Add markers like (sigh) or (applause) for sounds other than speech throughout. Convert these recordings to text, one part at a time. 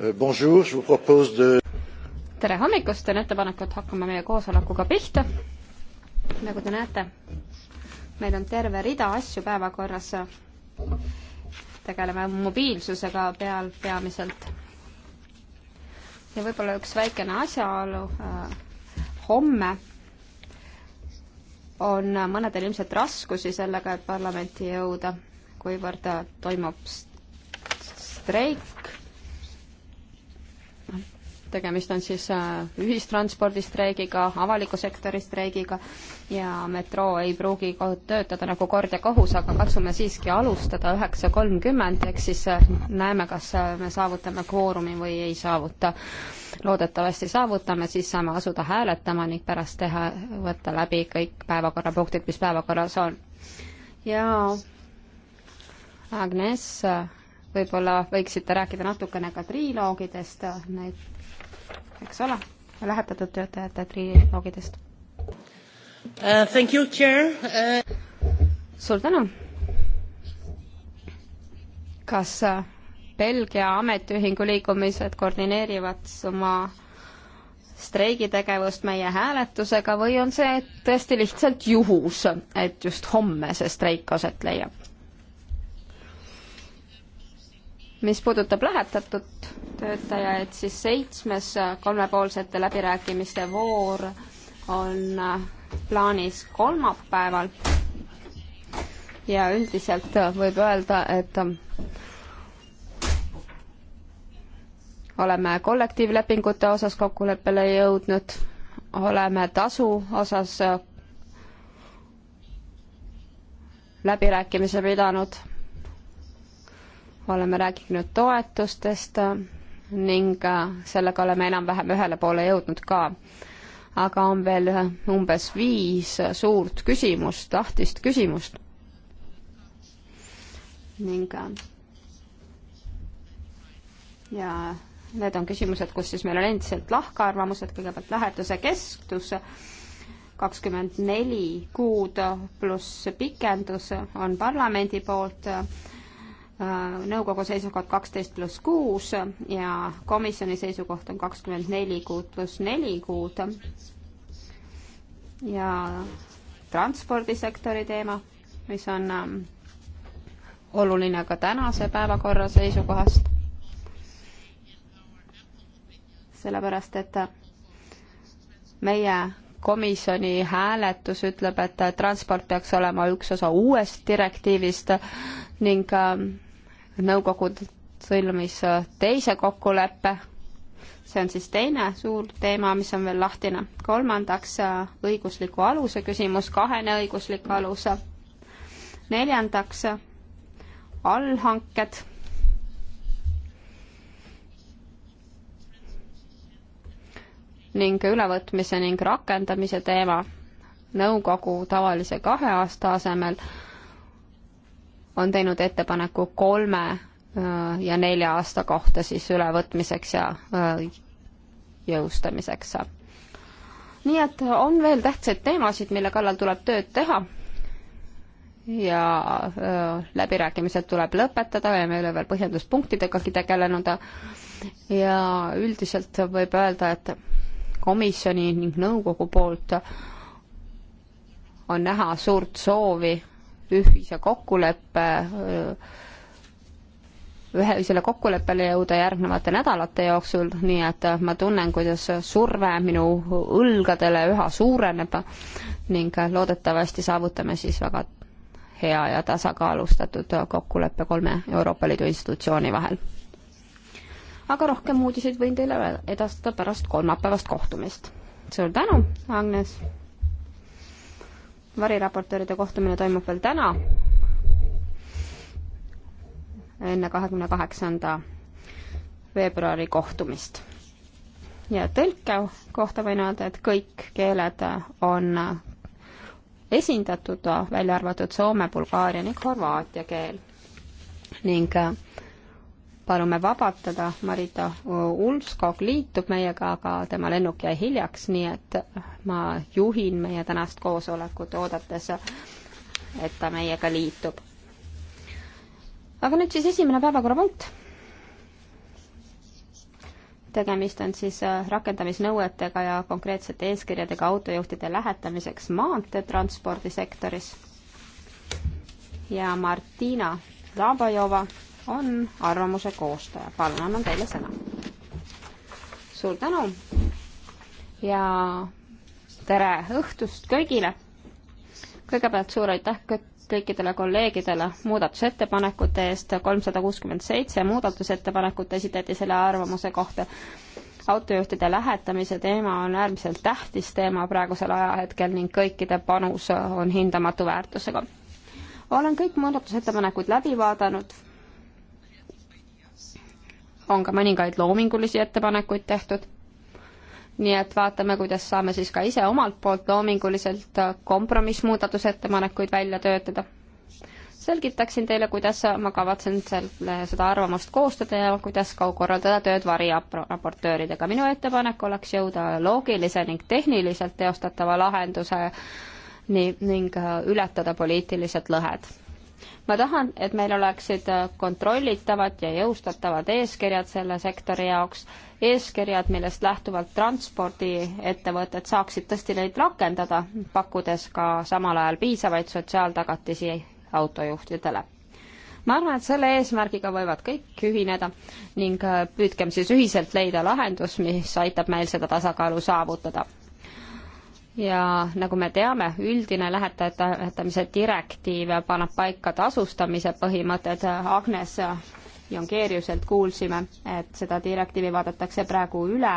Euh, bonjour, je vous propose de tere hommikust, teen ettepaneku, et hakkame meie koosolekuga pihta. nagu te näete, meil on terve rida asju päevakorras. tegeleme mobiilsusega peal peamiselt. ja võib-olla üks väikene asjaolu. Äh, homme on mõnedel ilmselt raskusi sellega, et parlamenti jõuda, kuivõrd äh, toimub streik tegemist on siis äh, ühistranspordistreigiga, avaliku sektori streigiga ja metroo ei pruugi töötada nagu kord ja kohus, aga katsume siiski alustada üheksa kolmkümmend, eks siis äh, näeme, kas äh, me saavutame kvoorumi või ei saavuta. loodetavasti saavutame, siis saame asuda hääletama ning pärast teha, võtta läbi kõik päevakorrapunktid, mis päevakorras on. ja Agnes võib-olla võiksite rääkida natukene ka triloogidest, need eks ole, lähetatud töötajate triloogidest uh,. Thank you, chair uh.... suur tänu. kas uh, Belgia ametiühingu liikumised koordineerivad oma streigitegevust meie hääletusega või on see tõesti lihtsalt juhus, et just homme see streik aset leiab? mis puudutab lähetatud töötajaid, siis seitsmes kolmepoolsete läbirääkimiste voor on äh, plaanis kolmapäeval. ja üldiselt äh, võib öelda, et äh, oleme kollektiivlepingute osas kokkuleppele jõudnud, oleme tasu osas läbirääkimise pidanud oleme rääkinud toetustest ning äh, sellega oleme enam-vähem ühele poole jõudnud ka. aga on veel umbes viis suurt küsimust, lahtist küsimust. ning äh, ja need on küsimused, kus siis meil on endiselt lahkarvamused, kõigepealt lähetuse kestus, kakskümmend neli kuud pluss pikendus on parlamendi poolt Äh, nõukogu seisukoht kaksteist pluss kuus ja komisjoni seisukoht on kakskümmend neli kuud pluss neli kuud. ja transpordisektori teema, mis on ähm, oluline ka tänase päevakorra seisukohast. sellepärast, et äh, meie komisjoni hääletus ütleb, et transport peaks olema üks osa uuest direktiivist ning äh, nõukogu sõlmis äh, teise kokkuleppe, see on siis teine suur teema, mis on veel lahtine. kolmandaks äh, õigusliku aluse küsimus, kahene õiguslik alus. neljandaks allhanked ning ülevõtmise ning rakendamise teema nõukogu tavalise kahe aasta asemel on teinud ettepaneku kolme ja nelja aasta kohta siis ülevõtmiseks ja jõustamiseks. nii et on veel tähtsaid teemasid, mille kallal tuleb tööd teha ja läbirääkimised tuleb lõpetada ja me ei ole veel põhjenduspunktidegagi tegelenud ja üldiselt võib öelda, et komisjoni ning nõukogu poolt on näha suurt soovi ühise kokkuleppe, ühisele kokkuleppele jõuda järgnevate nädalate jooksul, nii et ma tunnen, kuidas surve minu õlgadele üha suureneb ning loodetavasti saavutame siis väga hea ja tasakaalustatud kokkuleppe kolme Euroopa Liidu institutsiooni vahel aga rohkem uudiseid võin teile edastada pärast kolmapäevast kohtumist. suur tänu, Agnes! variraportööride kohtumine toimub veel täna, enne kahekümne kaheksanda veebruari kohtumist. ja tõlke kohta võin öelda, et kõik keeled on esindatud, välja arvatud soome, bulgaaria ning horvaatia keel. ning palume vabatada, Marita Ulfskog liitub meiega, aga tema lennuk jäi hiljaks, nii et ma juhin meie tänast koosolekut, oodates, et ta meiega liitub. aga nüüd siis esimene päevakorrapunkt. tegemist on siis äh, rakendamisnõuetega ja konkreetsete eeskirjadega autojuhtide lähetamiseks maanteetranspordisektoris. ja Martina Zabajova on arvamuse koostaja. palun, annan teile sõna. suur tänu ja tere õhtust kõigile. kõigepealt suur aitäh kõikidele kolleegidele muudatusettepanekute eest, kolmsada kuuskümmend seitse muudatusettepanekut esitati selle arvamuse kohta autojuhtide lähetamise teema on äärmiselt tähtis teema praegusel ajahetkel ning kõikide panus on hindamatu väärtusega. olen kõik muudatusettepanekud läbi vaadanud on ka mõningaid loomingulisi ettepanekuid tehtud. nii et vaatame, kuidas saame siis ka ise omalt poolt loominguliselt kompromissmuudatusettepanekuid välja töötada. selgitaksin teile, kuidas ma kavatsen selle, seda arvamust koostada ja kuidas ka korraldada tööd variraportööridega. minu ettepanek oleks jõuda loogilise ning tehniliselt teostatava lahenduse nii, ning äh, ületada poliitilised lõhed ma tahan, et meil oleksid äh, kontrollitavad ja jõustatavad eeskirjad selle sektori jaoks, eeskirjad, millest lähtuvalt transpordiettevõtted saaksid tõesti neid rakendada, pakkudes ka samal ajal piisavaid sotsiaaltagatisi autojuhtidele ma arvan, et selle eesmärgiga võivad kõik ühineda ning äh, püüdkem siis ühiselt leida lahendus, mis aitab meil seda tasakaalu saavutada ja nagu me teame, üldine lähetamise direktiiv paneb paika tasustamise põhimõtted, Agnes Jongeeriuselt kuulsime, et seda direktiivi vaadatakse praegu üle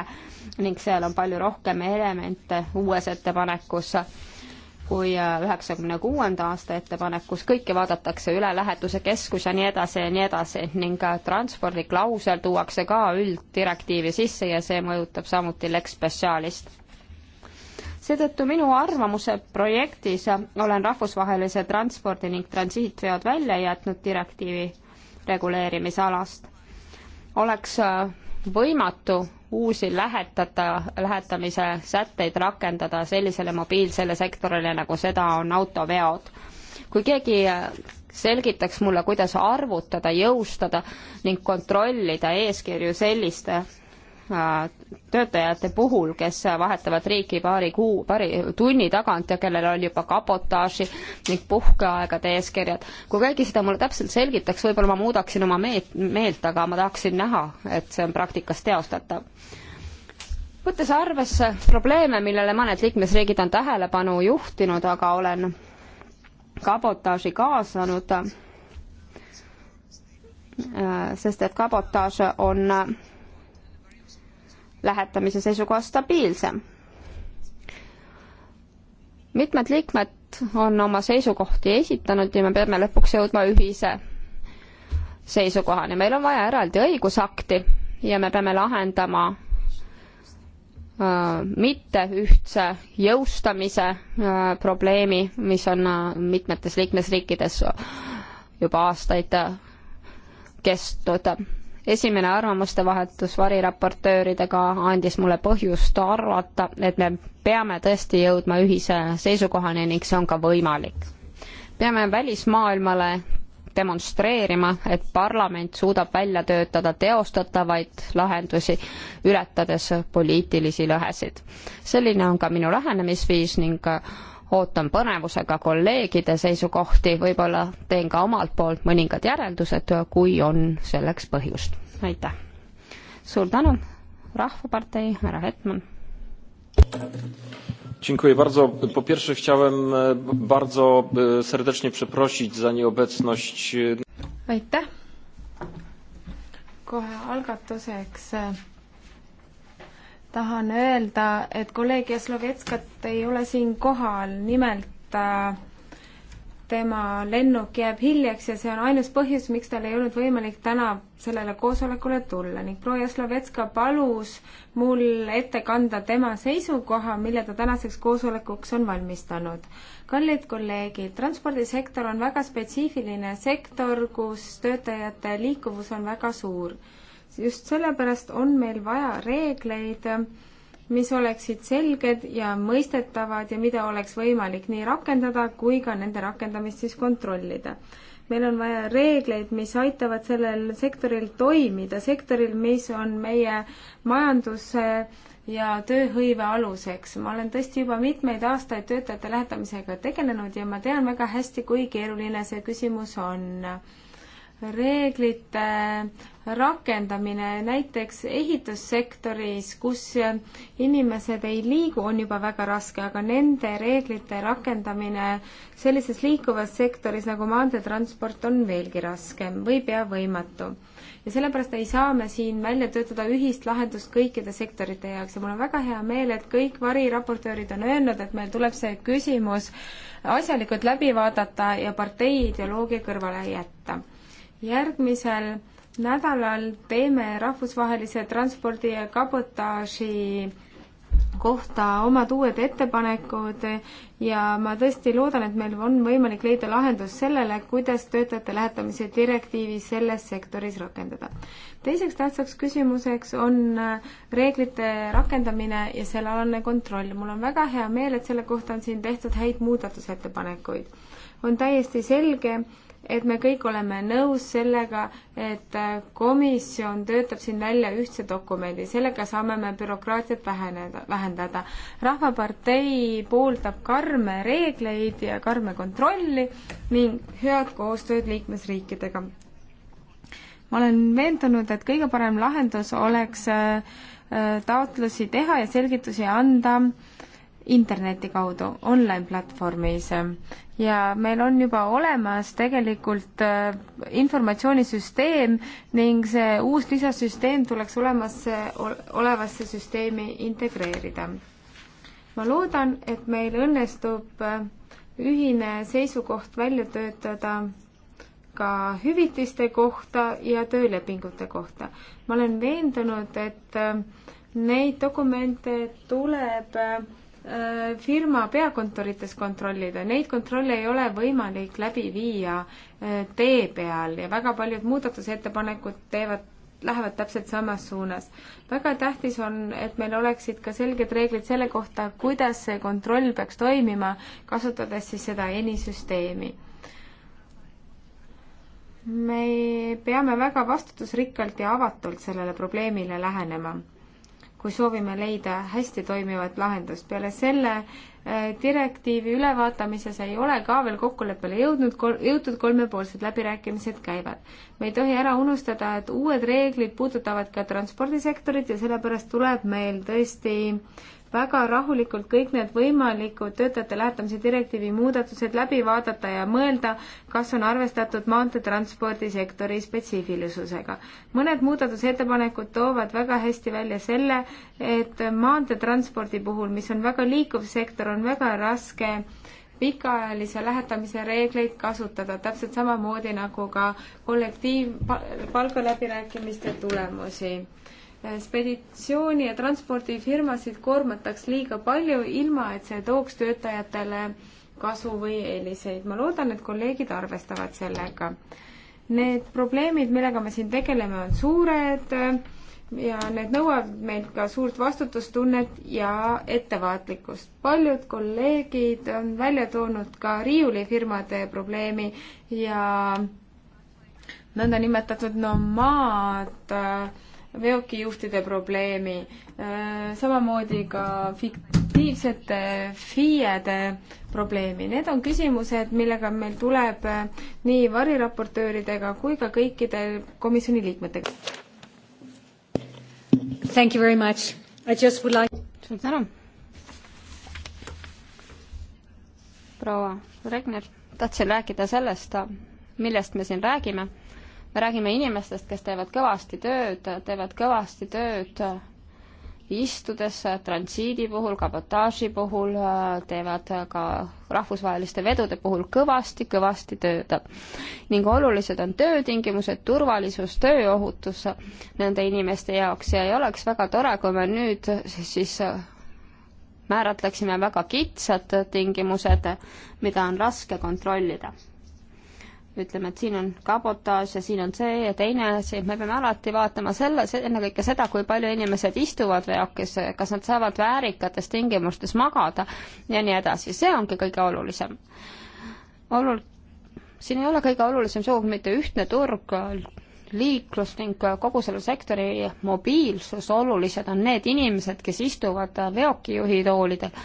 ning seal on palju rohkem elemente uues ettepanekus kui üheksakümne kuuenda aasta ettepanekus, kõike vaadatakse üle, lähetuse keskus ja nii edasi ja nii edasi ning transpordiklausel tuuakse ka ülddirektiivi sisse ja see mõjutab samuti Lex Specialist seetõttu minu arvamuse projektis olen rahvusvahelise transpordi ning transiitveod välja jätnud direktiivi reguleerimisalast. oleks äh, võimatu uusi lähetada, lähetamise sätteid rakendada sellisele mobiilsele sektorile, nagu seda on autoveod. kui keegi äh, selgitaks mulle, kuidas arvutada, jõustada ning kontrollida eeskirju selliste Äh, töötajate puhul, kes vahetavad riiki paari kuu, paari tunni tagant ja kellel on juba kabotaaži ning puhkeaegade eeskirjad. kui keegi seda mulle täpselt selgitaks, võib-olla ma muudaksin oma meet-, meelt, aga ma tahaksin näha, et see on praktikas teostatav. võttes arvesse probleeme, millele mõned liikmesriigid on tähelepanu juhtinud, aga olen kabotaaži kaasanud, äh, sest et kabotaaž on lähetamise seisukohast stabiilsem. mitmed liikmed on oma seisukohti esitanud ja me peame lõpuks jõudma ühise seisukohani. meil on vaja eraldi õigusakti ja me peame lahendama mitte ühtse jõustamise probleemi, mis on mitmetes liikmesriikides juba aastaid kestnud esimene arvamuste vahetus variraportööridega andis mulle põhjust arvata, et me peame tõesti jõudma ühise seisukohani ning see on ka võimalik. peame välismaailmale demonstreerima, et parlament suudab välja töötada teostatavaid lahendusi, ületades poliitilisi lõhesid. selline on ka minu lähenemisviis ning ootan põnevusega kolleegide seisukohti, võib-olla teen ka omalt poolt mõningad järeldused, kui on selleks põhjust. aitäh! suur tänu, Rahvapartei, härra Hetman! Dziękuję bardzo. Po pierwsze chciałem e, bardzo e, serdecznie przeprosić za nieobecność. E, aitäh! Kohe algatuseks tahan öelda, et kolleeg Jaslovetskat ei ole siin kohal, nimelt äh, tema lennuk jääb hiljaks ja see on ainus põhjus, miks tal ei olnud võimalik täna sellele koosolekule tulla ning proua Jaslovetska palus mul ette kanda tema seisukoha, mille ta tänaseks koosolekuks on valmistanud. kallid kolleegid, transpordisektor on väga spetsiifiline sektor, kus töötajate liikuvus on väga suur just sellepärast on meil vaja reegleid, mis oleksid selged ja mõistetavad ja mida oleks võimalik nii rakendada kui ka nende rakendamist siis kontrollida. meil on vaja reegleid, mis aitavad sellel sektoril toimida, sektoril, mis on meie majanduse ja tööhõive aluseks. ma olen tõesti juba mitmeid aastaid töötajate lähetamisega tegelenud ja ma tean väga hästi, kui keeruline see küsimus on. reeglite rakendamine näiteks ehitussektoris, kus inimesed ei liigu, on juba väga raske, aga nende reeglite rakendamine sellises liikuvas sektoris nagu maanteetransport on veelgi raskem või pea võimatu. ja sellepärast ei saa me siin välja töötada ühist lahendust kõikide sektorite jaoks ja mul on väga hea meel, et kõik variraportöörid on öelnud, et meil tuleb see küsimus asjalikult läbi vaadata ja partei ideoloogia kõrvale jätta. järgmisel nädalal teeme rahvusvahelise transpordi ja kabotaaži kohta omad uued ettepanekud ja ma tõesti loodan, et meil on võimalik leida lahendus sellele, kuidas töötajate lähetamise direktiivi selles sektoris rakendada. teiseks tähtsaks küsimuseks on reeglite rakendamine ja sellealane kontroll. mul on väga hea meel, et selle kohta on siin tehtud häid muudatusettepanekuid. on täiesti selge, et me kõik oleme nõus sellega, et komisjon töötab siin välja ühtse dokumendi, sellega saame me bürokraatiat väheneda, vähendada. rahvapartei pooldab karme reegleid ja karme kontrolli ning head koostööd liikmesriikidega. ma olen veendunud, et kõige parem lahendus oleks äh, äh, taotlusi teha ja selgitusi anda äh, interneti kaudu, online-platvormis. ja meil on juba olemas tegelikult äh, informatsioonisüsteem ning see uus lisasüsteem tuleks olemasse, olevasse süsteemi integreerida. ma loodan, et meil õnnestub äh, ühine seisukoht välja töötada ka hüvitiste kohta ja töölepingute kohta. ma olen veendunud, et äh, neid dokumente tuleb Äh, firma peakontorites kontrollida, neid kontrolle ei ole võimalik läbi viia äh, tee peal ja väga paljud muudatusettepanekud teevad, lähevad täpselt samas suunas. väga tähtis on, et meil oleksid ka selged reeglid selle kohta, kuidas see kontroll peaks toimima, kasutades siis seda ENI süsteemi. me peame väga vastutusrikkalt ja avatult sellele probleemile lähenema kui soovime leida hästi toimivat lahendust. peale selle äh, direktiivi ülevaatamises ei ole ka veel kokkuleppele jõudnud, jõutud kolmepoolsed läbirääkimised käivad. me ei tohi ära unustada, et uued reeglid puudutavad ka transpordisektorit ja sellepärast tuleb meil tõesti äh, väga rahulikult kõik need võimalikud töötajate lähetamise direktiivi muudatused läbi vaadata ja mõelda, kas on arvestatud maanteetranspordisektori spetsiifilisusega. mõned muudatusettepanekud toovad väga hästi välja selle, et maanteetranspordi puhul, mis on väga liikuv sektor, on väga raske pikaajalise lähetamise reegleid kasutada, täpselt samamoodi nagu ka kollektiivpalga läbirääkimiste tulemusi Äh, speditsiooni- ja transpordifirmasid koormataks liiga palju, ilma et see tooks töötajatele kasu või eeliseid. ma loodan, et kolleegid arvestavad sellega. Need probleemid, millega me siin tegeleme, on suured äh, ja need nõuavad meilt ka suurt vastutustunnet ja ettevaatlikkust. paljud kolleegid on välja toonud ka riiulifirmade probleemi ja nõndanimetatud nomaad äh, veokijuhtide probleemi, samamoodi ka fiktiivsete FIE-de probleemi. Need on küsimused, millega meil tuleb nii variraportööridega kui ka kõikide komisjoni liikmetega. Thank you very much. I just would like suur tänu. proua Regner, tahtsin rääkida sellest, millest me siin räägime me räägime inimestest, kes teevad kõvasti tööd, teevad kõvasti tööd istudes transiidi puhul, kabotaaži puhul, teevad ka rahvusvaheliste vedude puhul kõvasti-kõvasti tööd. ning olulised on töötingimused, turvalisus, tööohutus nende inimeste jaoks ja ei oleks väga tore, kui me nüüd siis määratleksime väga kitsad tingimused, mida on raske kontrollida ütleme, et siin on kabotaaž ja siin on see ja teine asi, me peame alati vaatama selle, ennekõike seda, kui palju inimesed istuvad veokis, kas nad saavad väärikates tingimustes magada ja nii edasi, see ongi kõige olulisem. olul-, siin ei ole kõige olulisem sugugi mitte ühtne turg, liiklus ning kogu selle sektori mobiilsus, olulised on need inimesed, kes istuvad veokijuhi toolidel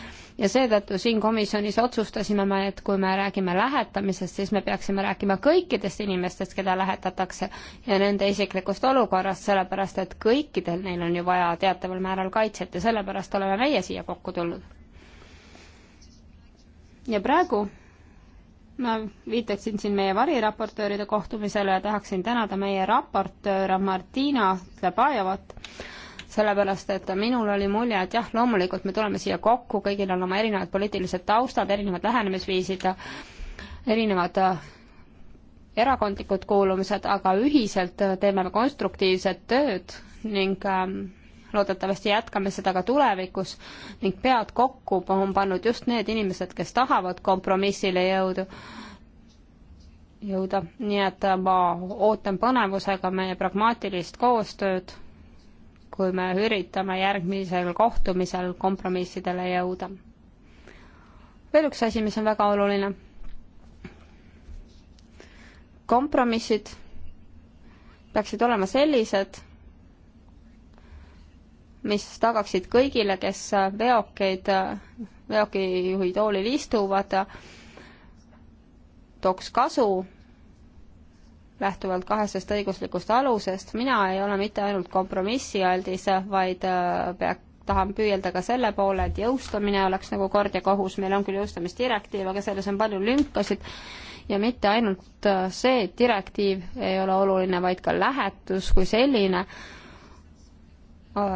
ja seetõttu siin komisjonis otsustasime me, et kui me räägime lähetamisest, siis me peaksime rääkima kõikidest inimestest, keda lähetatakse ja nende isiklikust olukorrast, sellepärast et kõikidel neil on ju vaja teataval määral kaitset ja sellepärast oleme meie siia kokku tulnud. ja praegu ma viitaksin siin meie variraportööride kohtumisele ja tahaksin tänada meie raportööre Martina Tlebajevat, sellepärast et minul oli mulje, et jah, loomulikult me tuleme siia kokku, kõigil on oma erinevad poliitilised taustad, erinevad lähenemisviisid, erinevad äh, erakondlikud kuulumised, aga ühiselt äh, teeme me konstruktiivset tööd ning ähm, loodetavasti jätkame seda ka tulevikus ning pead kokku on pannud just need inimesed, kes tahavad kompromissile jõudu, jõuda, nii et äh, ma ootan põnevusega meie pragmaatilist koostööd kui me üritame järgmisel kohtumisel kompromissidele jõuda. veel üks asi, mis on väga oluline. kompromissid peaksid olema sellised, mis tagaksid kõigile, kes veokeid, veokijuhi toolil istuvad, tooks kasu lähtuvalt kahesest õiguslikust alusest. mina ei ole mitte ainult kompromissialdis, vaid äh, pea, tahan püüelda ka selle poole, et jõustamine oleks nagu kord ja kohus, meil on küll jõustamisdirektiiv, aga selles on palju lünkasid ja mitte ainult äh, see direktiiv ei ole oluline, vaid ka lähetus kui selline äh,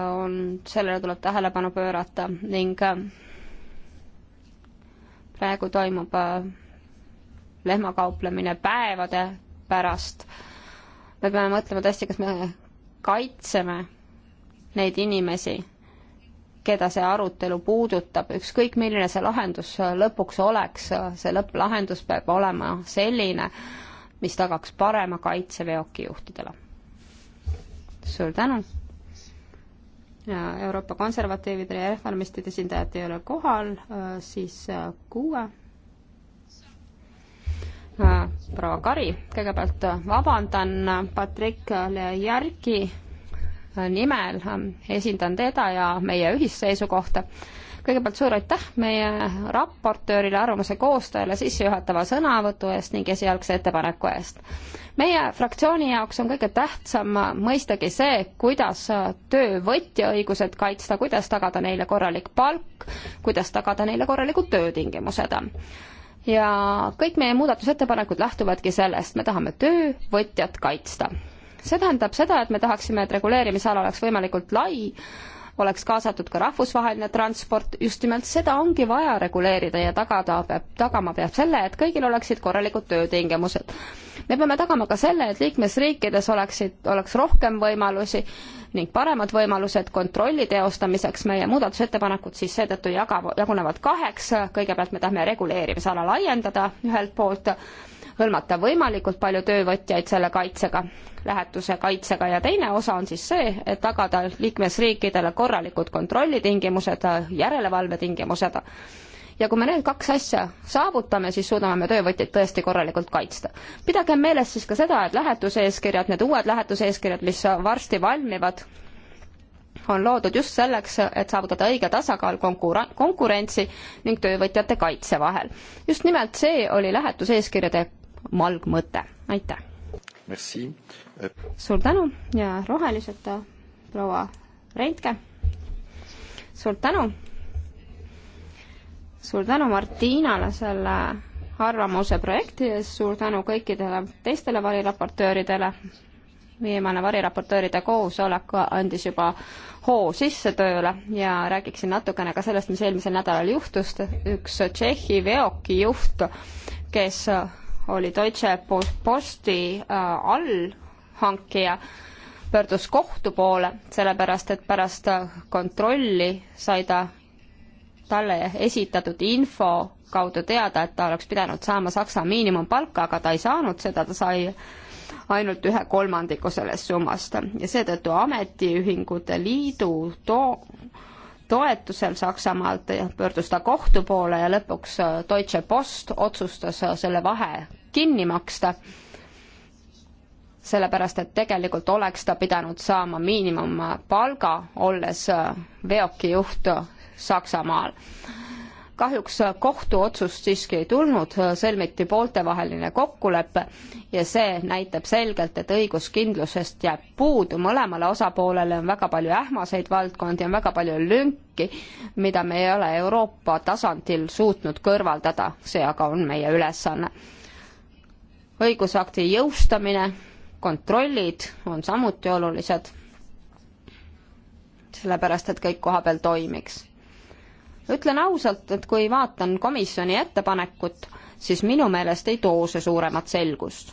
on, sellele tuleb tähelepanu pöörata ning praegu toimub lehmakauplemine päevade pärast. me peame mõtlema tõesti, kas me kaitseme neid inimesi, keda see arutelu puudutab, ükskõik milline see lahendus lõpuks oleks, see lõpplahendus peab olema selline, mis tagaks parema kaitse veokijuhtidele. suur tänu! Euroopa konservatiivide ja reformistide esindajad ei ole kohal, siis kuue Äh, proua Kari, kõigepealt äh, vabandan äh, Patrick Järgi nimel, esindan teda ja meie ühist seisukohta. kõigepealt suur aitäh meie raportöörile, arvamuse koostajale sissejuhatava sõnavõtu eest ning esialgse ettepaneku eest. meie fraktsiooni jaoks on kõige tähtsam mõistagi see, kuidas töövõtja õigused kaitsta, kuidas tagada neile korralik palk, kuidas tagada neile korralikud töötingimused ja kõik meie muudatusettepanekud lähtuvadki sellest, me tahame töövõtjat kaitsta. see tähendab seda, et me tahaksime, et reguleerimisala oleks võimalikult lai, oleks kaasatud ka rahvusvaheline transport, just nimelt seda ongi vaja reguleerida ja tagada peab, tagama peab selle, et kõigil oleksid korralikud töötingimused. me peame tagama ka selle, et liikmesriikides oleksid, oleks rohkem võimalusi ning paremad võimalused kontrolli teostamiseks, meie muudatusettepanekud siis seetõttu jaga, jagunevad kaheks, kõigepealt me tahame reguleerimisala laiendada ühelt poolt, hõlmata võimalikult palju töövõtjaid selle kaitsega, lähetuse kaitsega ja teine osa on siis see, et tagada liikmesriikidele korralikud kontrollitingimused, järelevalvetingimused ja kui me need kaks asja saavutame, siis suudame me töövõtjaid tõesti korralikult kaitsta. pidagem meeles siis ka seda, et lähetuseeskirjad, need uued lähetuseeskirjad, mis varsti valmivad, on loodud just selleks, et saavutada õige tasakaal konkura-, konkurentsi ning töövõtjate kaitse vahel. just nimelt see oli lähetuseeskirjade malgmõte, aitäh! suur tänu ja rohelised proua Reintke! suur tänu! suur tänu Martinale selle arvamuse projekti eest, suur tänu kõikidele teistele variraportööridele. viimane variraportööride koosolek andis juba hoo sisse tööle ja räägiksin natukene ka sellest, mis eelmisel nädalal juhtus. üks Tšehhi veoki juht, kes oli Deutsche Posti äh, allhankija, pöördus kohtu poole, sellepärast et pärast kontrolli sai ta talle esitatud info kaudu teada, et ta oleks pidanud saama Saksa miinimumpalka, aga ta ei saanud seda, ta sai ainult ühe kolmandiku sellest summast ja seetõttu Ametiühingute Liidu to-, toetusel Saksamaalt pöördus ta kohtu poole ja lõpuks Deutsche Post otsustas selle vahe kinni maksta sellepärast et tegelikult oleks ta pidanud saama miinimumpalga, olles äh, veokijuht äh, Saksamaal. kahjuks äh, kohtuotsust siiski ei tulnud, sõlmiti pooltevaheline kokkulepe ja see näitab selgelt, et õiguskindlusest jääb puudu, mõlemale osapoolele on väga palju ähmaseid valdkondi, on väga palju lünki, mida me ei ole Euroopa tasandil suutnud kõrvaldada, see aga on meie ülesanne. õigusakti jõustamine kontrollid on samuti olulised, sellepärast et kõik kohapeal toimiks. ütlen ausalt, et kui vaatan komisjoni ettepanekut, siis minu meelest ei too see suuremat selgust.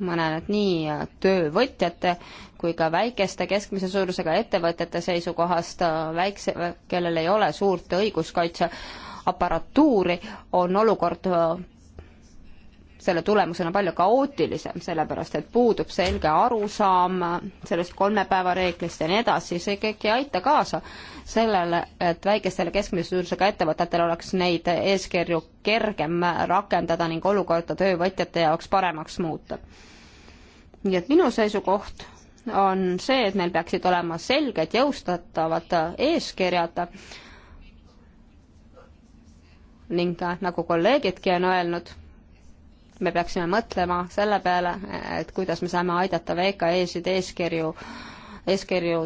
ma näen, et nii töövõtjate kui ka väikeste keskmise suurusega ettevõtete seisukohast väikse, kellel ei ole suurt õiguskaitseaparatuuri, on olukord selle tulemusena palju kaootilisem, sellepärast et puudub selge arusaam sellest kolme päeva reeglist ja nii edasi, see kõik ei aita kaasa sellele, et väikestele keskmise suurusega ettevõtetel oleks neid eeskirju kergem rakendada ning olukorda töövõtjate jaoks paremaks muuta. nii et minu seisukoht on see, et meil peaksid olema selged jõustatavad eeskirjad ning nagu kolleegidki on öelnud, me peaksime mõtlema selle peale, et kuidas me saame aidata VKE-sid eeskirju, eeskirju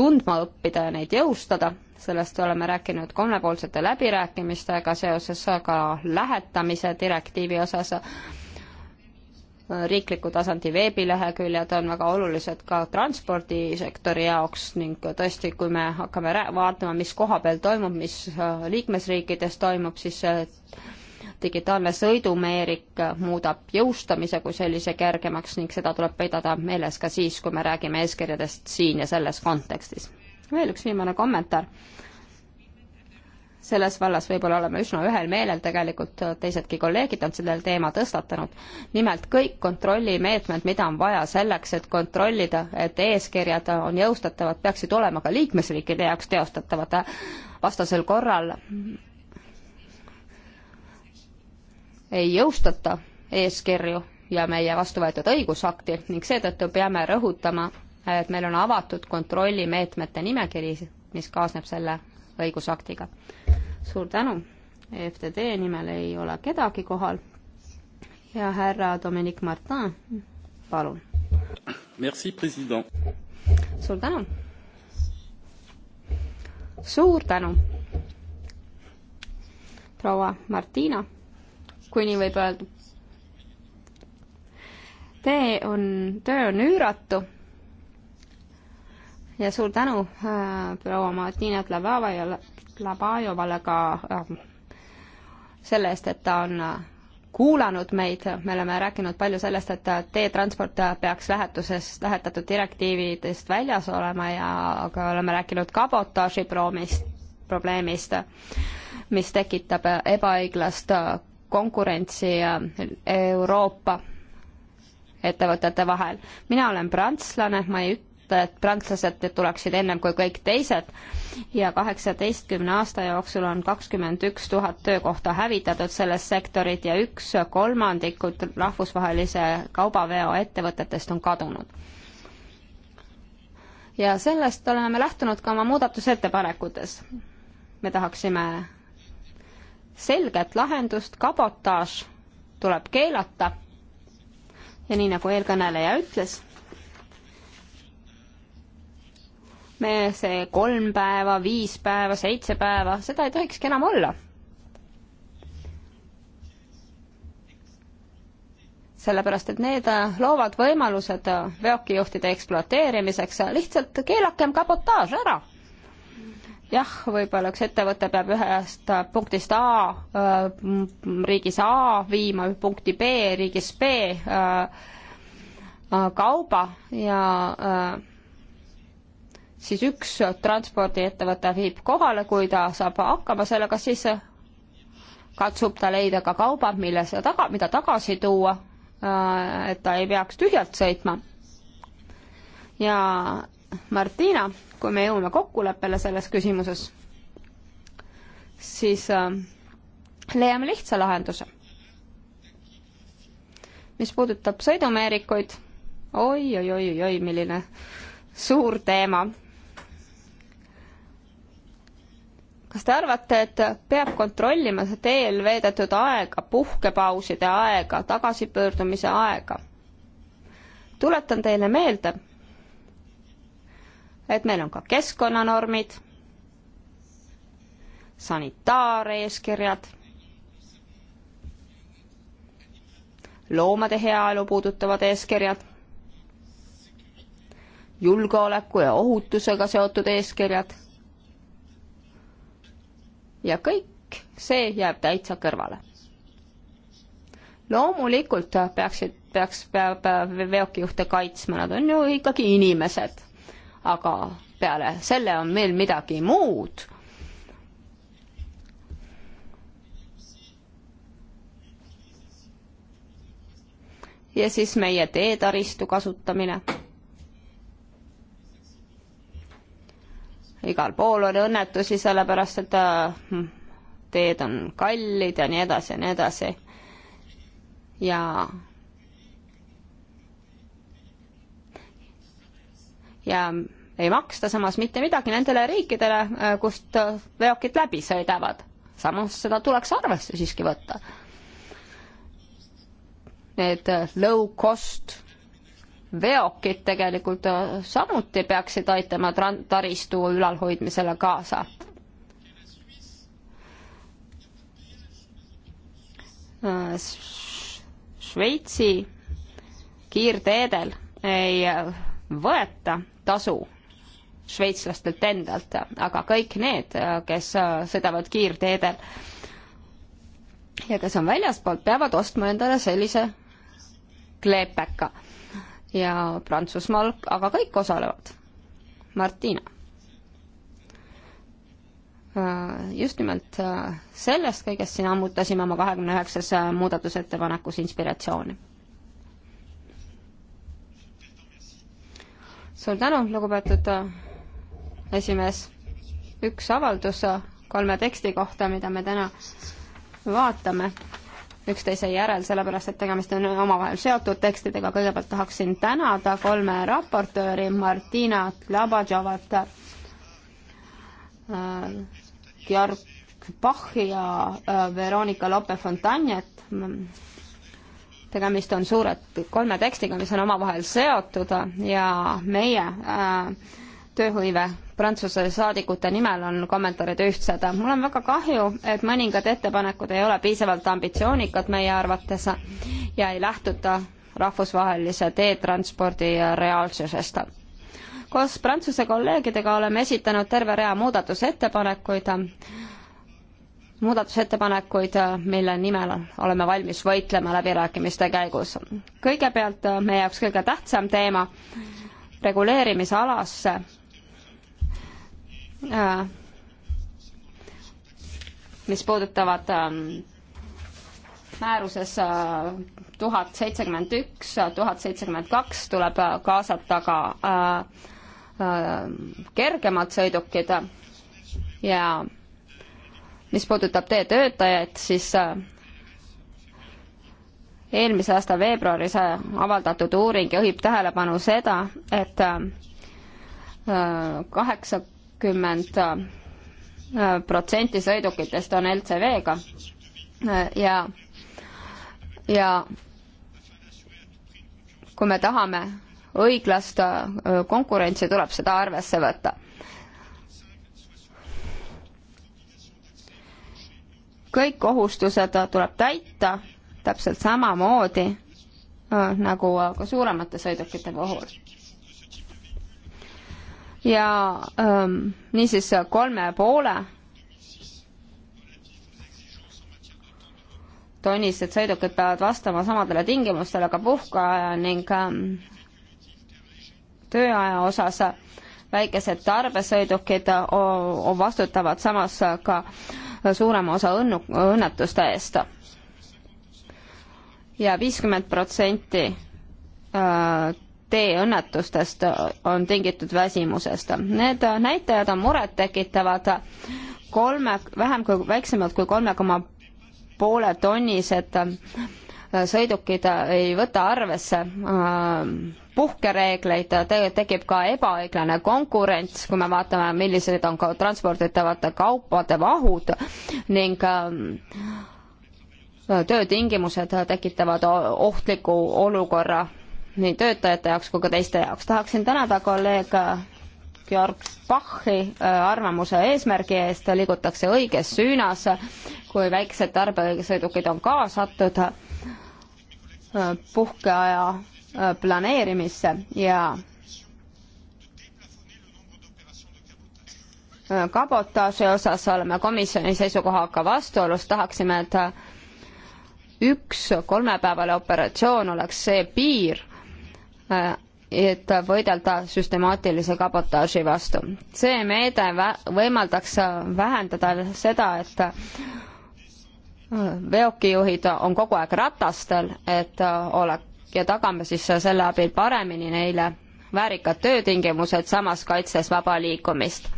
tundma õppida ja neid jõustada, sellest oleme rääkinud kolmepoolsete läbirääkimistega seoses ka lähetamise direktiivi osas, riikliku tasandi veebileheküljed on väga olulised ka transpordisektori jaoks ning tõesti, kui me hakkame vaatama, mis koha peal toimub, mis äh, liikmesriikides toimub, siis digitaalne sõidumeerik muudab jõustamise kui sellise kergemaks ning seda tuleb pidada meeles ka siis, kui me räägime eeskirjadest siin ja selles kontekstis. veel üks viimane kommentaar. selles vallas võib-olla oleme üsna ühel meelel, tegelikult teisedki kolleegid on sellel teema tõstatanud. nimelt kõik kontrollimeetmed, mida on vaja selleks, et kontrollida, et eeskirjad on jõustatavad, peaksid olema ka liikmesriikide jaoks teostatavad. vastasel korral ei jõustata eeskirju ja meie vastu võetud õigusakti ning seetõttu peame rõhutama, et meil on avatud kontrollimeetmete nimekiri, mis kaasneb selle õigusaktiga. suur tänu, EFTD nimel ei ole kedagi kohal ja härra Dominic Martin, palun. Merci, president. suur tänu. suur tänu, proua Martina kui nii võib öelda. tee on, töö on üüratu ja suur tänu äh, proua Martina Tlavajovale ka äh, selle eest, et ta on äh, kuulanud meid, me oleme rääkinud palju sellest, et äh, teetransport äh, peaks lähetusest, lähetatud direktiividest väljas olema ja aga oleme rääkinud kabotaaži proomist, probleemist, mis tekitab äh, ebaõiglast konkurentsi Euroopa ettevõtete vahel. mina olen prantslane, ma ei ütle, et prantslased tuleksid ennem kui kõik teised ja kaheksateistkümne aasta jooksul on kakskümmend üks tuhat töökohta hävitatud selles sektorit ja üks kolmandikud rahvusvahelise kaubaveo ettevõtetest on kadunud. ja sellest oleme lähtunud ka oma muudatusettepanekutes. me tahaksime selget lahendust, kabotaaž tuleb keelata. ja nii nagu eelkõneleja ütles, me see kolm päeva, viis päeva, seitse päeva, seda ei tohikski enam olla. sellepärast, et need loovad võimalused veokijuhtide ekspluateerimiseks, lihtsalt keelakem kabotaaž ära jah, võib-olla üks ettevõte peab ühest punktist A, äh, riigis A viima punkti B, riigis B äh, kauba ja äh, siis üks transpordiettevõte viib kohale, kui ta saab hakkama sellega, siis katsub ta leida ka kaubad, mille seda taga, mida tagasi tuua, et ta ei peaks tühjalt sõitma. ja Martina, kui me jõuame kokkuleppele selles küsimuses, siis äh, leiame lihtsa lahenduse. mis puudutab sõidumeerikuid oi, oi, oi, oi, milline suur teema. kas te arvate, et peab kontrollima teel veedetud aega, puhkepauside aega, tagasipöördumise aega? tuletan teile meelde, et meil on ka keskkonnanormid, sanitaareeskirjad, loomade heaolu puudutavad eeskirjad, julgeoleku ja ohutusega seotud eeskirjad ja kõik see jääb täitsa kõrvale. loomulikult peaksid, peaks, peab veokijuhte kaitsma, nad on ju ikkagi inimesed aga peale selle on meil midagi muud. ja siis meie teetaristu kasutamine. igal pool oli õnnetusi, sellepärast et äh, teed on kallid ja nii edasi ja nii edasi. ja ja ei maksta samas mitte midagi nendele riikidele, äh, kust äh, veokid läbi sõidavad. samas seda tuleks arvesse siiski võtta. Need äh, low cost veokid tegelikult samuti peaksid aitama taristu ülalhoidmisele kaasa. Šveitsi kiirteedel ei võeta tasu šveitslastelt endalt, aga kõik need, kes sõidavad kiirteedel ja kes on väljaspoolt, peavad ostma endale sellise kleepeka. ja Prantsusmaal aga kõik osalevad. Martina. Just nimelt sellest kõigest siin ammutasime oma kahekümne üheksas muudatusettepanekus inspiratsiooni. suur tänu, lugupeetud esimees, üks avaldus kolme teksti kohta, mida me täna vaatame üksteise järel, sellepärast et tegemist on omavahel seotud tekstidega, kõigepealt tahaksin tänada kolme raportööri, Martina Labadžovat äh,, Georg Bachi ja äh, Veronika Lope-Fontanjet, tegemist on suured kolme tekstiga, mis on omavahel seotud ja meie äh, tööhõive Prantsuse saadikute nimel on kommentaarid ühtsed. mul on väga kahju, et mõningad ettepanekud ei ole piisavalt ambitsioonikad meie arvates ja ei lähtuta rahvusvahelise teetranspordi reaalsusest. koos Prantsuse kolleegidega oleme esitanud terve rea muudatusettepanekuid, muudatusettepanekuid, mille nimel oleme valmis võitlema läbirääkimiste käigus. kõigepealt meie jaoks kõige tähtsam teema, reguleerimisalasse Äh, mis puudutavad ähm, määruses äh, tuhat seitsekümmend üks, tuhat seitsekümmend kaks tuleb äh, kaasata ka kergemad sõidukid ja mis puudutab teetöötajaid, siis eelmise aasta veebruaris avaldatud uuring juhib tähelepanu seda, et kaheksa kakskümmend äh, protsenti sõidukitest on LCV-ga äh, ja, ja kui me tahame õiglast äh, konkurentsi, tuleb seda arvesse võtta. kõik kohustused tuleb täita täpselt samamoodi nagu ka suuremate sõidukite puhul ja ähm, niisiis kolme poole tonnised sõidukid peavad vastama samadele tingimustele ka puhkeaja ning ähm, tööaja osas väikesed tarbesõidukid vastutavad samas ka suurema osa õnnu, õnnetuste eest ja. ja viiskümmend protsenti äh, teeõnnetustest on tingitud väsimusest. Need näitajad on murettekitavad kolme, vähem kui, väiksemalt kui kolme koma poole tonnised sõidukid ei võta arvesse äh, puhkereegleid, tekib ka ebaõiglane konkurents, kui me vaatame, millised on ka transporditavate kaupade mahud ning äh, töötingimused tekitavad ohtliku olukorra nii töötajate jaoks kui ka teiste jaoks. tahaksin tänada kolleeg Georg Bachi äh, arvamuse eesmärgi eest, liigutakse õiges suunas, kui väiksed tarbesõidukid on kaasatud äh, puhkeaja äh, planeerimisse ja kabotaaži osas oleme komisjoni seisukohaga vastuolus, tahaksime, et üks kolmepäevane operatsioon oleks see piir Äh, et võidelda süstemaatilise kabotaaži vastu. see meede võimaldaks vähendada seda, et äh, veokijuhid on kogu aeg ratastel, et äh, ole- ja tagame siis selle abil paremini neile väärikad töötingimused, samas kaitses vaba liikumist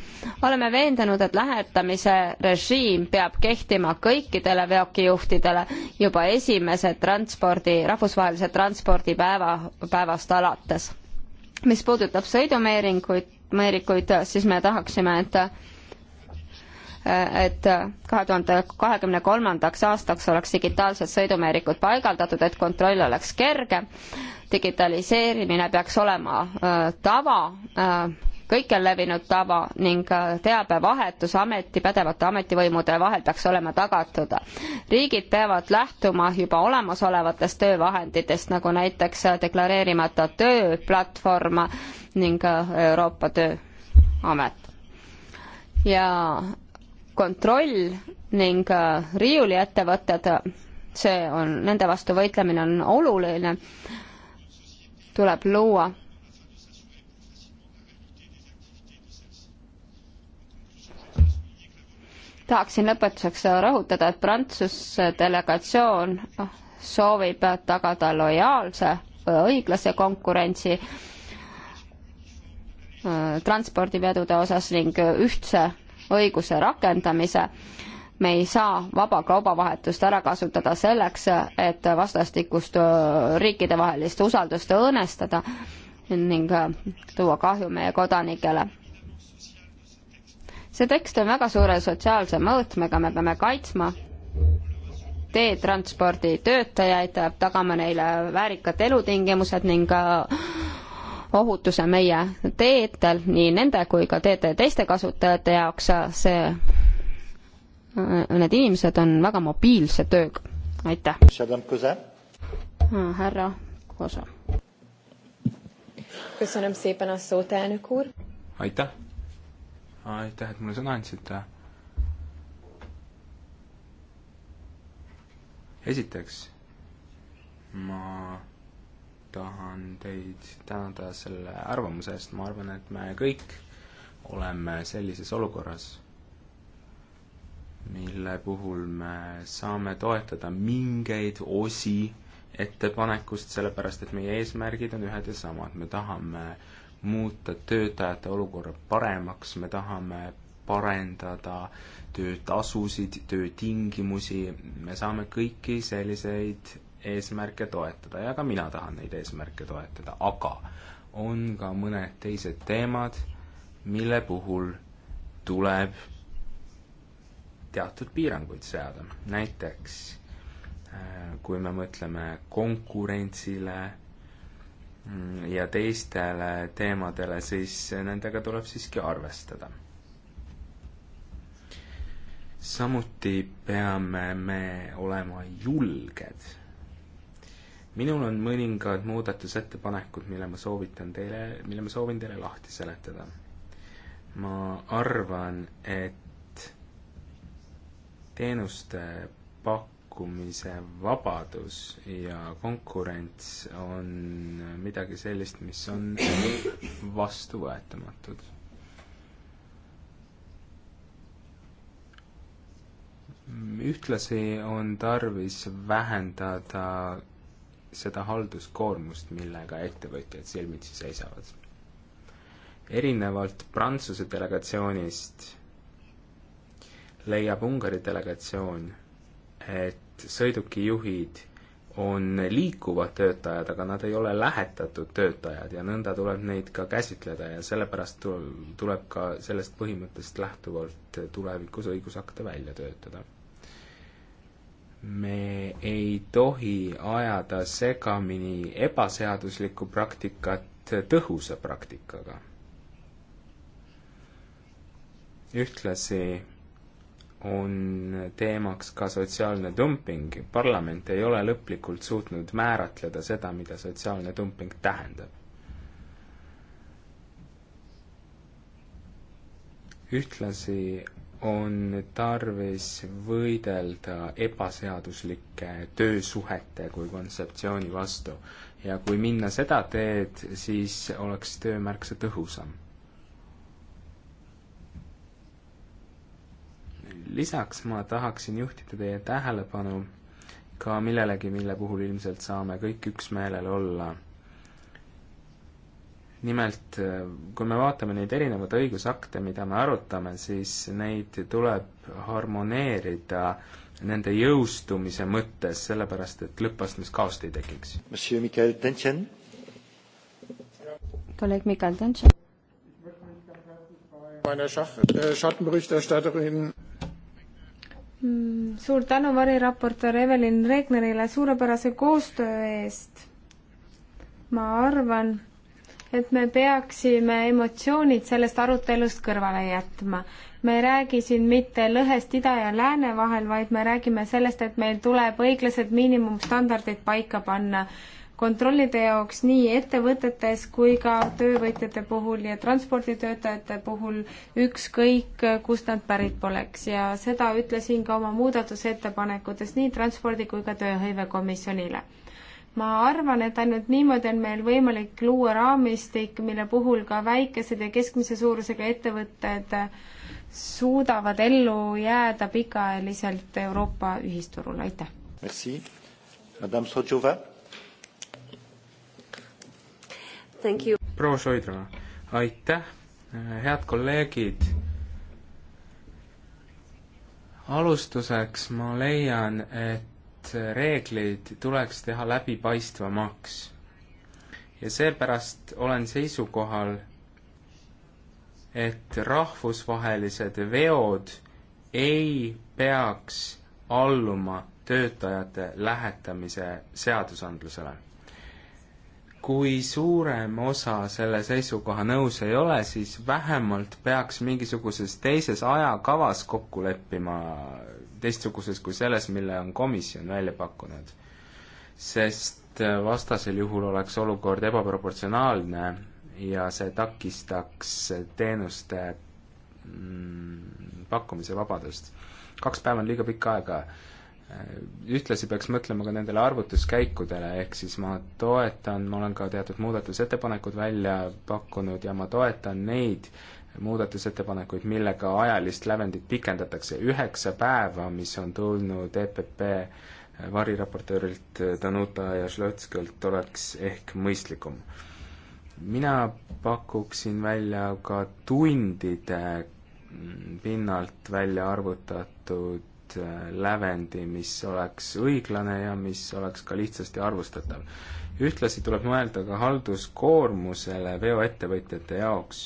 oleme veendunud, et lähetamise režiim peab kehtima kõikidele veokijuhtidele juba esimese transpordi, rahvusvahelise transpordipäeva, päevast alates. mis puudutab sõidumeeringuid, meerikuid, siis me tahaksime, et et kahe tuhande kahekümne kolmandaks aastaks oleks digitaalsed sõidumeerikud paigaldatud, et kontroll oleks kerge. digitaliseerimine peaks olema äh, tava äh, kõikjal levinud tava ning äh, teabevahetus ameti, pädevate ametivõimude vahel peaks olema tagatud. riigid peavad lähtuma juba olemasolevatest töövahenditest, nagu näiteks äh, deklareerimata tööplatvorm ning äh, Euroopa Tööamet. ja kontroll ning riiuliettevõtted, see on, nende vastu võitlemine on oluline, tuleb luua tahaksin lõpetuseks rõhutada, et Prantsuse delegatsioon soovib tagada lojaalse, õiglase konkurentsi äh, transpordivedude osas ning ühtse õiguse rakendamise. me ei saa vaba kaubavahetust ära kasutada selleks, et vastastikust äh, riikidevahelist usaldust õõnestada ning äh, tuua kahju meie kodanikele see tekst on väga suure sotsiaalse mõõtmega, me peame kaitsma teetranspordi töötajaid, tagama neile väärikad elutingimused ning ohutuse meie teedel, nii nende kui ka teede teiste kasutajate jaoks, see, need inimesed on väga mobiilse tööga. aitäh. härra Kosa. aitäh aitäh, et mulle sõna andsite. esiteks, ma tahan teid tänada selle arvamuse eest, ma arvan, et me kõik oleme sellises olukorras, mille puhul me saame toetada mingeid osi ettepanekust, sellepärast et meie eesmärgid on ühed ja samad, me tahame äh, muuta töötajate olukorra paremaks, me tahame parendada töötasusid, töötingimusi, me saame kõiki selliseid eesmärke toetada ja ka mina tahan neid eesmärke toetada, aga on ka mõned teised teemad, mille puhul tuleb teatud piiranguid seada, näiteks äh, kui me mõtleme konkurentsile, Mm, ja teistele teemadele, siis nendega tuleb siiski arvestada. samuti peame me olema julged. minul on mõningad muudatusettepanekud, mille ma soovitan teile, mille ma soovin teile lahti seletada. ma arvan, et teenuste pakk-, pakkumise vabadus ja konkurents on midagi sellist, mis on vastuvõetamatud. ühtlasi on tarvis vähendada seda halduskoormust, millega ettevõtjad silmitsi seisavad. erinevalt Prantsuse delegatsioonist leiab Ungari delegatsioon, et sõidukijuhid on liikuvad töötajad, aga nad ei ole lähetatud töötajad ja nõnda tuleb neid ka käsitleda ja sellepärast tuleb ka sellest põhimõttest lähtuvalt tulevikus õigusakte välja töötada. me ei tohi ajada segamini ebaseaduslikku praktikat tõhusa praktikaga. ühtlasi on teemaks ka sotsiaalne dumping. parlament ei ole lõplikult suutnud määratleda seda, mida sotsiaalne dumping tähendab. ühtlasi on tarvis võidelda ebaseaduslike töösuhete kui kontseptsiooni vastu ja kui minna seda teed, siis oleks töö märksa tõhusam lisaks ma tahaksin juhtida teie tähelepanu ka millelegi, mille puhul ilmselt saame kõik üksmeelel olla. nimelt, kui me vaatame neid erinevaid õigusakte, mida me arutame, siis neid tuleb harmoneerida nende jõustumise mõttes, sellepärast et lõppastmes kaost ei tekiks. kolleeg Mikael Tantšen. Mm, suur tänu variraportöör Evelyn Regnerile suurepärase koostöö eest. ma arvan, et me peaksime emotsioonid sellest arutelust kõrvale jätma. me ei räägi siin mitte lõhest ida ja lääne vahel, vaid me räägime sellest, et meil tuleb õiglased miinimumstandardid paika panna kontrollide jaoks nii ettevõtetes kui ka töövõtjate puhul ja transporditöötajate puhul, ükskõik kust nad pärit poleks ja seda ütlesin ka oma muudatusettepanekutes nii transpordi kui ka tööhõivekomisjonile. ma arvan, et ainult niimoodi on meil võimalik luua raamistik, mille puhul ka väikesed ja keskmise suurusega ettevõtted suudavad ellu jääda pikaajaliselt Euroopa ühisturul, aitäh! Merci, madame Sotšova proua Šoidrova, aitäh, head kolleegid. alustuseks ma leian, et reeglid tuleks teha läbipaistvamaks ja seepärast olen seisukohal, et rahvusvahelised veod ei peaks alluma töötajate lähetamise seadusandlusele kui suurem osa selle seisukoha nõus ei ole, siis vähemalt peaks mingisuguses teises ajakavas kokku leppima, teistsuguses kui selles, mille on komisjon välja pakkunud. sest äh, vastasel juhul oleks olukord ebaproportsionaalne ja see takistaks teenuste mm, pakkumise vabadust. kaks päeva on liiga pikk aeg Äh, ühtlasi peaks mõtlema ka nendele arvutuskäikudele, ehk siis ma toetan, ma olen ka teatud muudatusettepanekud välja pakkunud ja ma toetan neid muudatusettepanekuid, millega ajalist lävendit pikendatakse üheksa päeva, mis on tulnud EPP variraportöörilt Danuta ja Šlotskõlt, oleks ehk mõistlikum. mina pakuksin välja ka tundide pinnalt välja arvutatud Äh, lävendi, mis oleks õiglane ja mis oleks ka lihtsasti arvustatav. ühtlasi tuleb mõelda ka halduskoormusele veoettevõtjate jaoks.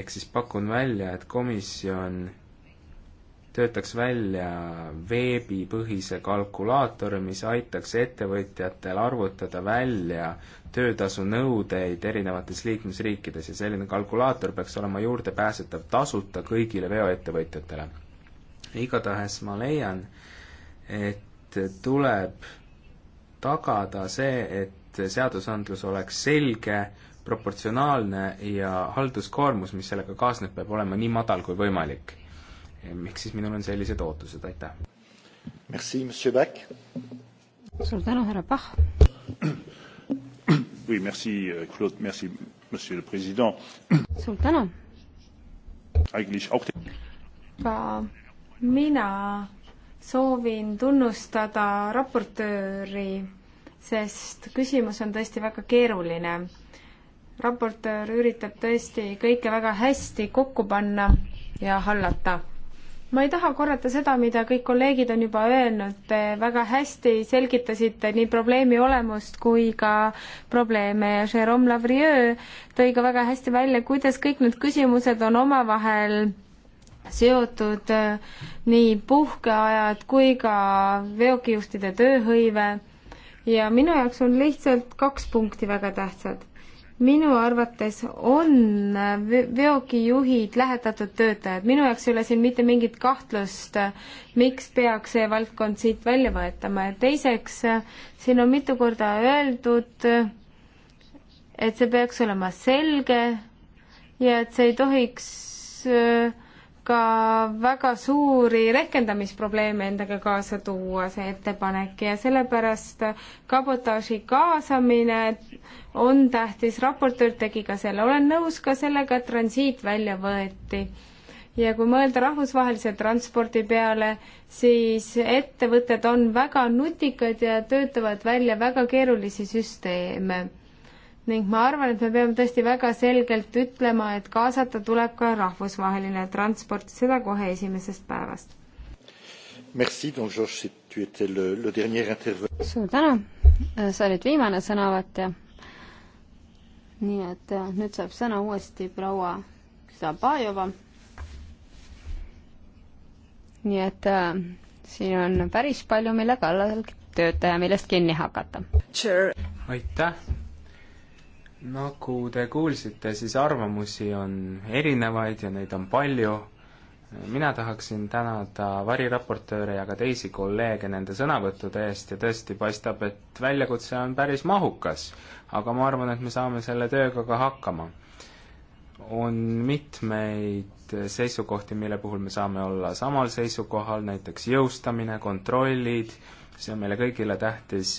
ehk siis pakun välja, et komisjon töötaks välja veebipõhise kalkulaatori, mis aitaks ettevõtjatel arvutada välja töötasunõudeid erinevates liikmesriikides ja selline kalkulaator peaks olema juurdepääsetav tasuta kõigile veoettevõtjatele igatahes ma leian, et tuleb tagada see, et seadusandlus oleks selge, proportsionaalne ja halduskoormus, mis sellega kaasneb, peab olema nii madal kui võimalik. ehk siis minul on sellised ootused, aitäh. Merci, monsieur Bach. suur tänu, härra Bach. (clears throat) Oui, merci, euh, Claude, merci, monsieur le president. suur tänu. Eigentlich auch ka mina soovin tunnustada raportööri, sest küsimus on tõesti väga keeruline. raportöör üritab tõesti kõike väga hästi kokku panna ja hallata. ma ei taha korrata seda, mida kõik kolleegid on juba öelnud, te väga hästi selgitasite nii probleemi olemust kui ka probleeme ja Jérôme Lavrieux tõi ka väga hästi välja, kuidas kõik need küsimused on omavahel seotud äh, nii puhkeajad kui ka veokijuhtide tööhõive ja minu jaoks on lihtsalt kaks punkti väga tähtsad. minu arvates on äh, veokijuhid lähetatud töötajad, minu jaoks ei ole siin mitte mingit kahtlust, äh, miks peaks see valdkond siit välja võetama ja teiseks, siin on mitu korda öeldud, et see peaks olema selge ja et see ei tohiks äh, ka väga suuri rehkendamisprobleeme endaga kaasa tuua, see ettepanek, ja sellepärast kabotaaži kaasamine on tähtis, raportöör tegi ka selle, olen nõus ka sellega, et transiit välja võeti. ja kui mõelda rahvusvahelise transpordi peale, siis ettevõtted on väga nutikad ja töötavad välja väga keerulisi süsteeme ning ma arvan, et me peame tõesti väga selgelt ütlema, et kaasata tuleb ka rahvusvaheline transport, seda kohe esimesest päevast. suur tänu, sa olid viimane sõnavõtja. nii et äh, nüüd saab sõna uuesti proua Zabajova. nii et äh, siin on päris palju, mille kallal tööd teha, millest kinni hakata. aitäh nagu te kuulsite, siis arvamusi on erinevaid ja neid on palju. mina tahaksin tänada variraportööre ja ka teisi kolleege nende sõnavõttude eest ja tõesti paistab, et väljakutse on päris mahukas, aga ma arvan, et me saame selle tööga ka hakkama. on mitmeid seisukohti, mille puhul me saame olla samal seisukohal, näiteks jõustamine, kontrollid, see on meile kõigile tähtis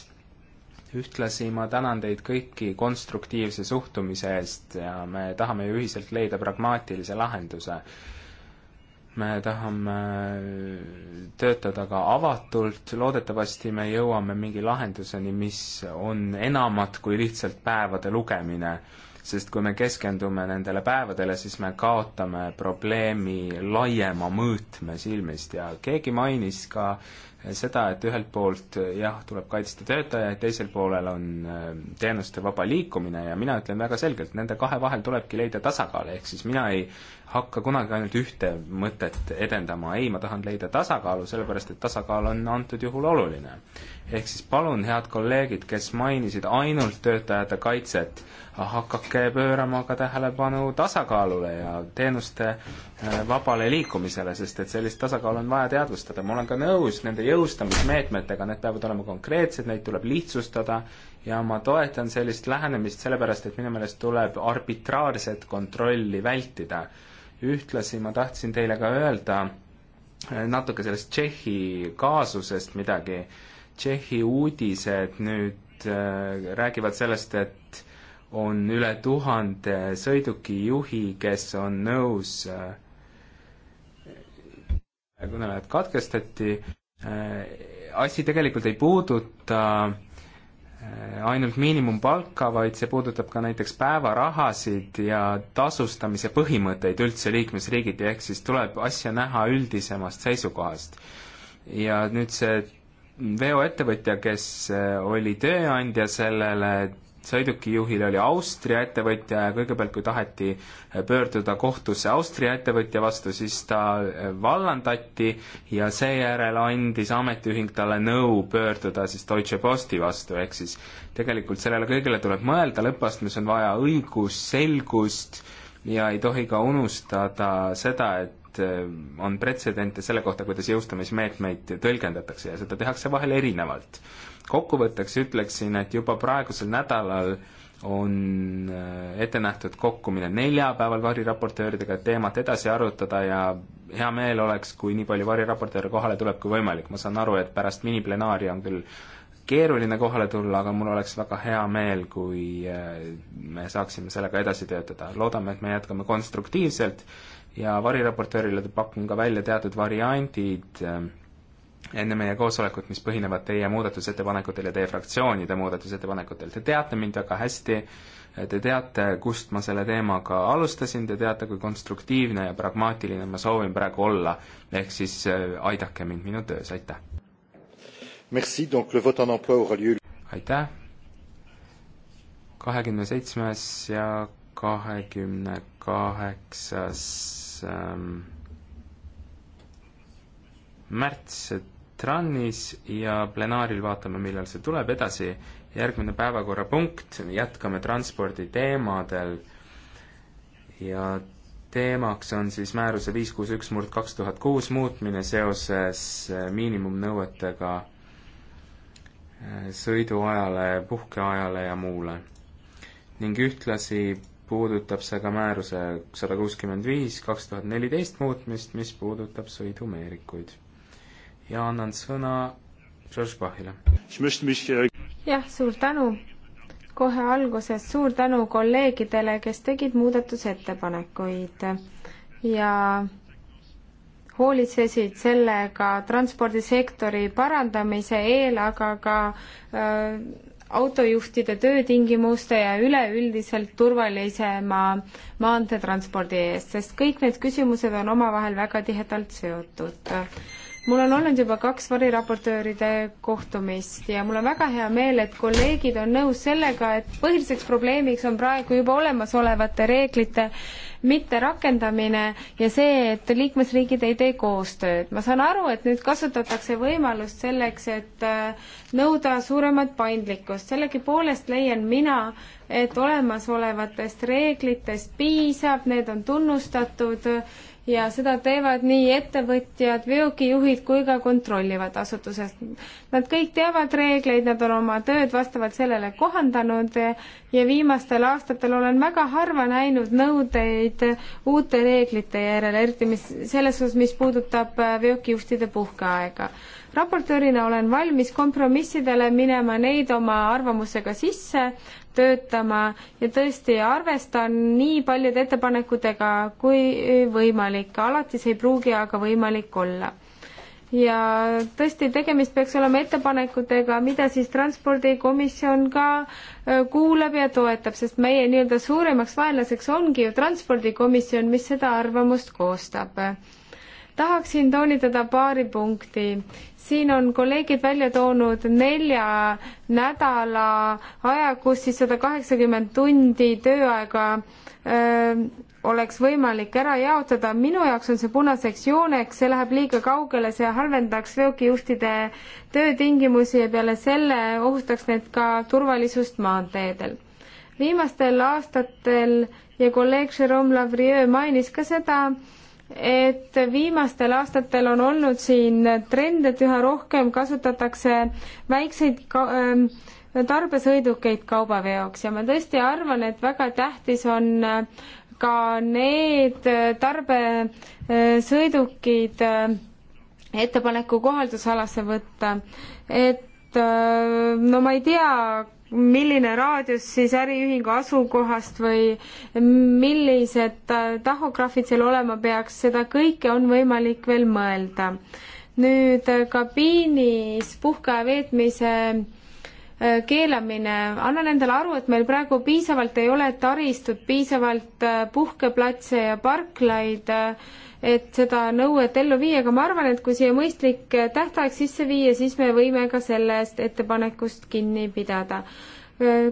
ühtlasi ma tänan teid kõiki konstruktiivse suhtumise eest ja me tahame ju ühiselt leida pragmaatilise lahenduse. me tahame töötada ka avatult, loodetavasti me jõuame mingi lahenduseni, mis on enamat kui lihtsalt päevade lugemine, sest kui me keskendume nendele päevadele, siis me kaotame probleemi laiema mõõtme silmist ja keegi mainis ka seda, et ühelt poolt jah, tuleb kaitsta töötajaid, teisel poolel on äh, teenuste vaba liikumine ja mina ütlen väga selgelt, nende kahe vahel tulebki leida tasakaal, ehk siis mina ei hakka kunagi ainult ühte mõtet edendama, ei, ma tahan leida tasakaalu, sellepärast et tasakaal on antud juhul oluline ehk siis palun, head kolleegid, kes mainisid ainult töötajate kaitset, hakake pöörama ka tähelepanu tasakaalule ja teenuste äh, vabale liikumisele, sest et sellist tasakaalu on vaja teadvustada. ma olen ka nõus nende jõustamismeetmetega, need peavad olema konkreetsed, neid tuleb lihtsustada ja ma toetan sellist lähenemist, sellepärast et minu meelest tuleb arbitraarset kontrolli vältida. ühtlasi ma tahtsin teile ka öelda äh, natuke sellest Tšehhi kaasusest midagi Tšehhi uudised nüüd äh, räägivad sellest, et on üle tuhande sõidukijuhi, kes on nõus äh, kõnelejad katkestati, äh, asi tegelikult ei puuduta ainult miinimumpalka, vaid see puudutab ka näiteks päevarahasid ja tasustamise põhimõtteid üldse liikmesriigiti, ehk siis tuleb asja näha üldisemast seisukohast. ja nüüd see veoettevõtja, kes äh, oli tööandja sellele sõidukijuhil oli Austria ettevõtja ja kõigepealt, kui taheti äh, pöörduda kohtusse Austria ettevõtja vastu, siis ta äh, vallandati ja seejärel andis ametiühing talle nõu pöörduda siis Deutsche Posti vastu, ehk siis tegelikult sellele kõigele tuleb mõelda, lõppastmes on vaja õigusselgust ja ei tohi ka unustada seda, et et eh, on pretsedente selle kohta, kuidas jõustamismeetmeid tõlgendatakse ja seda tehakse vahel erinevalt. kokkuvõtteks ütleksin, et juba praegusel nädalal on eh, ette nähtud kokkumine neljapäeval variraportööridega, et teemat edasi arutada ja hea meel oleks, kui nii palju variraportööre kohale tuleb kui võimalik, ma saan aru, et pärast miniplenaari on küll keeruline kohale tulla, aga mul oleks väga hea meel, kui eh, me saaksime sellega edasi töötada. loodame, et me jätkame konstruktiivselt ja variraportöörile pakun ka välja teatud variandid äh, enne meie koosolekut, mis põhinevad teie muudatusettepanekutel ja teie fraktsioonide muudatusettepanekutel. Te teate mind väga hästi, te teate, kust ma selle teemaga alustasin, te teate, kui konstruktiivne ja pragmaatiline ma soovin praegu olla, ehk siis äh, aidake mind minu töös, aitäh! aitäh! kahekümne seitsmes ja kahekümne kaheksas Ähm, märts TRAN-is ja plenaaril vaatame, millal see tuleb edasi. järgmine päevakorrapunkt, jätkame transpordi teemadel ja teemaks on siis määruse viis kuus üks murd kaks tuhat kuus muutmine seoses äh, miinimumnõuetega äh, sõiduajale, puhkeajale ja muule. ning ühtlasi puudutab see ka määruse sada kuuskümmend viis kaks tuhat neliteist muutmist, mis puudutab sõidumeerikuid. ja annan sõna George Bachile. jah, suur tänu kohe alguses, suur tänu kolleegidele, kes tegid muudatusettepanekuid ja hoolitsesid sellega transpordisektori parandamise eel, aga ka öö, äh, autojuhtide töötingimuste ja üleüldiselt turvalisema maanteetranspordi eest, sest kõik need küsimused on omavahel väga tihedalt seotud. mul on olnud juba kaks variraportööride kohtumist ja mul on väga hea meel, et kolleegid on nõus sellega, et põhiliseks probleemiks on praegu juba olemasolevate reeglite mitterakendamine ja see, et liikmesriigid ei tee koostööd. ma saan aru, et nüüd kasutatakse võimalust selleks, et äh, nõuda suuremat paindlikkust, sellegipoolest leian mina, et olemasolevatest reeglitest piisab, need on tunnustatud ja seda teevad nii ettevõtjad, veokijuhid kui ka kontrollivad asutused. Nad kõik teavad reegleid, nad on oma tööd vastavalt sellele kohandanud ja viimastel aastatel olen väga harva näinud nõudeid uute reeglite järele, eriti mis, selles osas, mis puudutab äh, veokijuhtide puhkeaega. raportöörina olen valmis kompromissidele minema neid oma arvamusega sisse, töötama ja tõesti arvestan nii paljude ettepanekutega kui võimalik, alati see ei pruugi aga võimalik olla. ja tõesti, tegemist peaks olema ettepanekutega, mida siis Transpordikomisjon ka äh, kuulab ja toetab, sest meie nii-öelda suuremaks vaenlaseks ongi ju Transpordikomisjon, mis seda arvamust koostab tahaksin toonitada paari punkti siin on kolleegid välja toonud nelja nädala aja, kus siis sada kaheksakümmend tundi tööaega öö, oleks võimalik ära jaotada. minu jaoks on see punaseks jooneks, see läheb liiga kaugele, see halvendaks veokijuhtide töötingimusi ja peale selle ohustaks need ka turvalisust maanteedel. viimastel aastatel ja kolleeg Jerome Lavrieux mainis ka seda, et viimastel aastatel on olnud siin trend, et üha rohkem kasutatakse väikseid ka, äh, tarbesõidukeid kaubaveoks ja ma tõesti arvan, et väga tähtis on äh, ka need äh, tarbesõidukid äh, ettepaneku kohaldusalasse võtta, et no ma ei tea, milline raadius siis äriühingu asukohast või millised tahograafid seal olema peaks, seda kõike on võimalik veel mõelda. nüüd äh, kabiinis puhkeaja veetmise äh, keelamine, annan endale aru, et meil praegu piisavalt ei ole taristut, piisavalt äh, puhkeplatse ja parklaid et seda nõuet ellu viia, aga ma arvan, et kui siia mõistlik tähtaeg sisse viia, siis me võime ka sellest ettepanekust kinni pidada.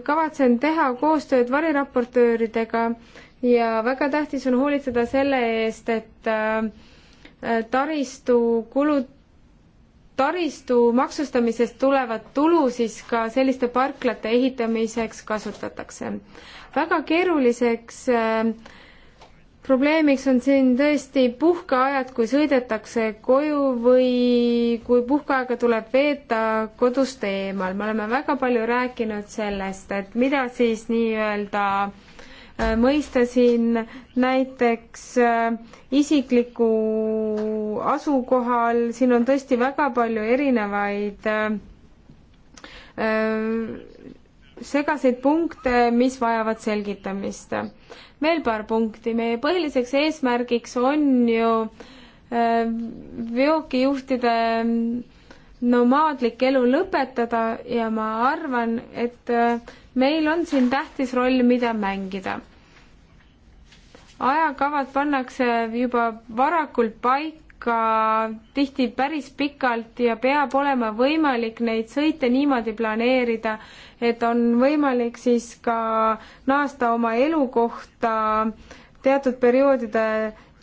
kavatsen teha koostööd variraportööridega ja väga tähtis on hoolitseda selle eest, et taristu kulud taristu maksustamisest tulevat tulu siis ka selliste parklate ehitamiseks kasutatakse. väga keeruliseks äh, probleemiks on siin tõesti puhkeajad, kui sõidetakse koju või kui puhkeaega tuleb veeta kodust eemal. me oleme väga palju rääkinud sellest, et mida siis nii-öelda äh, mõista siin näiteks äh, isikliku asukohal, siin on tõesti väga palju erinevaid äh, segaseid punkte, mis vajavad selgitamist veel paar punkti, meie põhiliseks eesmärgiks on ju äh, veokijuhtide mm, nomaadlik elu lõpetada ja ma arvan, et äh, meil on siin tähtis roll, mida mängida. ajakavad pannakse juba varakult paika ka tihti päris pikalt ja peab olema võimalik neid sõite niimoodi planeerida, et on võimalik siis ka naasta oma elukohta teatud perioodide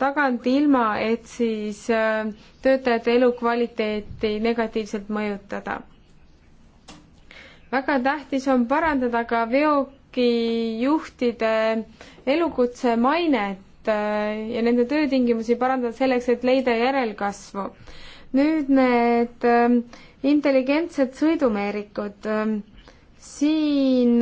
tagant, ilma et siis äh, töötajate elukvaliteeti negatiivselt mõjutada. väga tähtis on parandada ka veokijuhtide elukutse mainet, Äh, ja nende töötingimusi parandada selleks, et leida järelkasvu. nüüd need ähm, intelligentsed sõidumeerikud, ähm, siin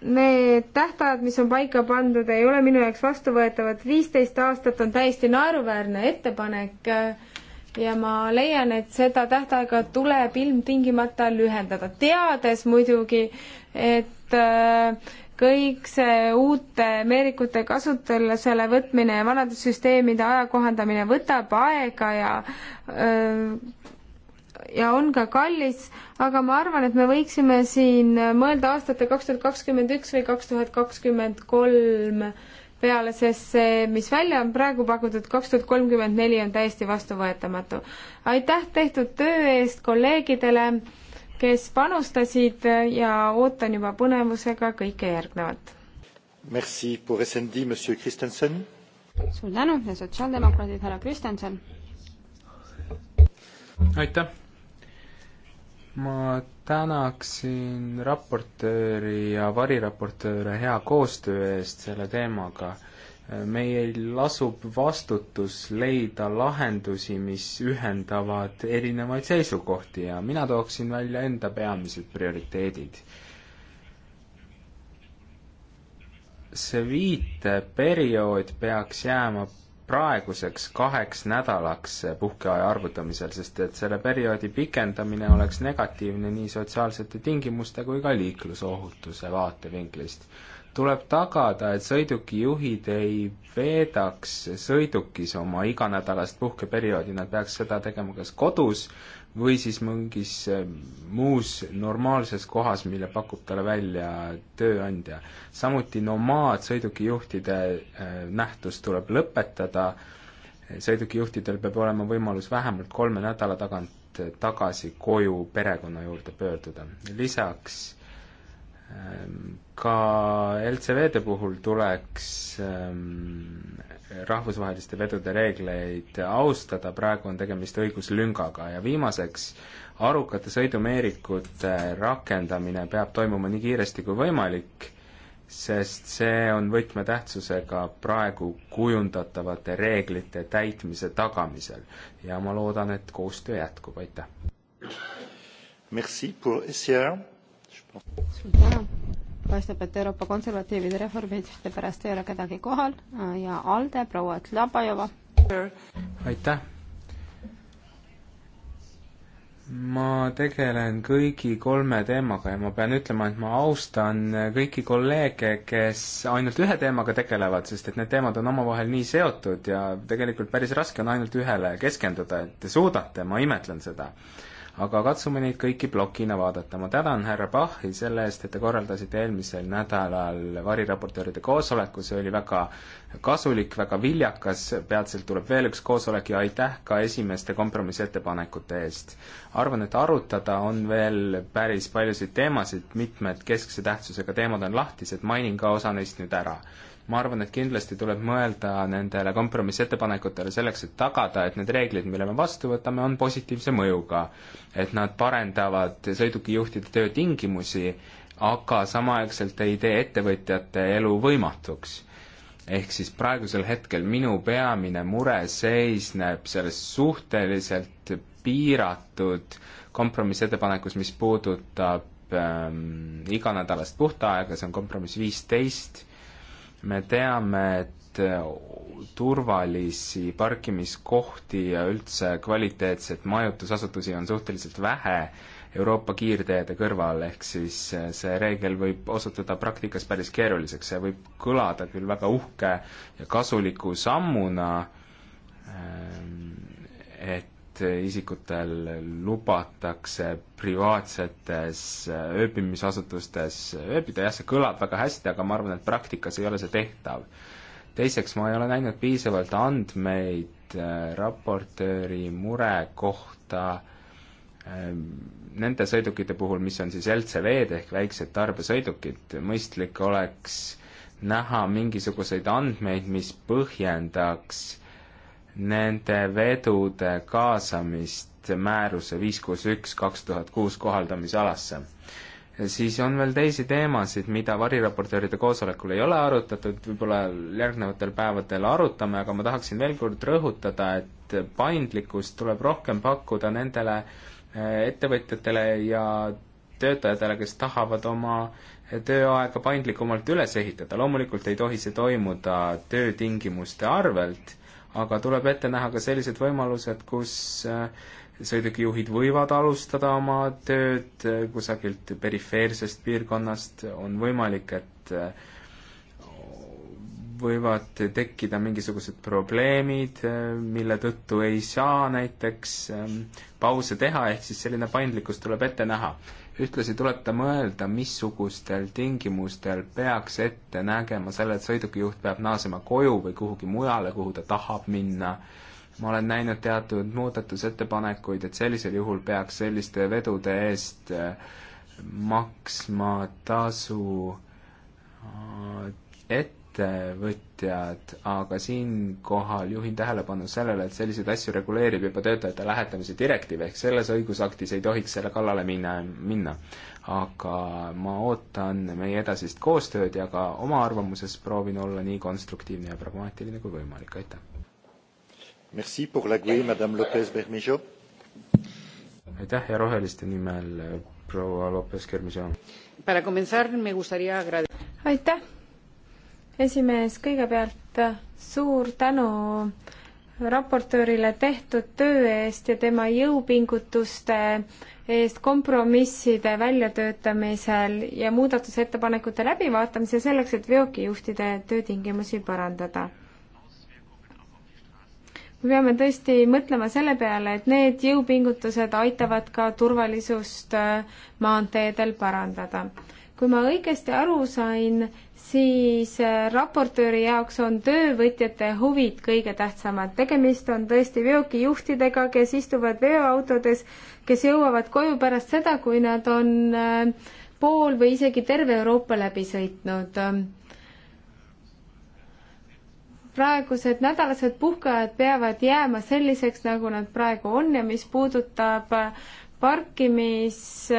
need tähtajad, mis on paika pandud, ei ole minu jaoks vastuvõetavad, viisteist aastat on täiesti naeruväärne ettepanek äh, ja ma leian, et seda tähtaega tuleb ilmtingimata lühendada, teades muidugi, et äh, kõik see uute meerikute kasutusele võtmine ja vanade süsteemide ajakohandamine võtab aega ja öö, ja on ka kallis, aga ma arvan, et me võiksime siin mõelda aastate kaks tuhat kakskümmend üks või kaks tuhat kakskümmend kolm peale, sest see, mis välja on praegu pakutud, kaks tuhat kolmkümmend neli on täiesti vastuvõetamatu. aitäh tehtud töö eest kolleegidele kes panustasid ja ootan juba põnevusega kõike järgnevat. Merci pour SND, monsieur Kristjanson. suur tänu ja sotsiaaldemokraadid, härra Kristjanson. aitäh. ma tänaksin raportööri ja variraportööre hea koostöö eest selle teemaga meil lasub vastutus leida lahendusi, mis ühendavad erinevaid seisukohti ja mina tooksin välja enda peamised prioriteedid. see viiteperiood peaks jääma praeguseks kaheks nädalaks puhkeaja arvutamisel, sest et selle perioodi pikendamine oleks negatiivne nii sotsiaalsete tingimuste kui ka liiklusohutuse vaatevinklist tuleb tagada, et sõidukijuhid ei veedaks sõidukis oma iganädalast puhkeperioodi, nad peaks seda tegema kas kodus või siis mingis eh, muus normaalses kohas, mille pakub talle välja tööandja. samuti nomaadsõidukijuhtide eh, nähtus tuleb lõpetada, sõidukijuhtidel peab olema võimalus vähemalt kolme nädala tagant tagasi koju perekonna juurde pöörduda. lisaks Ehm, ka LCV-de puhul tuleks ehm, rahvusvaheliste vedude reegleid austada, praegu on tegemist õiguslüngaga ja viimaseks, arukate sõidumeerikute rakendamine peab toimuma nii kiiresti kui võimalik, sest see on võtmetähtsusega praegu kujundatavate reeglite täitmise tagamisel ja ma loodan, et koostöö jätkub, aitäh! Merci pour SCR suur tänu. paistab, et Euroopa konservatiivide reformistide pärast ei ole kedagi kohal äh, ja ALDE proua Tlabajova. aitäh. ma tegelen kõigi kolme teemaga ja ma pean ütlema, et ma austan kõiki kolleege, kes ainult ühe teemaga tegelevad, sest et need teemad on omavahel nii seotud ja tegelikult päris raske on ainult ühele keskenduda, et te suudate, ma imetlen seda aga katsume neid kõiki plokina vaadata. ma tänan härra Bachi selle eest, et te korraldasite eelmisel nädalal variraportööride koosoleku, see oli väga kasulik, väga viljakas, peatselt tuleb veel üks koosolek ja aitäh ka esimeste kompromissettepanekute eest. arvan, et arutada on veel päris paljusid teemasid, mitmed keskse tähtsusega teemad on lahtised, mainin ka osa neist nüüd ära ma arvan, et kindlasti tuleb mõelda nendele kompromissettepanekutele selleks, et tagada, et need reeglid, mille me vastu võtame, on positiivse mõjuga. et nad parendavad sõidukijuhtide töötingimusi, aga samaaegselt ei tee ettevõtjate elu võimatuks. ehk siis praegusel hetkel minu peamine mure seisneb selles suhteliselt piiratud kompromissettepanekus, mis puudutab ähm, iganädalast puhta aega, see on kompromiss viisteist me teame, et äh, turvalisi parkimiskohti ja üldse kvaliteetset majutusasutusi on suhteliselt vähe Euroopa kiirteede kõrval, ehk siis äh, see reegel võib osutuda praktikas päris keeruliseks, see võib kõlada küll väga uhke ja kasuliku sammuna, ähm, et et isikutel lubatakse privaatsetes äh, ööbimisasutustes ööbida, jah, see kõlab väga hästi, aga ma arvan, et praktikas ei ole see tehtav. teiseks, ma ei ole näinud piisavalt andmeid äh, raportööri mure kohta ähm, nende sõidukite puhul, mis on siis LCV-d ehk väiksed tarbesõidukid, mõistlik oleks näha mingisuguseid andmeid, mis põhjendaks äh, nende vedude kaasamist määruse viis kuus üks kaks tuhat kuus kohaldamisalasse. siis on veel teisi teemasid, mida variraportööride koosolekul ei ole arutatud, võib-olla järgnevatel päevadel arutame, aga ma tahaksin veel kord rõhutada, et paindlikkust tuleb rohkem pakkuda nendele eh, ettevõtjatele ja töötajatele, kes tahavad oma tööaega paindlikumalt üles ehitada, loomulikult ei tohi see toimuda töötingimuste arvelt, aga tuleb ette näha ka sellised võimalused, kus äh, sõidukijuhid võivad alustada oma tööd äh, kusagilt perifeersest piirkonnast, on võimalik, et äh, võivad tekkida mingisugused probleemid, mille tõttu ei saa näiteks ähm, pause teha, ehk siis selline paindlikkus tuleb ette näha ühtlasi tuleb ta mõelda, missugustel tingimustel peaks ette nägema selle, et sõidukijuht peab naasema koju või kuhugi mujale, kuhu ta tahab minna. ma olen näinud teatud muudatusettepanekuid, et sellisel juhul peaks selliste vedude eest äh, maksma tasu äh, ette ettevõtjad, aga siinkohal juhin tähelepanu sellele, et selliseid asju reguleerib juba töötajate lähetamise direktiiv, ehk selles õigusaktis ei tohiks selle kallale minna, minna. aga ma ootan meie edasist koostööd ja ka oma arvamuses proovin olla nii konstruktiivne ja pragmaatiline kui võimalik, aitäh! Merci pour la gué, madame Lopez Bermejo! aitäh ja roheliste nimel proua Lopez Bermejo! aitäh! esimees, kõigepealt suur tänu raportöörile tehtud töö eest ja tema jõupingutuste eest kompromisside väljatöötamisel ja muudatusettepanekute läbivaatamisel selleks, et veokijuhtide töötingimusi parandada. me peame tõesti mõtlema selle peale, et need jõupingutused aitavad ka turvalisust maanteedel parandada. kui ma õigesti aru sain, siis äh, raportööri jaoks on töövõtjate huvid kõige tähtsamad. tegemist on tõesti veokijuhtidega, kes istuvad veoautodes, kes jõuavad koju pärast seda, kui nad on äh, pool või isegi terve Euroopa läbi sõitnud. praegused nädalased puhkajad peavad jääma selliseks, nagu nad praegu on ja mis puudutab äh, parkimis-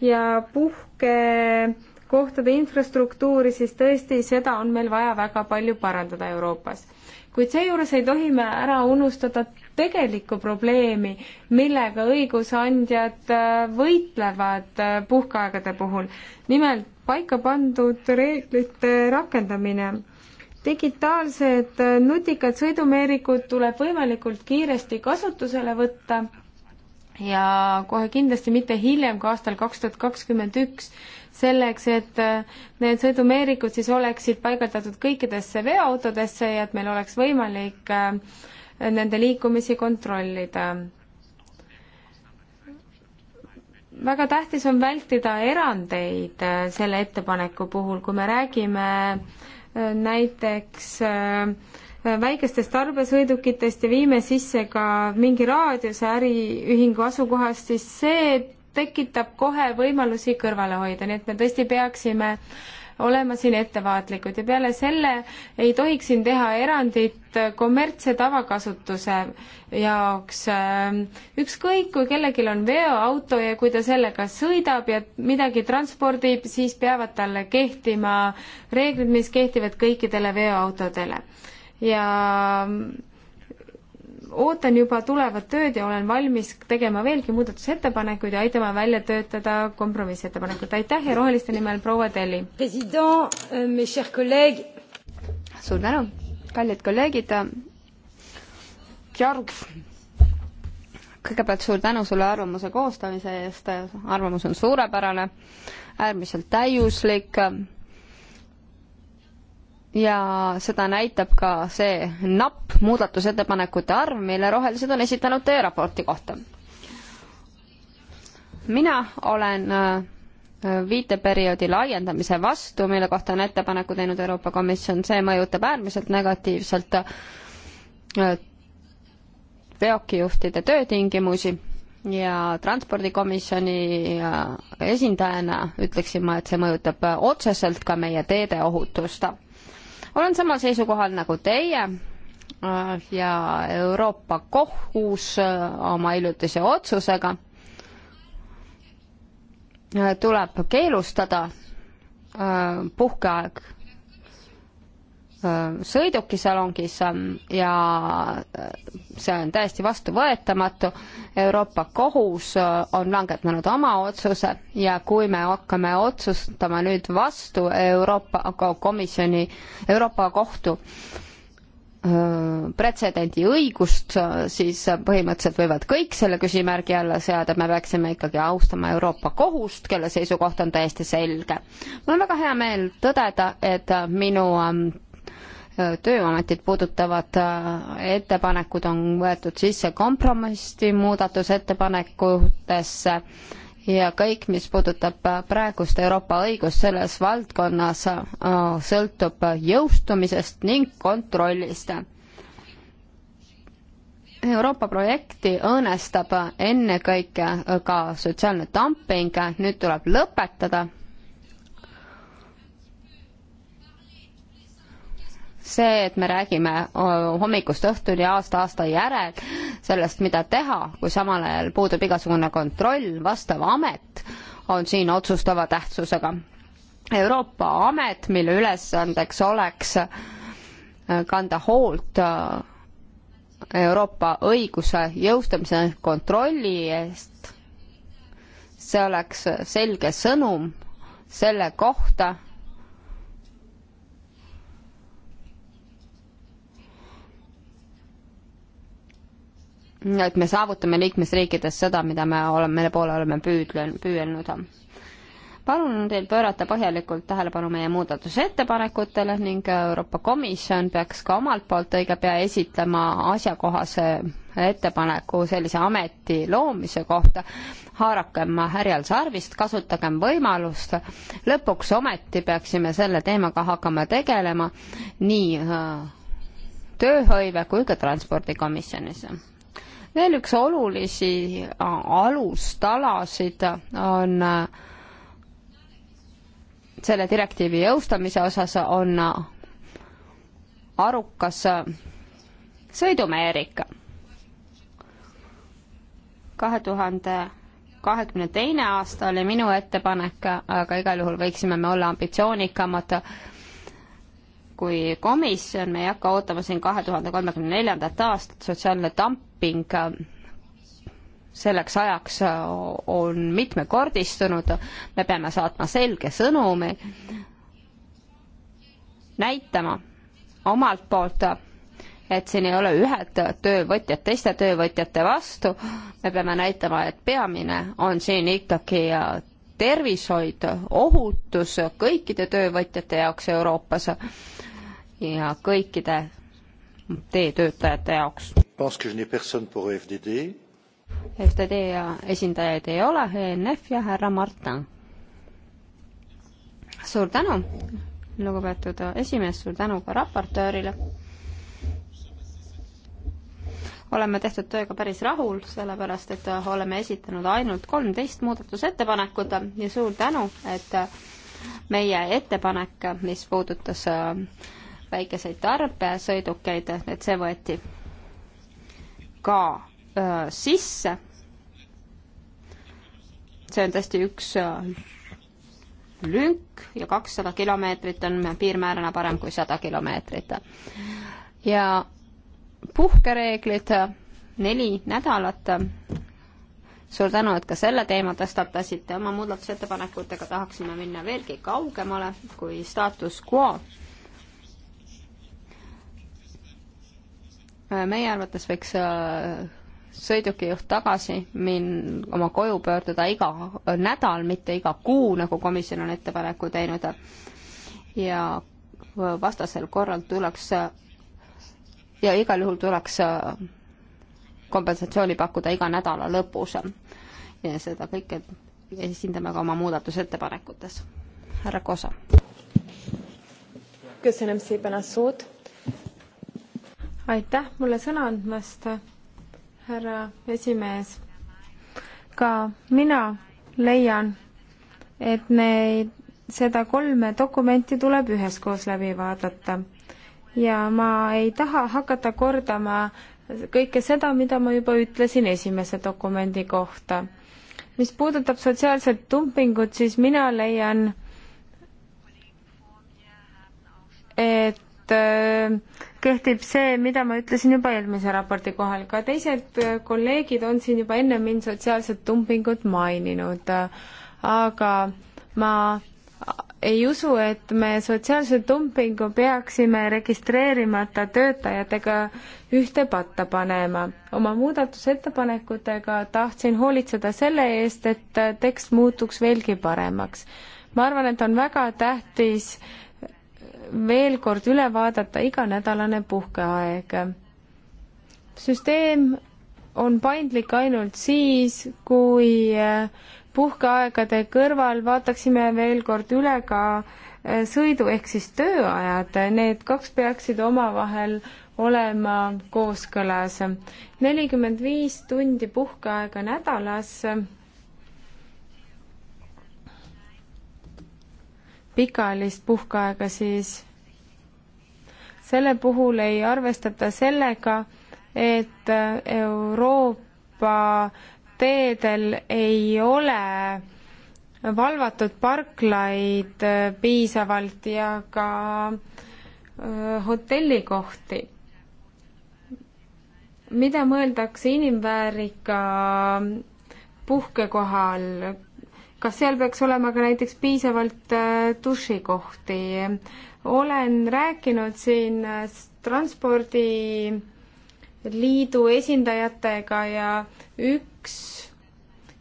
ja puhke kohtade infrastruktuuri, siis tõesti, seda on meil vaja väga palju parandada Euroopas. kuid seejuures ei tohi me ära unustada tegelikku probleemi, millega õigusandjad äh, võitlevad äh, puhkeaegade puhul. nimelt paika pandud reeglite rakendamine digitaalsed äh, nutikad sõidumeerikud tuleb võimalikult kiiresti kasutusele võtta ja kohe kindlasti mitte hiljem kui aastal kaks tuhat kakskümmend üks, selleks, et äh, need sõidumeerikud siis oleksid paigaldatud kõikidesse veoautodesse ja et meil oleks võimalik äh, nende liikumisi kontrollida. väga tähtis on vältida erandeid äh, selle ettepaneku puhul, kui me räägime näiteks väikestest tarbesõidukitest ja viime sisse ka mingi raadiuse äriühingu asukohast, siis see tekitab kohe võimalusi kõrvale hoida, nii et me tõesti peaksime olema siin ettevaatlikud ja peale selle ei tohiks siin teha erandit kommertse tavakasutuse jaoks. Ähm, ükskõik, kui kellelgi on veoauto ja kui ta sellega sõidab ja midagi transpordib, siis peavad talle kehtima reeglid, mis kehtivad kõikidele veoautodele. ja ootan juba tulevat tööd ja olen valmis tegema veelgi muudatusettepanekuid ja aitama välja töötada kompromissettepanekut. aitäh ja Roheliste nimel proua Telli! Euh, suur tänu, kallid kolleegid! kõigepealt suur tänu sulle arvamuse koostamise eest, arvamus on suurepärane, äärmiselt täiuslik ja seda näitab ka see napp muudatusettepanekute arv, mille rohelised on esitanud teie raporti kohta. mina olen äh, viiteperioodi laiendamise vastu, mille kohta on ettepaneku teinud Euroopa Komisjon, see mõjutab äärmiselt negatiivselt äh, veokijuhtide töötingimusi ja transpordikomisjoni äh, esindajana ütleksin ma, et see mõjutab otseselt ka meie teede ohutust olen samal seisukohal nagu teie äh, ja Euroopa Kohus äh, oma hiljutise otsusega äh, tuleb keelustada puhkeaeg sõidukisalongis ähm, ja äh, see on täiesti vastuvõetamatu. Euroopa Kohus äh, on langetanud oma otsuse ja kui me hakkame otsustama nüüd vastu Euroopa Komisjoni, Euroopa Kohtu äh, pretsedendi õigust, siis põhimõtteliselt võivad kõik selle küsimärgi alla seada, me peaksime ikkagi austama Euroopa Kohust, kelle seisukoht on täiesti selge. mul on väga hea meel tõdeda, et minu ähm, tööametit puudutavad äh, ettepanekud on võetud sisse kompromissi muudatusettepanekutesse ja kõik, mis puudutab äh, praegust Euroopa õigust selles valdkonnas, äh, sõltub jõustumisest ning kontrollist. Euroopa projekti õõnestab ennekõike ka sotsiaalne dumping, nüüd tuleb lõpetada see, et me räägime hommikust õhtuni aasta aasta järel sellest, mida teha, kui samal ajal puudub igasugune kontroll, vastav amet on siin otsustava tähtsusega. Euroopa amet, mille ülesandeks oleks kanda hoolt Euroopa õiguse jõustamise kontrolli eest, see oleks selge sõnum selle kohta, et me saavutame liikmesriikides seda, mida me oleme, mille poole oleme püüdlen-, püüelnud. palun teil pöörata põhjalikult tähelepanu meie muudatusettepanekutele ning Euroopa Komisjon peaks ka omalt poolt õige pea esitlema asjakohase ettepaneku sellise ameti loomise kohta, haarakem härjal sarvist, kasutagem võimalust, lõpuks ometi peaksime selle teemaga hakkama tegelema nii äh, tööhõive kui ka transpordikomisjonis veel üks olulisi äh, alustalasid on äh, selle direktiivi jõustamise osas on äh, arukas sõidumeerika. kahe tuhande kahekümne teine aasta oli minu ettepanek, aga igal juhul võiksime me olla ambitsioonikamad kui komisjon, me ei hakka ootama siin kahe tuhande kolmekümne neljandat aastat, sotsiaalne tamp dumping äh, selleks ajaks äh, on mitmekordistunud, me peame saatma selge sõnumi, näitama omalt poolt, et siin ei ole ühed töövõtjad teiste töövõtjate vastu, me peame näitama, et peamine on siin ikkagi äh, tervishoid, ohutus kõikide töövõtjate jaoks Euroopas ja kõikide teetöötajate jaoks pense que je n'ai personne pour EFDD. FDD esindajaid ei ole, ENF ja härra Martin. suur tänu, lugupeetud esimees, suur tänu ka raportöörile. oleme tehtud tööga päris rahul, sellepärast et oleme esitanud ainult kolmteist muudatusettepanekut ja suur tänu, et meie ettepanek, mis puudutas väikeseid tarbesõidukeid, et see võeti ka öö, sisse. see on tõesti üks öö, lünk ja kakssada kilomeetrit on piirmäärana parem kui sada kilomeetrit. ja puhkereeglid neli nädalat. suur tänu, et ka selle teema tõstatasite, oma muudatusettepanekutega tahaksime minna veelgi kaugemale kui staatus quo meie arvates võiks äh, sõidukijuht tagasi min-, oma koju pöörduda iga nädal, mitte iga kuu, nagu komisjon on ettepaneku teinud. ja vastasel korral tuleks ja igal juhul tuleks äh, kompensatsiooni pakkuda iga nädala lõpus. ja seda kõike esindame ka oma muudatusettepanekutes. härra Kosa. köszönöm szépen a szót aitäh mulle sõna andmast, härra esimees. ka mina leian, et neid, seda kolme dokumenti tuleb üheskoos läbi vaadata. ja ma ei taha hakata kordama kõike seda, mida ma juba ütlesin esimese dokumendi kohta. mis puudutab sotsiaalset dumpingut, siis mina leian, et äh, kehtib see, mida ma ütlesin juba eelmise raporti kohal, ka teised kolleegid on siin juba enne mind sotsiaalset dumpingut maininud, aga ma ei usu, et me sotsiaalse dumpingu peaksime registreerimata töötajatega ühte patta panema. oma muudatusettepanekutega tahtsin hoolitseda selle eest, et tekst muutuks veelgi paremaks. ma arvan, et on väga tähtis, veel kord üle vaadata iganädalane puhkeaeg. süsteem on paindlik ainult siis, kui eh, puhkeaegade kõrval vaataksime veel kord üle ka eh, sõidu ehk siis tööajad, need kaks peaksid omavahel olema kooskõlas. nelikümmend viis tundi puhkeaega nädalas pikaajalist puhkeaega, siis selle puhul ei arvestata sellega, et Euroopa teedel ei ole valvatud parklaid piisavalt ja ka hotellikohti. mida mõeldakse inimväärika puhkekoha all, kas seal peaks olema ka näiteks piisavalt äh, dušikohti? olen rääkinud siin äh, transpordiliidu esindajatega ja üks,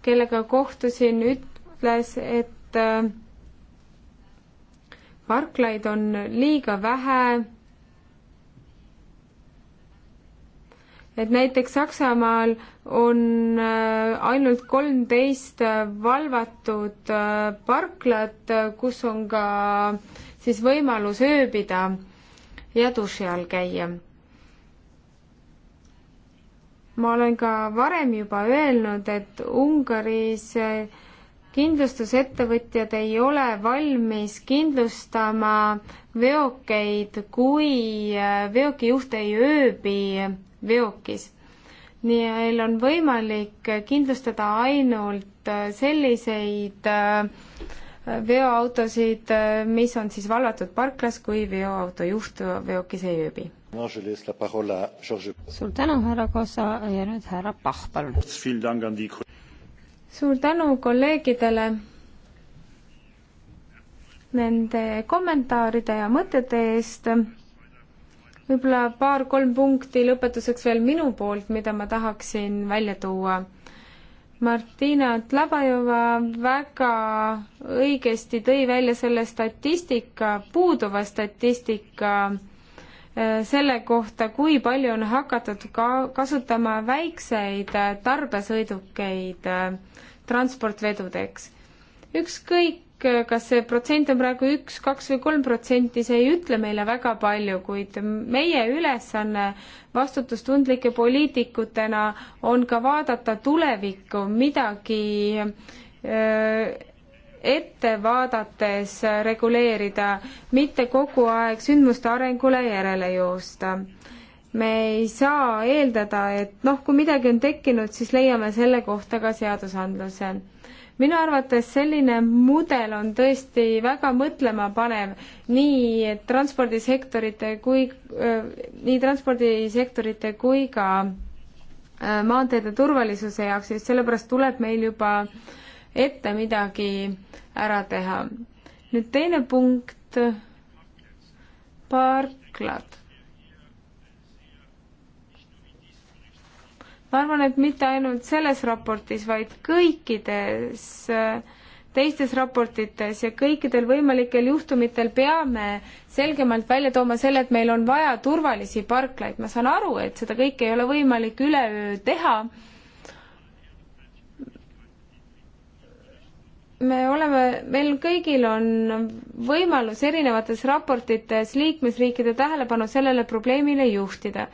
kellega kohtusin, ütles, et äh, parklaid on liiga vähe et näiteks Saksamaal on äh, ainult kolmteist äh, valvatud äh, parklat, kus on ka siis võimalus ööbida ja duši all käia. ma olen ka varem juba öelnud, et Ungaris kindlustusettevõtjad ei ole valmis kindlustama veokeid, kui veokijuht ei ööbi veokis. nii meil on võimalik kindlustada ainult äh, selliseid äh, veoautosid, äh, mis on siis valvatud parklas, kui veoauto juht veokis ei ööbi. suur tänu, härra Kossa ja nüüd härra Pahv, palun. suur tänu kolleegidele nende kommentaaride ja mõtete eest võib-olla paar-kolm punkti lõpetuseks veel minu poolt, mida ma tahaksin välja tuua. Martina Tlabajova väga õigesti tõi välja selle statistika, puuduva statistika äh, selle kohta, kui palju on hakatud ka kasutama väikseid äh, tarbesõidukeid äh, transportvedudeks. ükskõik, kas see protsent on praegu üks, kaks või kolm protsenti, see ei ütle meile väga palju, kuid meie ülesanne vastutustundlike poliitikutena on ka vaadata tulevikku midagi öö, äh, ette vaadates reguleerida, mitte kogu aeg sündmuste arengule järele joosta me ei saa eeldada, et noh, kui midagi on tekkinud, siis leiame selle kohta ka seadusandluse minu arvates selline mudel on tõesti väga mõtlemapanev nii transpordisektorite kui, äh, nii transpordisektorite kui ka äh, maanteede turvalisuse jaoks, just sellepärast tuleb meil juba ette midagi ära teha. nüüd teine punkt, parklad. ma arvan, et mitte ainult selles raportis, vaid kõikides äh, teistes raportites ja kõikidel võimalikel juhtumitel peame selgemalt välja tooma selle, et meil on vaja turvalisi parklaid. ma saan aru, et seda kõike ei ole võimalik üleöö teha. me oleme, meil kõigil on võimalus erinevates raportites liikmesriikide tähelepanu sellele probleemile juhtida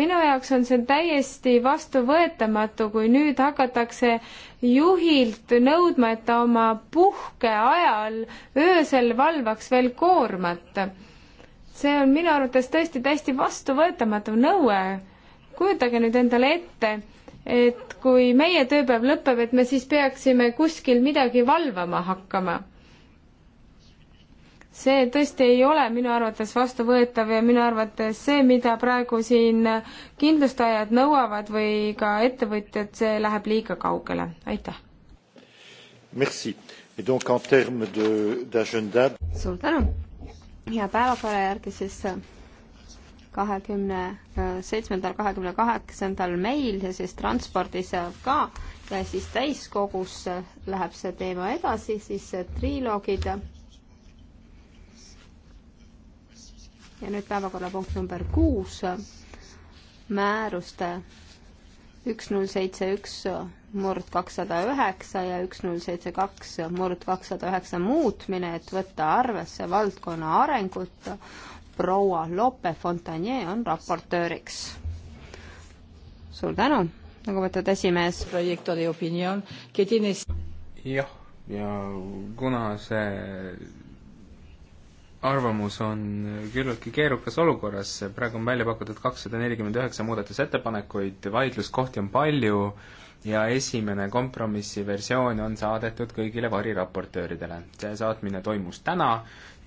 minu jaoks on see täiesti vastuvõetamatu, kui nüüd hakatakse juhilt nõudma, et ta oma puhkeajal öösel valvaks veel koormat. see on minu arvates tõesti täiesti vastuvõetamatu nõue. kujutage nüüd endale ette, et kui meie tööpäev lõpeb, et me siis peaksime kuskil midagi valvama hakkama see tõesti ei ole minu arvates vastuvõetav ja minu arvates see, mida praegu siin kindlustajad nõuavad või ka ettevõtjad, see läheb liiga kaugele, aitäh. suur tänu ja päevakorra järgi siis äh, kahekümne äh, seitsmendal, kahekümne kaheksandal meil ja siis transpordis ka ja siis täiskogus äh, läheb see teema edasi, siis triloogid ja nüüd päevakorrapunkt number kuus, määruste üks null seitse üks murd kakssada üheksa ja üks null seitse kaks murd kakssada üheksa muutmine, et võtta arvesse valdkonna arengut. proua Lope Fontanier on raportööriks. suur tänu, lugupeetud esimees. jah, ja kuna see arvamus on küllaltki keerukas olukorras, praegu on välja pakutud kakssada nelikümmend üheksa muudatusettepanekuid, vaidluskohti on palju ja esimene kompromissi versioon on saadetud kõigile variraportööridele. see saatmine toimus täna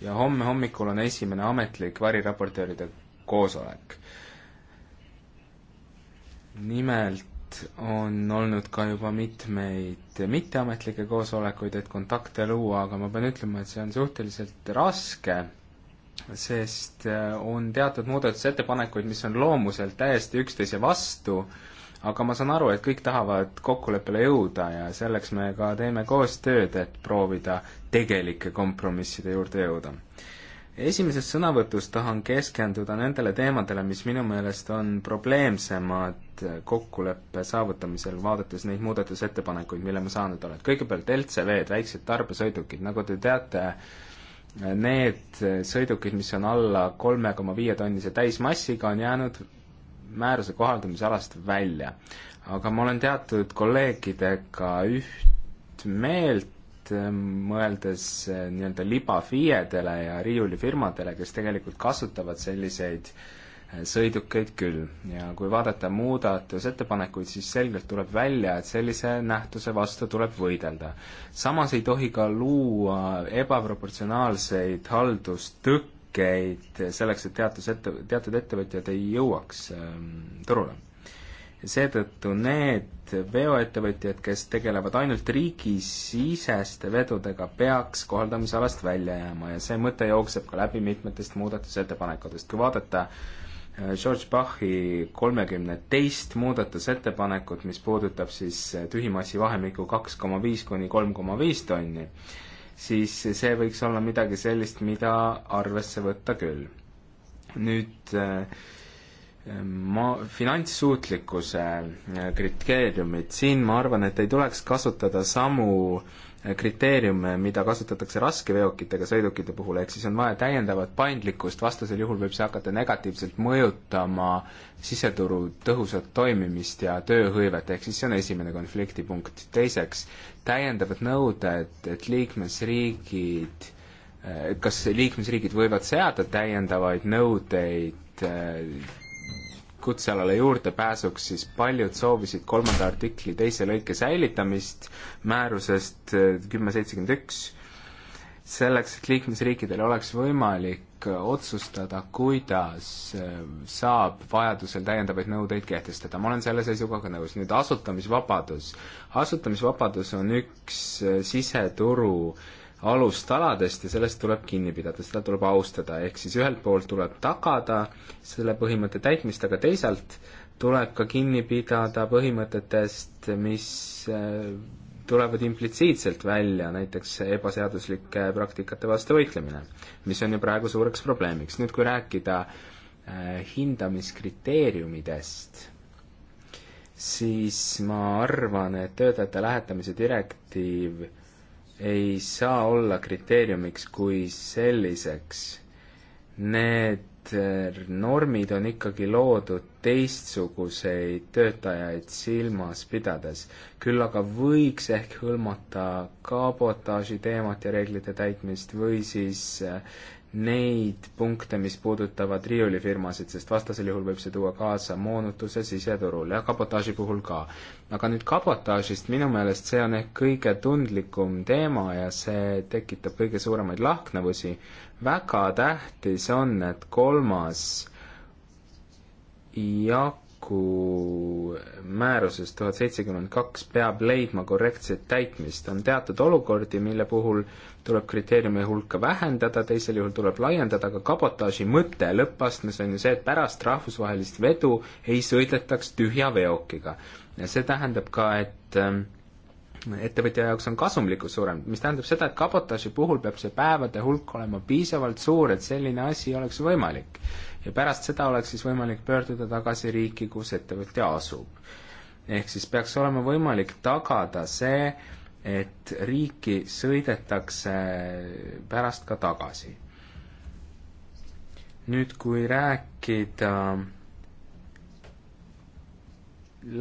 ja homme hommikul on esimene ametlik variraportööride koosolek. nimelt et on olnud ka juba mitmeid mitteametlikke koosolekuid, et kontakte luua, aga ma pean ütlema, et see on suhteliselt raske, sest äh, on teatud muudatusettepanekuid, mis on loomuselt täiesti üksteise vastu, aga ma saan aru, et kõik tahavad kokkuleppele jõuda ja selleks me ka teeme koostööd, et proovida tegelike kompromisside juurde jõuda esimeses sõnavõtus tahan keskenduda nendele teemadele, mis minu meelest on probleemsemad kokkuleppe saavutamisel, vaadates neid muudatusettepanekuid, mille ma saanud olen. kõigepealt LCV-d, väiksed tarbesõidukid, nagu te teate, need sõidukid, mis on alla kolme koma viie tonnise täismassiga, on jäänud määruse kohaldamisalast välja. aga ma olen teatud kolleegidega üht meelt, et eh, mõeldes eh, nii-öelda libafiiedele ja riiulifirmadele, kes tegelikult kasutavad selliseid eh, sõidukeid küll ja kui vaadata muudatusettepanekuid, siis selgelt tuleb välja, et sellise nähtuse vastu tuleb võidelda. samas ei tohi ka luua ebaproportsionaalseid haldustõkkeid selleks, et teatud ette, teatud ettevõtjad ei jõuaks ähm, turule seetõttu need veoettevõtjad, kes tegelevad ainult riigisiseste vedudega, peaks kohaldamisalast välja jääma ja see mõte jookseb ka läbi mitmetest muudatusettepanekutest. kui vaadata äh, George Bachi kolmekümne teist muudatusettepanekut, mis puudutab siis äh, tühimassi vahemikku kaks koma viis kuni kolm koma viis tonni, siis see võiks olla midagi sellist, mida arvesse võtta küll. nüüd äh, ma, finantssuutlikkuse äh, kriteeriumid, siin ma arvan, et ei tuleks kasutada samu äh, kriteeriume, mida kasutatakse raskeveokitega sõidukite puhul, ehk siis on vaja täiendavat paindlikkust, vastasel juhul võib see hakata negatiivselt mõjutama siseturu tõhusat toimimist ja tööhõivet, ehk siis see on esimene konfliktipunkt. teiseks, täiendavad nõuded, et liikmesriigid, äh, kas liikmesriigid võivad seada täiendavaid nõudeid kutsealale juurdepääsuks, siis paljud soovisid kolmanda artikli teise lõike säilitamist määrusest äh, kümme seitsekümmend üks, selleks, et liikmesriikidel oleks võimalik otsustada, kuidas äh, saab vajadusel täiendavaid nõudeid kehtestada. ma olen selle seisukohaga nõus. nüüd asutamisvabadus. asutamisvabadus on üks äh, siseturu äh, alustaladest ja sellest tuleb kinni pidada, seda tuleb austada, ehk siis ühelt poolt tuleb tagada selle põhimõtte täitmist, aga teisalt tuleb ka kinni pidada põhimõtetest, mis äh, tulevad implitsiitselt välja, näiteks ebaseaduslike praktikate vastu võitlemine, mis on ju praegu suureks probleemiks. nüüd, kui rääkida äh, hindamiskriteeriumidest, siis ma arvan, et töötajate lähetamise direktiiv ei saa olla kriteeriumiks kui selliseks. Need äh, normid on ikkagi loodud teistsuguseid töötajaid silmas pidades. küll aga võiks ehk hõlmata kabotaaži teemat ja reeglite täitmist või siis äh, neid punkte, mis puudutavad riiulifirmasid, sest vastasel juhul võib see tuua kaasa moonutuse siseturul ja kabotaaži puhul ka. aga nüüd kabotaažist, minu meelest see on ehk kõige tundlikum teema ja see tekitab kõige suuremaid lahknevusi. väga tähtis on, et kolmas jak-, ettepaneku määruses tuhat seitsekümmend kaks peab leidma korrektset täitmist. on teatud olukordi, mille puhul tuleb kriteeriumi hulka vähendada, teisel juhul tuleb laiendada, aga kabotaaži mõte lõppastmes on ju see, et pärast rahvusvahelist vedu ei sõidetaks tühja veokiga. ja see tähendab ka, et ähm, ettevõtja jaoks on kasumlikkus suurem, mis tähendab seda, et kabotaaži puhul peab see päevade hulk olema piisavalt suur, et selline asi oleks võimalik ja pärast seda oleks siis võimalik pöörduda tagasi riiki, kus ettevõtja asub. ehk siis peaks olema võimalik tagada see, et riiki sõidetakse pärast ka tagasi. nüüd, kui rääkida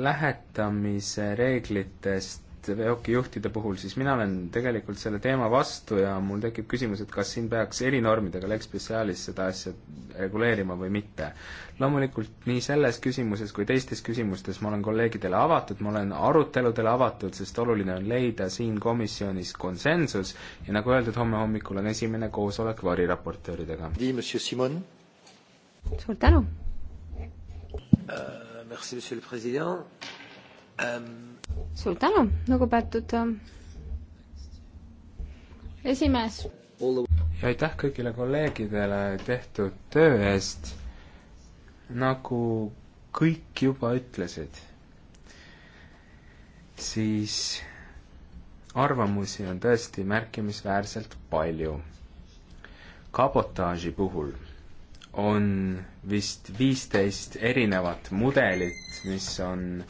lähetamise reeglitest et veokijuhtide puhul, siis mina olen tegelikult selle teema vastu ja mul tekib küsimus, et kas siin peaks erinormidega Lex Specialis seda asja reguleerima või mitte. loomulikult nii selles küsimuses kui teistes küsimustes ma olen kolleegidele avatud, ma olen aruteludele avatud, sest oluline on leida siin komisjonis konsensus ja nagu öeldud, homme hommikul on esimene koosolek variraportööridega. suur tänu uh,! Merci, monsieur le président um suur tänu, lugupeetud äh, esimees. ja aitäh kõigile kolleegidele tehtud töö eest. nagu kõik juba ütlesid, siis arvamusi on tõesti märkimisväärselt palju. kabotaaži puhul on vist viisteist erinevat mudelit, mis on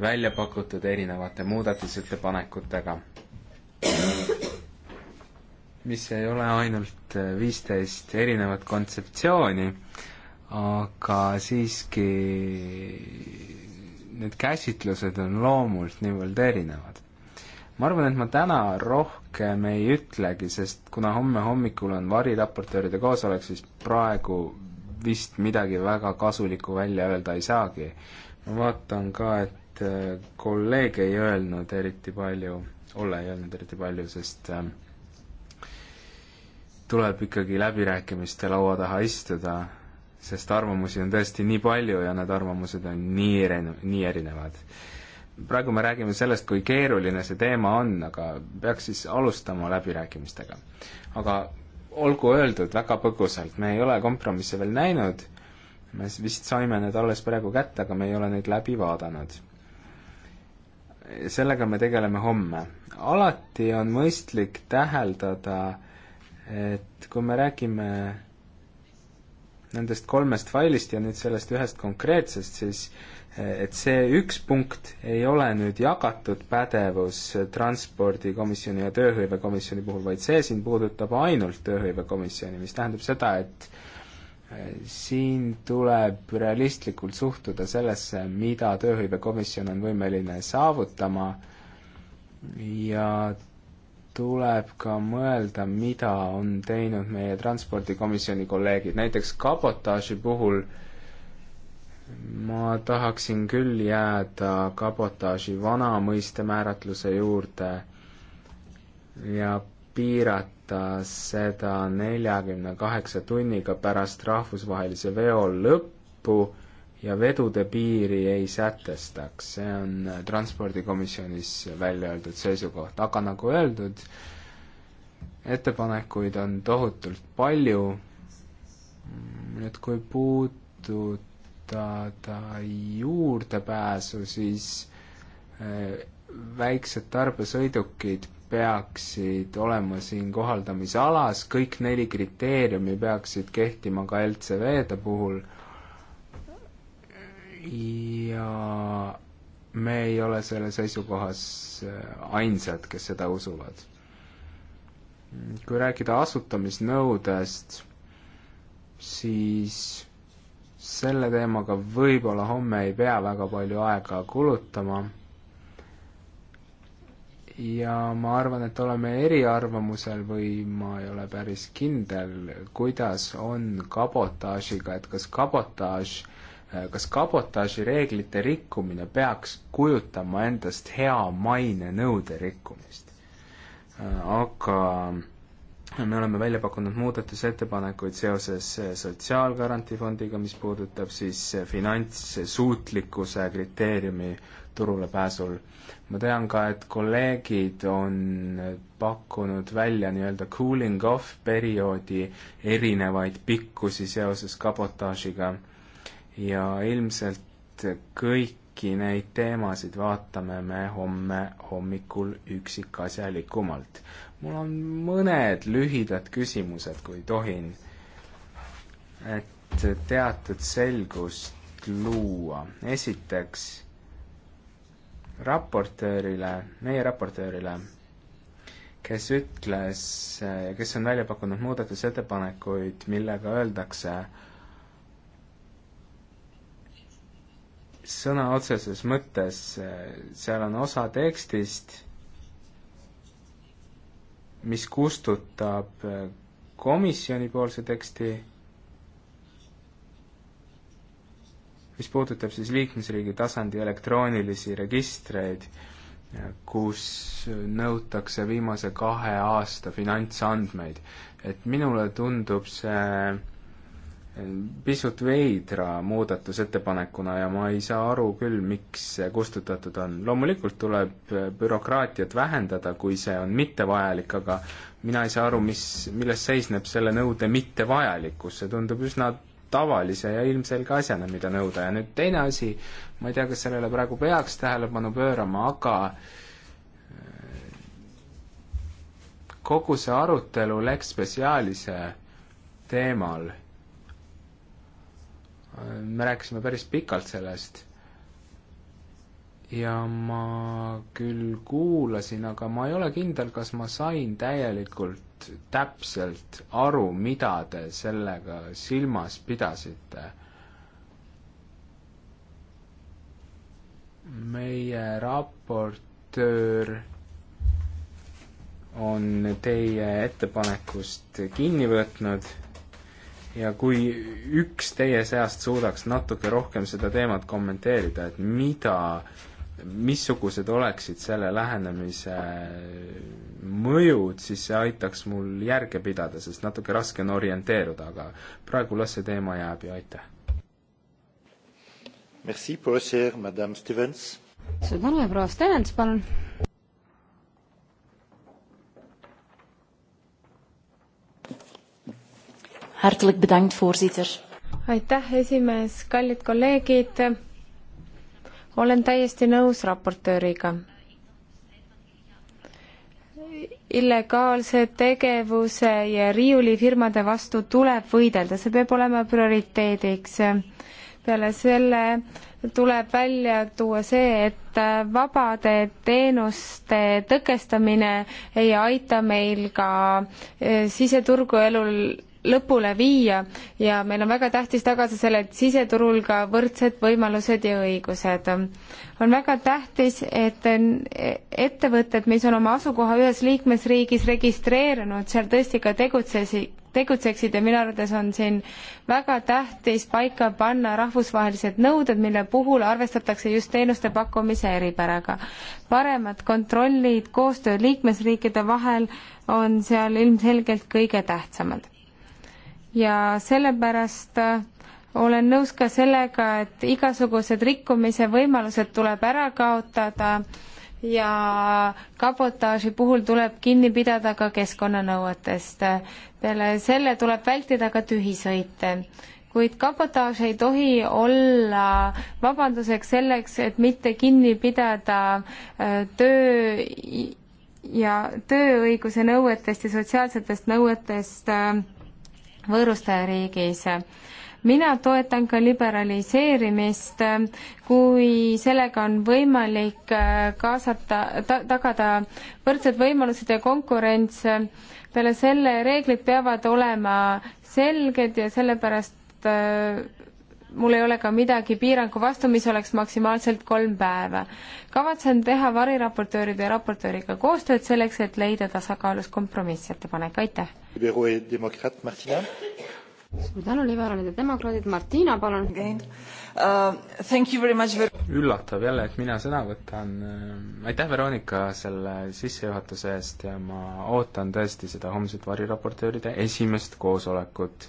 välja pakutud erinevate muudatusettepanekutega, mis ei ole ainult äh, viisteist erinevat kontseptsiooni, aga siiski need käsitlused on loomult niivõrd erinevad. ma arvan, et ma täna rohkem ei ütlegi, sest kuna homme hommikul on variraportööride koosolek, siis praegu vist midagi väga kasulikku välja öelda ei saagi. ma vaatan ka, et Äh, kolleeg ei öelnud eriti palju, Olle ei öelnud eriti palju, sest äh, tuleb ikkagi läbirääkimiste laua taha istuda, sest arvamusi on tõesti nii palju ja need arvamused on nii erine-, nii erinevad. praegu me räägime sellest, kui keeruline see teema on, aga peaks siis alustama läbirääkimistega. aga olgu öeldud väga põgusalt, me ei ole kompromisse veel näinud, me vist saime need alles praegu kätte, aga me ei ole neid läbi vaadanud sellega me tegeleme homme. alati on mõistlik täheldada, et kui me räägime nendest kolmest failist ja nüüd sellest ühest konkreetsest, siis et see üks punkt ei ole nüüd jagatud pädevus Transpordikomisjoni ja Tööhõivekomisjoni puhul, vaid see siin puudutab ainult Tööhõivekomisjoni, mis tähendab seda, et siin tuleb realistlikult suhtuda sellesse, mida Tööhõivekomisjon on võimeline saavutama ja tuleb ka mõelda, mida on teinud meie transpordikomisjoni kolleegid, näiteks kabotaaži puhul ma tahaksin küll jääda kabotaaži vana mõiste määratluse juurde ja piirata ta seda neljakümne kaheksa tunniga pärast rahvusvahelise veo lõppu ja vedude piiri ei sätestaks, see on Transpordikomisjonis välja öeldud seisukoht, aga nagu öeldud, ettepanekuid on tohutult palju, nüüd kui puudutada juurdepääsu, siis eh, väiksed tarbesõidukid peaksid olema siin kohaldamisalas, kõik neli kriteeriumi peaksid kehtima ka LCV-de puhul ja me ei ole selle seisukohas äh, ainsad, kes seda usuvad. kui rääkida asutamisnõudest, siis selle teemaga võib-olla homme ei pea väga palju aega kulutama ja ma arvan, et oleme eriarvamusel või ma ei ole päris kindel, kuidas on kabotaažiga, et kas kabotaaž, kas kabotaaži reeglite rikkumine peaks kujutama endast hea maine nõude rikkumist? aga me oleme välja pakkunud muudatusettepanekuid seoses sotsiaalgarantiifondiga, mis puudutab siis finantssuutlikkuse kriteeriumi äh, turule pääsul. ma tean ka, et kolleegid on pakkunud välja nii-öelda cooling off perioodi erinevaid pikkusi seoses kabotaažiga ja ilmselt kõiki neid teemasid vaatame me homme hommikul üksikasjalikumalt. mul on mõned lühidad küsimused, kui tohin. et teatud selgust luua. esiteks raportöörile, meie raportöörile, kes ütles ja kes on välja pakkunud muudatusettepanekuid, millega öeldakse sõna otseses mõttes, seal on osa tekstist, mis kustutab komisjonipoolse teksti mis puudutab siis liikmesriigi tasandi elektroonilisi registreid, kus nõutakse viimase kahe aasta finantsandmeid, et minule tundub see eh, pisut veidra muudatusettepanekuna ja ma ei saa aru küll, miks see kustutatud on. loomulikult tuleb eh, bürokraatiat vähendada, kui see on mittevajalik, aga mina ei saa aru, mis, milles seisneb selle nõude mittevajalikkus, see tundub üsna tavalise ja ilmselge asjana, mida nõuda ja nüüd teine asi, ma ei tea, kas sellele praegu peaks tähelepanu pöörama, aga äh, kogu see arutelu Lex Specialise teemal, äh, me rääkisime päris pikalt sellest ja ma küll kuulasin, aga ma ei ole kindel, kas ma sain täielikult täpselt aru, mida te sellega silmas pidasite. meie raportöör on teie ettepanekust kinni võtnud ja kui üks teie seast suudaks natuke rohkem seda teemat kommenteerida, et mida äh, missugused oleksid selle lähenemise mõjud, siis see aitaks mul järge pidada, sest natuke raske on orienteeruda, aga praegu las see teema jääb ja aitäh. Merci, professeur, madame Stevens. suur tänu ja proua Stevens, palun. Hartelijk bedankt, voorzitter. aitäh, esimees, kallid kolleegid olen täiesti nõus raportööriga. illegaalse tegevuse ja riiulifirmade vastu tuleb võidelda, see peab olema prioriteediks. peale selle tuleb välja tuua see, et vabade teenuste tõkestamine ei aita meil ka eh, siseturgu elul lõpule viia ja meil on väga tähtis tagada selle, et siseturul ka võrdsed võimalused ja õigused. on väga tähtis, et ettevõtted, mis on oma asukoha ühes liikmesriigis registreerunud, seal tõesti ka tegutsesid, tegutseksid ja minu arvates on siin väga tähtis paika panna rahvusvahelised nõuded, mille puhul arvestatakse just teenuste pakkumise eripäraga. paremad kontrollid, koostöö liikmesriikide vahel on seal ilmselgelt kõige tähtsamad ja sellepärast äh, olen nõus ka sellega, et igasugused rikkumise võimalused tuleb ära kaotada ja kabotaaži puhul tuleb kinni pidada ka keskkonnanõuetest. peale selle tuleb vältida ka tühisõite kuid kabotaaž ei tohi olla vabanduseks selleks, et mitte kinni pidada äh, töö ja tööõiguse nõuetest ja sotsiaalsetest nõuetest äh, võõrustajariigis mina toetan ka liberaliseerimist, kui sellega on võimalik äh, kaasata ta,, tagada võrdsed võimalused ja konkurents. peale selle reeglid peavad olema selged ja sellepärast äh, mul ei ole ka midagi piirangu vastu, mis oleks maksimaalselt kolm päeva. kavatsen teha variraportööride ja raportööriga koostööd selleks, et leida tasakaalus kompromissettepanek, aitäh! E suur tänu, liberaalid ja demokraadid, Martina, palun! Uh, üllatav jälle, et mina sõna võtan, um, aitäh, Veronika, selle sissejuhatuse eest ja ma ootan tõesti seda homset variraportööride esimest koosolekut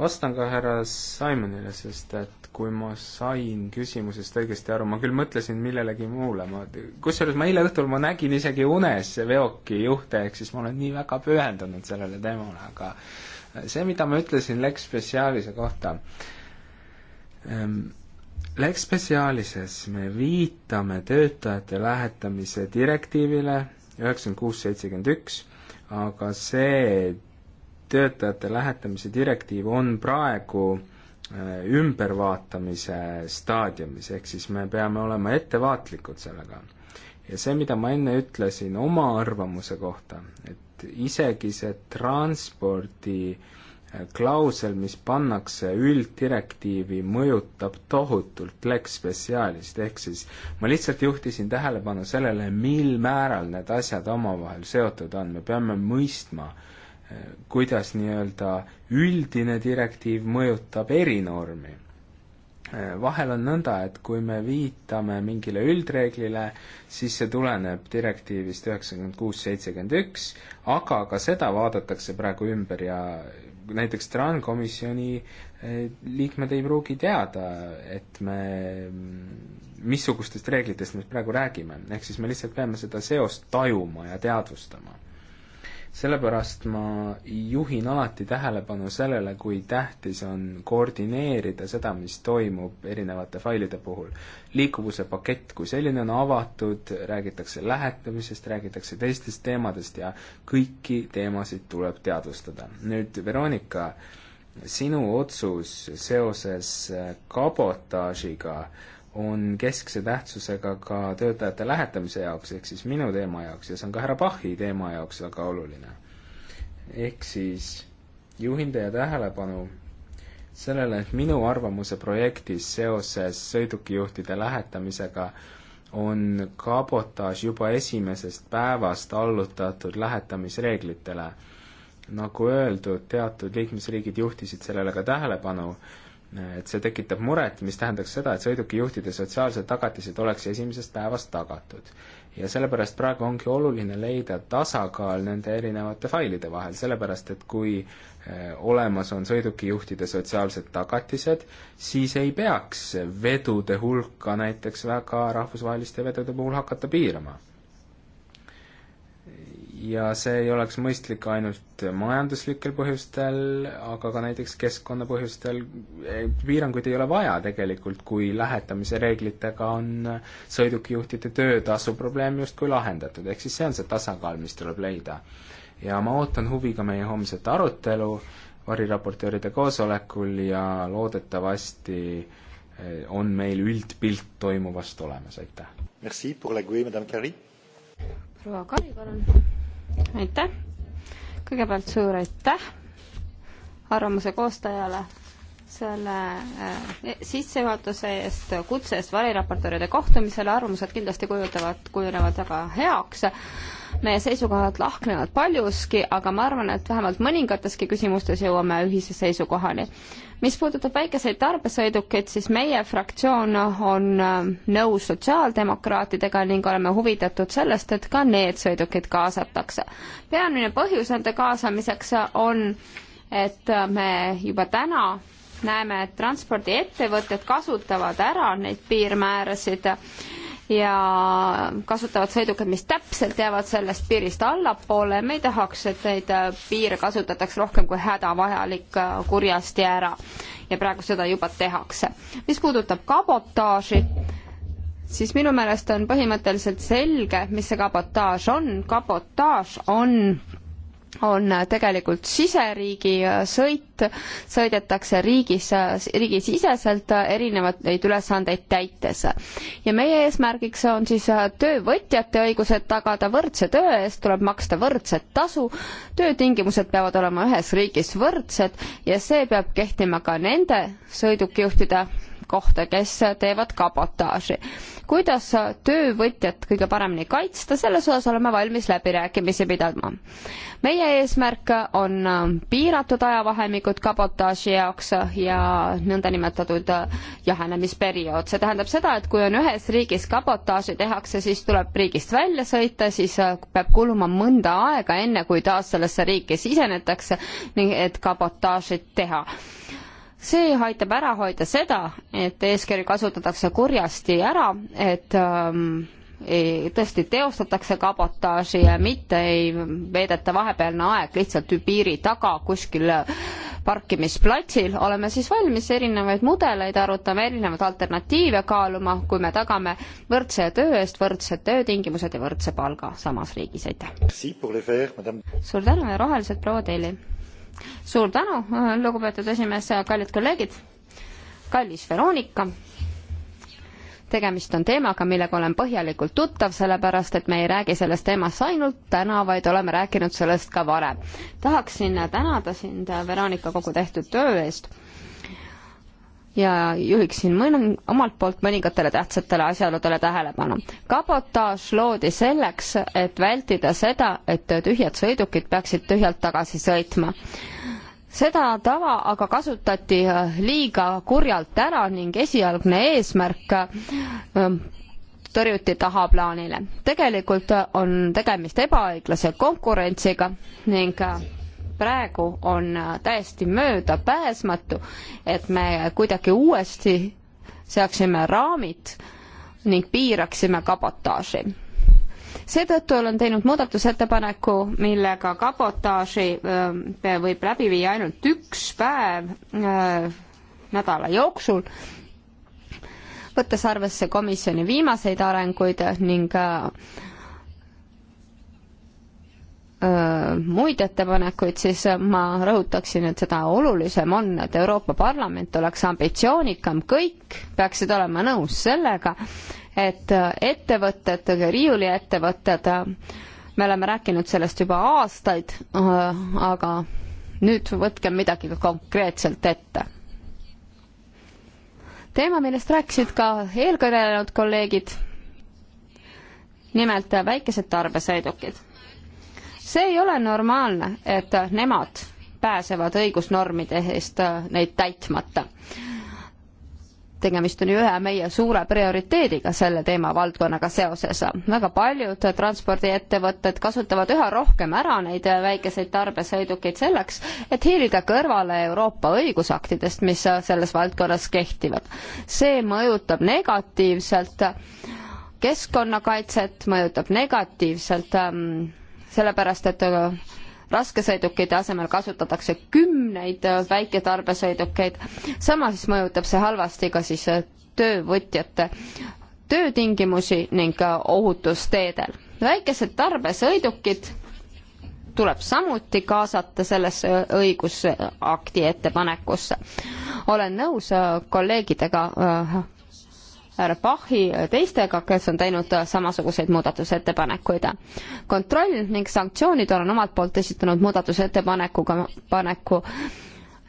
vastan ka härra Simonile, sest et kui ma sain küsimusest õigesti aru, ma küll mõtlesin millelegi muule, ma, kusjuures ma eile õhtul ma nägin isegi unes veoki juhte, ehk siis ma olen nii väga pühendunud sellele teemale, aga see, mida ma ütlesin Lex Specialise kohta, ehm, Lex Specialises me viitame töötajate lähetamise direktiivile üheksakümmend kuus, seitsekümmend üks, aga see töötajate lähetamise direktiiv on praegu äh, ümbervaatamise staadiumis, ehk siis me peame olema ettevaatlikud sellega. ja see, mida ma enne ütlesin oma arvamuse kohta, et isegi see transpordi äh, klausel, mis pannakse ülddirektiivi, mõjutab tohutult Lex Specialist, ehk siis ma lihtsalt juhtisin tähelepanu sellele, mil määral need asjad omavahel seotud on, me peame mõistma äh, kuidas nii-öelda üldine direktiiv mõjutab erinormi. vahel on nõnda, et kui me viitame mingile üldreeglile, siis see tuleneb direktiivist üheksakümmend kuus, seitsekümmend üks, aga ka seda vaadatakse praegu ümber ja näiteks TRAN komisjoni eh, liikmed ei pruugi teada, et me, missugustest reeglitest me praegu räägime, ehk siis me lihtsalt peame seda seost tajuma ja teadvustama sellepärast ma juhin alati tähelepanu sellele, kui tähtis on koordineerida seda, mis toimub erinevate failide puhul. liikuvuse pakett kui selline on avatud, räägitakse lähetamisest, räägitakse teistest teemadest ja kõiki teemasid tuleb teadvustada. nüüd Veronika, sinu otsus seoses kabotaažiga äh, on keskse tähtsusega ka töötajate lähetamise jaoks, ehk siis minu teema jaoks ja see on ka härra Bachi teema jaoks väga oluline. ehk siis juhin teie tähelepanu sellele, et minu arvamuse projektis seoses sõidukijuhtide lähetamisega on kabotaaž juba esimesest päevast allutatud lähetamisreeglitele. nagu öeldud, teatud liikmesriigid juhtisid sellele ka tähelepanu et see tekitab muret, mis tähendaks seda, et sõidukijuhtide sotsiaalsed tagatised oleks esimesest päevast tagatud. ja sellepärast praegu ongi oluline leida tasakaal nende erinevate failide vahel, sellepärast et kui eh, olemas on sõidukijuhtide sotsiaalsed tagatised, siis ei peaks vedude hulka näiteks väga rahvusvaheliste vedude puhul hakata piirama ja see ei oleks mõistlik ainult majanduslikel põhjustel, aga ka näiteks keskkonnapõhjustel, e, piiranguid ei ole vaja tegelikult, kui lähetamise reeglitega on sõidukijuhtide töötasu probleem justkui lahendatud, ehk siis see on see tasakaal, mis tuleb leida. ja ma ootan huviga meie homset arutelu variraportööride koosolekul ja loodetavasti e, on meil üldpilt toimuvast olemas, aitäh! proua Kari, palun! aitäh! kõigepealt suur aitäh arvamuse koostajale selle äh, sissejuhatuse eest, kutse eest variraportööride kohtumisele, arvamused kindlasti kujutavad, kujunevad väga heaks äh, meie seisukohad lahknevad paljuski, aga ma arvan, et vähemalt mõningateski küsimustes jõuame ühise seisukohani. mis puudutab väikeseid tarbesõidukeid, siis meie fraktsioon on äh, nõus sotsiaaldemokraatidega ning oleme huvitatud sellest, et ka need sõidukid kaasatakse. peamine põhjus nende kaasamiseks on, et me juba täna näeme, et transpordiettevõtted kasutavad ära neid piirmäärasid ja kasutavad sõidukeid, mis täpselt jäävad sellest piirist allapoole, me ei tahaks, et neid äh, piire kasutataks rohkem kui hädavajalik äh, kurjasti ära. ja praegu seda juba tehakse. mis puudutab kabotaaži, siis minu meelest on põhimõtteliselt selge, mis see kabotaaž on. kabotaaž on on tegelikult siseriigi äh, sõit, sõidetakse riigis, äh, riigisiseselt äh, erinevaid ülesandeid täites. ja meie eesmärgiks on siis töövõtjate õigused tagada võrdse töö eest, tuleb maksta võrdset tasu, töötingimused peavad olema ühes riigis võrdsed ja see peab kehtima ka nende sõidukijuhtide kohta, kes teevad kabotaaži. kuidas töövõtjat kõige paremini kaitsta, selles osas oleme valmis läbirääkimisi pidama meie eesmärk on ähm, piiratud ajavahemikud kabotaaži jaoks ja nõndanimetatud äh, jahenemisperiood. see tähendab seda, et kui on ühes riigis kabotaaži tehakse, siis tuleb riigist välja sõita, siis äh, peab kuluma mõnda aega, enne kui taas sellesse riiki sisenetakse, et kabotaaži teha see aitab ära hoida seda, et eeskiri kasutatakse kurjasti ära, et ähm, ei, tõesti teostatakse kabotaaži ja mitte ei veedeta vahepealne aeg lihtsalt piiri taga kuskil parkimisplatsil, oleme siis valmis erinevaid mudeleid arutama, erinevaid alternatiive kaaluma, kui me tagame võrdse töö eest võrdsed töötingimused ja võrdse palga samas riigis, aitäh! suur tänu ja rohelised proua Teli! suur tänu, lugupeetud esimees ja kallid kolleegid! kallis Veronika! tegemist on teemaga, millega olen põhjalikult tuttav, sellepärast et me ei räägi sellest teemast ainult täna, vaid oleme rääkinud sellest ka varem. tahaksin tänada sind, Veronika, kogu tehtud töö eest ja juhiksin mõn-, omalt poolt mõningatele tähtsatele asjaoludele tähelepanu. kabotaaž loodi selleks, et vältida seda, et tühjad sõidukid peaksid tühjalt tagasi sõitma seda tava aga kasutati äh, liiga kurjalt ära ning esialgne eesmärk äh, tõrjuti tahaplaanile. tegelikult äh, on tegemist ebaõiglase konkurentsiga ning praegu on täiesti möödapääsmatu, et me kuidagi uuesti seaksime raamid ning piiraksime kabotaaži seetõttu olen teinud muudatusettepaneku, millega kabotaaži ähm, võib läbi viia ainult üks päev äh, nädala jooksul, võttes arvesse komisjoni viimaseid arenguid ning äh, äh, muid ettepanekuid, siis ma rõhutaksin, et seda olulisem on, et Euroopa Parlament oleks ambitsioonikam, kõik peaksid olema nõus sellega, et äh, ettevõtted, riiuliettevõtted, äh, me oleme rääkinud sellest juba aastaid, äh, aga nüüd võtkem midagi ka konkreetselt ette. teema, millest rääkisid ka eelkõnelenud kolleegid, nimelt väikesed tarbesõidukid. see ei ole normaalne, et nemad pääsevad õigusnormide eest neid täitmata tegemist on ju ühe meie suure prioriteediga selle teemavaldkonnaga seoses. väga paljud transpordiettevõtted kasutavad üha rohkem ära neid väikeseid tarbesõidukeid selleks, et hiilida kõrvale Euroopa õigusaktidest, mis selles valdkonnas kehtivad. see mõjutab negatiivselt keskkonnakaitset, mõjutab negatiivselt ähm, sellepärast, et raskesõidukite asemel kasutatakse kümneid väiketarbesõidukeid. samas mõjutab see halvasti ka siis äh, töövõtjate töötingimusi ning äh, ohutust teedel. väikesed tarbesõidukid tuleb samuti kaasata sellesse äh, õigusakti ettepanekusse. olen nõus kolleegidega härra Pachi ja teistega, kes on teinud samasuguseid muudatusettepanekuid. kontroll ning sanktsioonid olen omalt poolt esitanud muudatusettepanekuga, paneku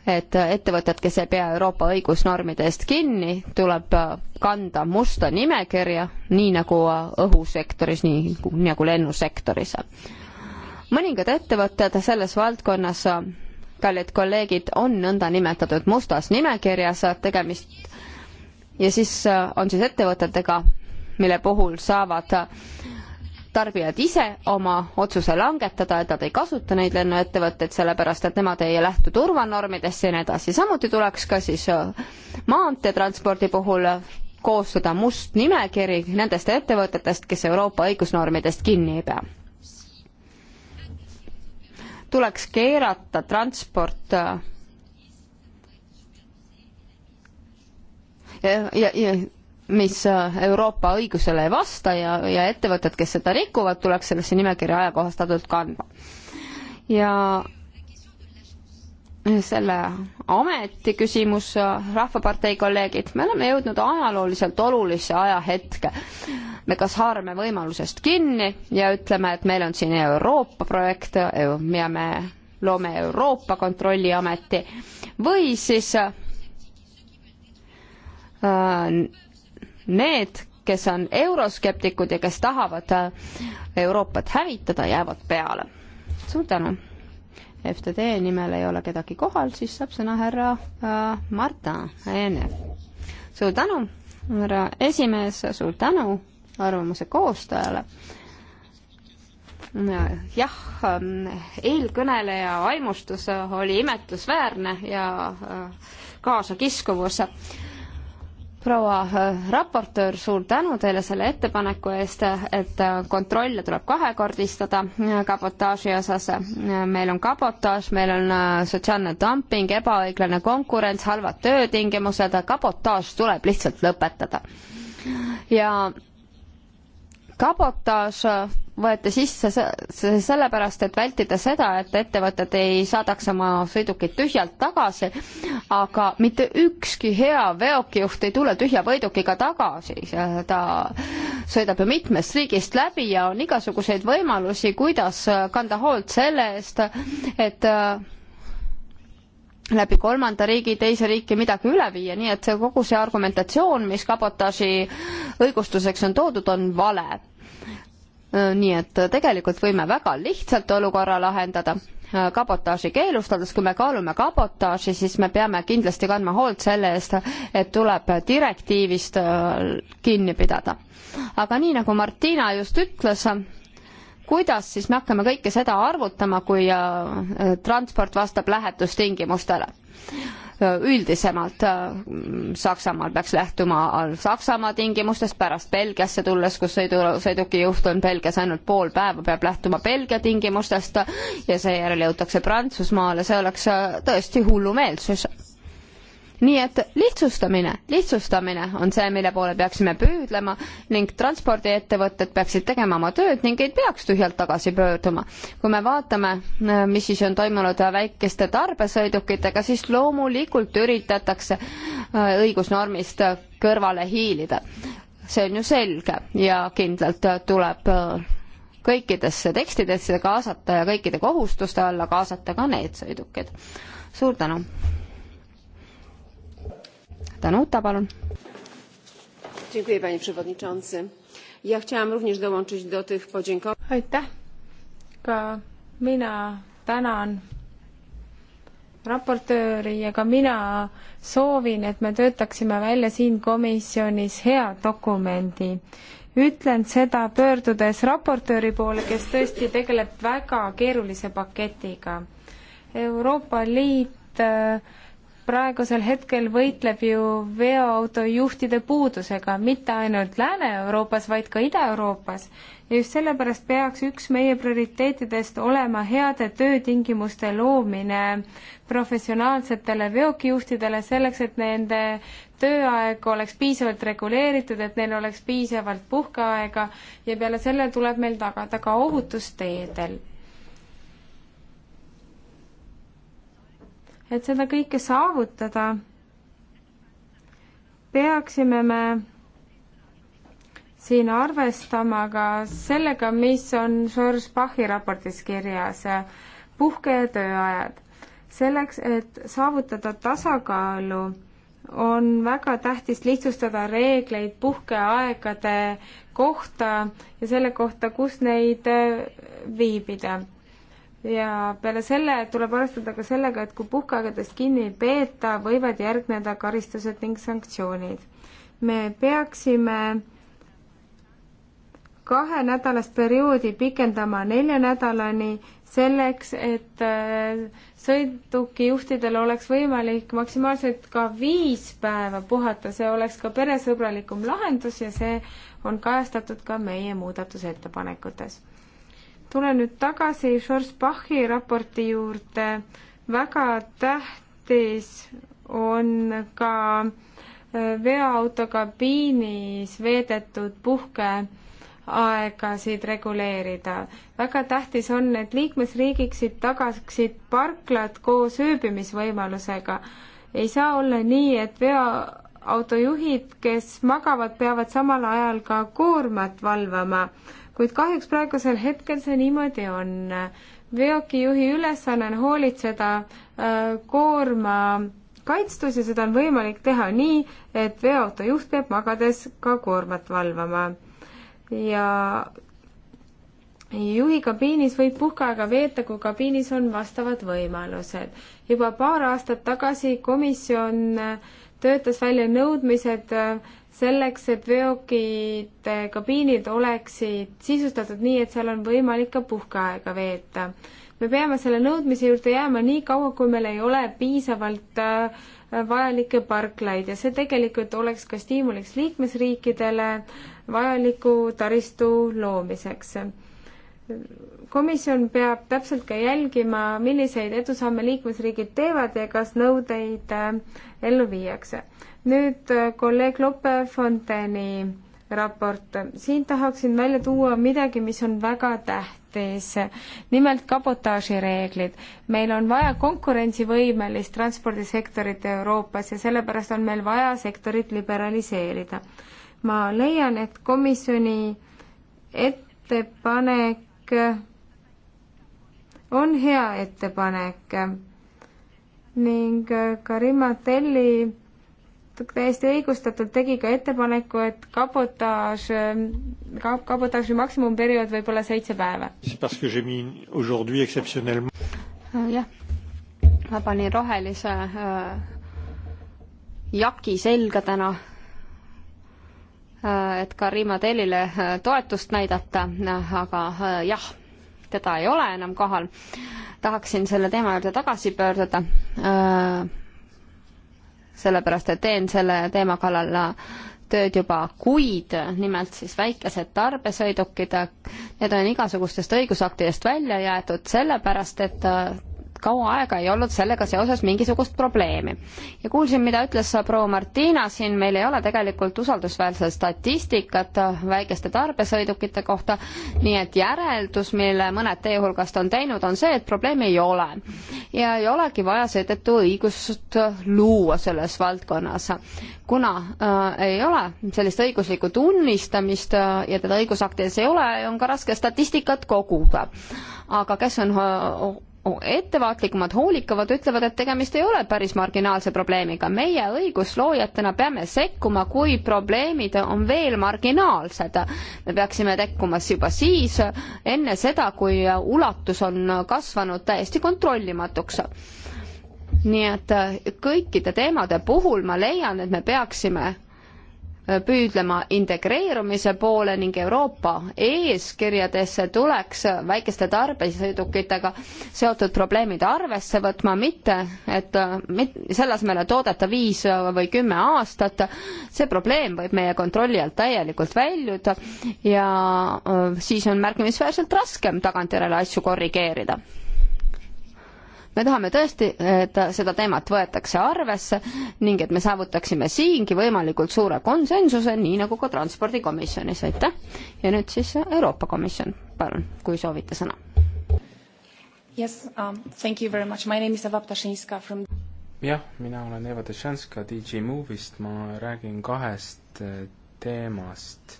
et ettevõtted, kes ei pea Euroopa õigusnormide eest kinni, tuleb kanda musta nimekirja, nii nagu õhusektoris, nii nagu, nagu lennusektoris. mõningad ettevõtted selles valdkonnas, kallid kolleegid, on nõndanimetatud mustas nimekirjas, tegemist ja siis äh, on siis ettevõtetega, mille puhul saavad äh, tarbijad ise oma otsuse langetada, et nad ei kasuta neid lennuettevõtteid, sellepärast et nemad ei lähtu turvanormidesse ja nii edasi. samuti tuleks ka siis äh, maanteetranspordi puhul koostada must nimekiri nendest ettevõtetest, kes Euroopa õigusnormidest kinni ei pea. tuleks keerata transport ja, ja mis äh, Euroopa õigusele ei vasta ja, ja ettevõtted, kes seda rikuvad, tuleks sellesse nimekirja ajakohastatult kandma. ja selle ameti küsimus, äh, Rahvapartei kolleegid, me oleme jõudnud ajalooliselt olulisse ajahetke. me kas haarame võimalusest kinni ja ütleme, et meil on siin Euroopa projekt ja me loome Euroopa Kontrolliameti või siis äh, Äh, need, kes on euroskeptikud ja kes tahavad äh, Euroopat hävitada, jäävad peale. suur tänu! FTD nimel ei ole kedagi kohal, siis saab sõna härra äh, Marta Eenev. suur tänu, härra esimees, suur tänu arvamuse koostajale jah, ähm, eelkõneleja vaimustus oli imetlusväärne ja äh, kaasakiskuvus proua äh, raportöör, suur tänu teile selle ettepaneku eest, et äh, kontrolle tuleb kahekordistada äh, kabotaaži osas. meil on kabotaaž, meil on sotsiaalne dumping, ebaõiglane konkurents, halvad töötingimused, kabotaaž tuleb lihtsalt lõpetada. ja kabotaaž võeti sisse sellepärast, et vältida seda, et ettevõtted ei saadaks oma sõidukit tühjalt tagasi, aga mitte ükski hea veokijuht ei tule tühja võidukiga tagasi, ta sõidab ju mitmest riigist läbi ja on igasuguseid võimalusi, kuidas kanda hoolt selle eest, et läbi kolmanda riigi teise riiki midagi üle viia, nii et see kogu see argumentatsioon, mis kabotaaži õigustuseks on toodud, on vale Äh, nii et äh, tegelikult võime väga lihtsalt olukorra lahendada äh, kabotaaži keelustades, kui me kaalume kabotaaži, siis me peame kindlasti kandma hoolt selle eest, et tuleb direktiivist kinni pidada. aga nii, nagu Martina just ütles, kuidas siis me hakkame kõike seda arvutama, kui transport vastab lähetustingimustele? üldisemalt äh, Saksamaal peaks lähtuma Saksamaa tingimustest, pärast Belgiasse tulles, kus sõidu, sõidukijuht on Belgias ainult pool päeva, peab lähtuma Belgia tingimustest ja seejärel jõutakse Prantsusmaale, see oleks äh, tõesti hullumeelsus nii et lihtsustamine, lihtsustamine on see, mille poole peaksime püüdlema ning transpordiettevõtted peaksid tegema oma tööd ning ei peaks tühjalt tagasi pöörduma. kui me vaatame, mis siis on toimunud väikeste tarbesõidukitega, siis loomulikult üritatakse äh, õigusnormist kõrvale hiilida. see on ju selge ja kindlalt tuleb äh, kõikidesse tekstidesse kaasata ja kõikide kohustuste alla kaasata ka need sõidukid. suur tänu! Danuta, palun. aitäh, ka mina tänan raportööri ja ka mina soovin, et me töötaksime välja siin komisjonis hea dokumendi. ütlen seda pöördudes raportööri poole, kes tõesti tegeleb väga keerulise paketiga. Euroopa Liit äh, praegusel hetkel võitleb ju veoautojuhtide puudusega, mitte ainult Lääne-Euroopas, vaid ka Ida-Euroopas. ja just sellepärast peaks üks meie prioriteetidest olema heade töötingimuste loomine professionaalsetele veokijuhtidele, selleks et nende tööaeg oleks piisavalt reguleeritud, et neil oleks piisavalt puhkeaega ja peale selle tuleb meil tagada ka ohutus teedel et seda kõike saavutada, peaksime me siin arvestama ka sellega, mis on George Bachi raportis kirjas, puhke- ja tööajad. selleks, et saavutada tasakaalu, on väga tähtis lihtsustada reegleid puhkeaegade kohta ja selle kohta, kus neid viibida ja peale selle tuleb arvestada ka sellega, et kui puhkeaegadest kinni ei peeta, võivad järgneda karistused ning sanktsioonid. me peaksime kahenädalast perioodi pikendama nelja nädalani, selleks, et äh, sõidukijuhtidel oleks võimalik maksimaalselt ka viis päeva puhata, see oleks ka peresõbralikum lahendus ja see on kajastatud ka meie muudatusettepanekutes tulen nüüd tagasi Schwarzbachi raporti juurde. väga tähtis on ka äh, veoauto kabiinis veedetud puhkeaegasid reguleerida. väga tähtis on, et liikmesriigiksid tagaksid parklad koos ööbimisvõimalusega. ei saa olla nii, et veoautojuhid, kes magavad, peavad samal ajal ka koormat valvama kuid kahjuks praegusel hetkel see niimoodi on. veokijuhi ülesanne on hoolitseda äh, koorma kaitstus ja seda on võimalik teha nii, et veoauto juht peab magades ka koormat valvama. ja juhi kabiinis võib puhkeaega veeta, kui kabiinis on vastavad võimalused. juba paar aastat tagasi komisjon töötas välja nõudmised äh, selleks, et veokid, eh, kabiinid oleksid sisustatud nii, et seal on võimalik ka puhkeaega veeta. me peame selle nõudmise juurde jääma nii kaua, kui meil ei ole piisavalt eh, vajalikke parklaid ja see tegelikult oleks ka stiimuliks liikmesriikidele vajaliku taristu loomiseks komisjon peab täpselt ka jälgima, milliseid edusamme liikmesriigid teevad ja kas nõudeid eh, ellu viiakse nüüd äh, kolleeg Lope Fonteni raport. siin tahaksin välja tuua midagi, mis on väga tähtis. nimelt kabotaažireeglid. meil on vaja konkurentsivõimelist transpordisektorit Euroopas ja sellepärast on meil vaja sektorit liberaliseerida. ma leian, et komisjoni ettepanek on hea ettepanek ning äh, Karima Telli täiesti õigustatult tegi ka ettepaneku, et kabotaaž ka,, kabotaaži maksimumperiood võib olla seitse päeva. Äh, jah, ma panin rohelise äh, jaki selga täna, äh, et Karima Tellile toetust näidata, aga jah, teda ei ole enam kohal. tahaksin selle teema juurde tagasi pöörduda sellepärast et teen selle teema kallal tööd juba kuid, nimelt siis väikesed tarbesõidukid, need on igasugustest õigusaktidest välja jäetud sellepärast, et kaua aega ei olnud sellega seoses mingisugust probleemi. ja kuulsin, mida ütles proua Martina siin, meil ei ole tegelikult usaldusväärset statistikat väikeste tarbesõidukite kohta, nii et järeldus, mille mõned teie hulgast on teinud, on see, et probleemi ei ole. ja ei olegi vaja seetõttu õigust luua selles valdkonnas. kuna äh, ei ole sellist õiguslikku tunnistamist äh, ja teda õigusaktides ei ole, on ka raske statistikat koguda. aga kes on äh, ettevaatlikumad, hoolikamad ütlevad, et tegemist ei ole päris marginaalse probleemiga. meie õigusloojatena peame sekkuma, kui probleemid on veel marginaalsed. me peaksime tekkuma juba siis, enne seda, kui ulatus on kasvanud täiesti kontrollimatuks nii et kõikide teemade puhul ma leian, et me peaksime püüdlema integreerumise poole ning Euroopa eeskirjadesse tuleks väikeste tarbesõidukitega seotud probleemid arvesse võtma, mitte et mit, selle asemel, et oodata viis või kümme aastat, see probleem võib meie kontrolli alt täielikult väljuda ja siis on märkimisväärselt raskem tagantjärele asju korrigeerida me tahame tõesti, et seda teemat võetakse arvesse ning et me saavutaksime siingi võimalikult suure konsensuse, nii nagu ka Transpordikomisjonis, aitäh. ja nüüd siis Euroopa Komisjon, palun, kui soovite sõna. Yes um,, thank you very much, my name is Eva Ptašinska from jah, mina olen Eva Dešanska DJ Movist, ma räägin kahest eh, teemast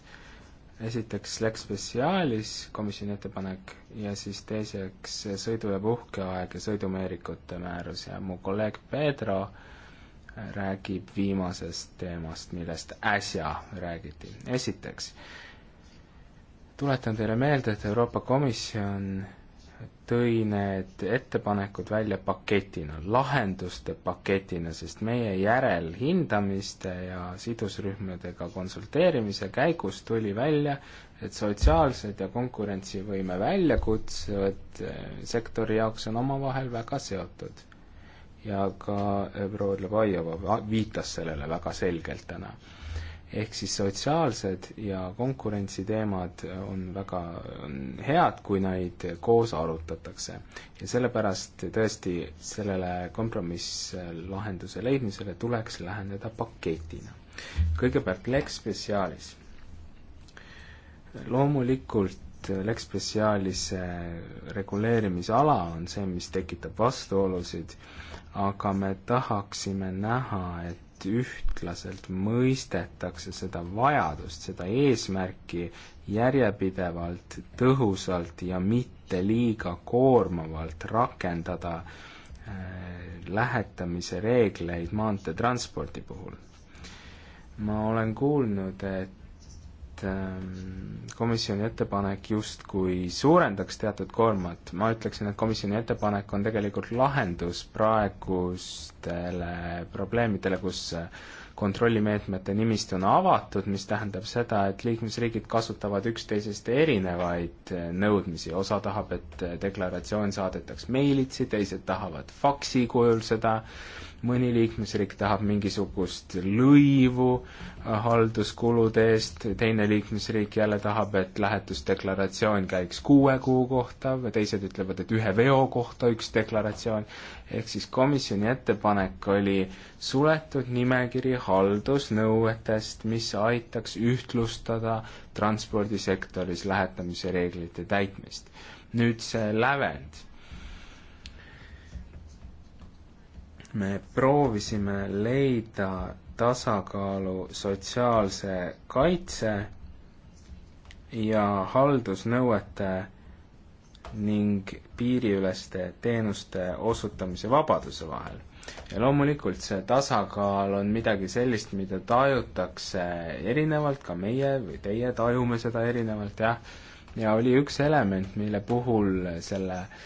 esiteks Lex Specialis komisjoni ettepanek ja siis teiseks sõidu- ja puhkeaeg ja sõidumeerikute määrus ja mu kolleeg Pedro räägib viimasest teemast, millest äsja räägiti. esiteks tuletan teile meelde, et Euroopa Komisjon tõi need ettepanekud välja paketina, lahenduste paketina, sest meie järelhindamiste ja sidusrühmadega konsulteerimise käigus tuli välja, et sotsiaalsed ja konkurentsivõime väljakutsed eh, sektori jaoks on omavahel väga seotud. ja ka eh, proua Lebajova viitas sellele väga selgelt täna ehk siis sotsiaalsed ja konkurentsiteemad on väga on head, kui neid koos arutatakse. ja sellepärast tõesti sellele kompromisslahenduse leidmisele tuleks läheneda paketina. kõigepealt Lex Specialis. loomulikult Lex Specialise reguleerimisala on see, mis tekitab vastuolusid, aga me tahaksime näha, et et ühtlaselt mõistetakse seda vajadust, seda eesmärki järjepidevalt, tõhusalt ja mitte liiga koormavalt rakendada äh, lähetamise reegleid maanteetranspordi puhul. ma olen kuulnud, et et ehm, komisjoni ettepanek justkui suurendaks teatud koormat, ma ütleksin, et komisjoni ettepanek on tegelikult lahendus praegustele probleemidele, kus eh, kontrollimeetmete nimistu on avatud, mis tähendab seda, et liikmesriigid kasutavad üksteisest erinevaid eh, nõudmisi, osa tahab, et eh, deklaratsioon saadetaks meilitsi, teised tahavad faksi kujul seda, mõni liikmesriik tahab mingisugust lõivu äh, halduskulude eest, teine liikmesriik jälle tahab, et lähetusdeklaratsioon käiks kuue kuu kohta, teised ütlevad, et ühe veo kohta üks deklaratsioon, ehk siis komisjoni ettepanek oli suletud nimekiri haldusnõuetest, mis aitaks ühtlustada transpordisektoris lähetamise reeglite täitmist. nüüd see lävend me proovisime leida tasakaalu sotsiaalse kaitse ja haldusnõuete ning piiriüleste teenuste osutamise vabaduse vahel. ja loomulikult see tasakaal on midagi sellist, mida tajutakse erinevalt, ka meie või teie tajume seda erinevalt, jah, ja oli üks element, mille puhul selle äh,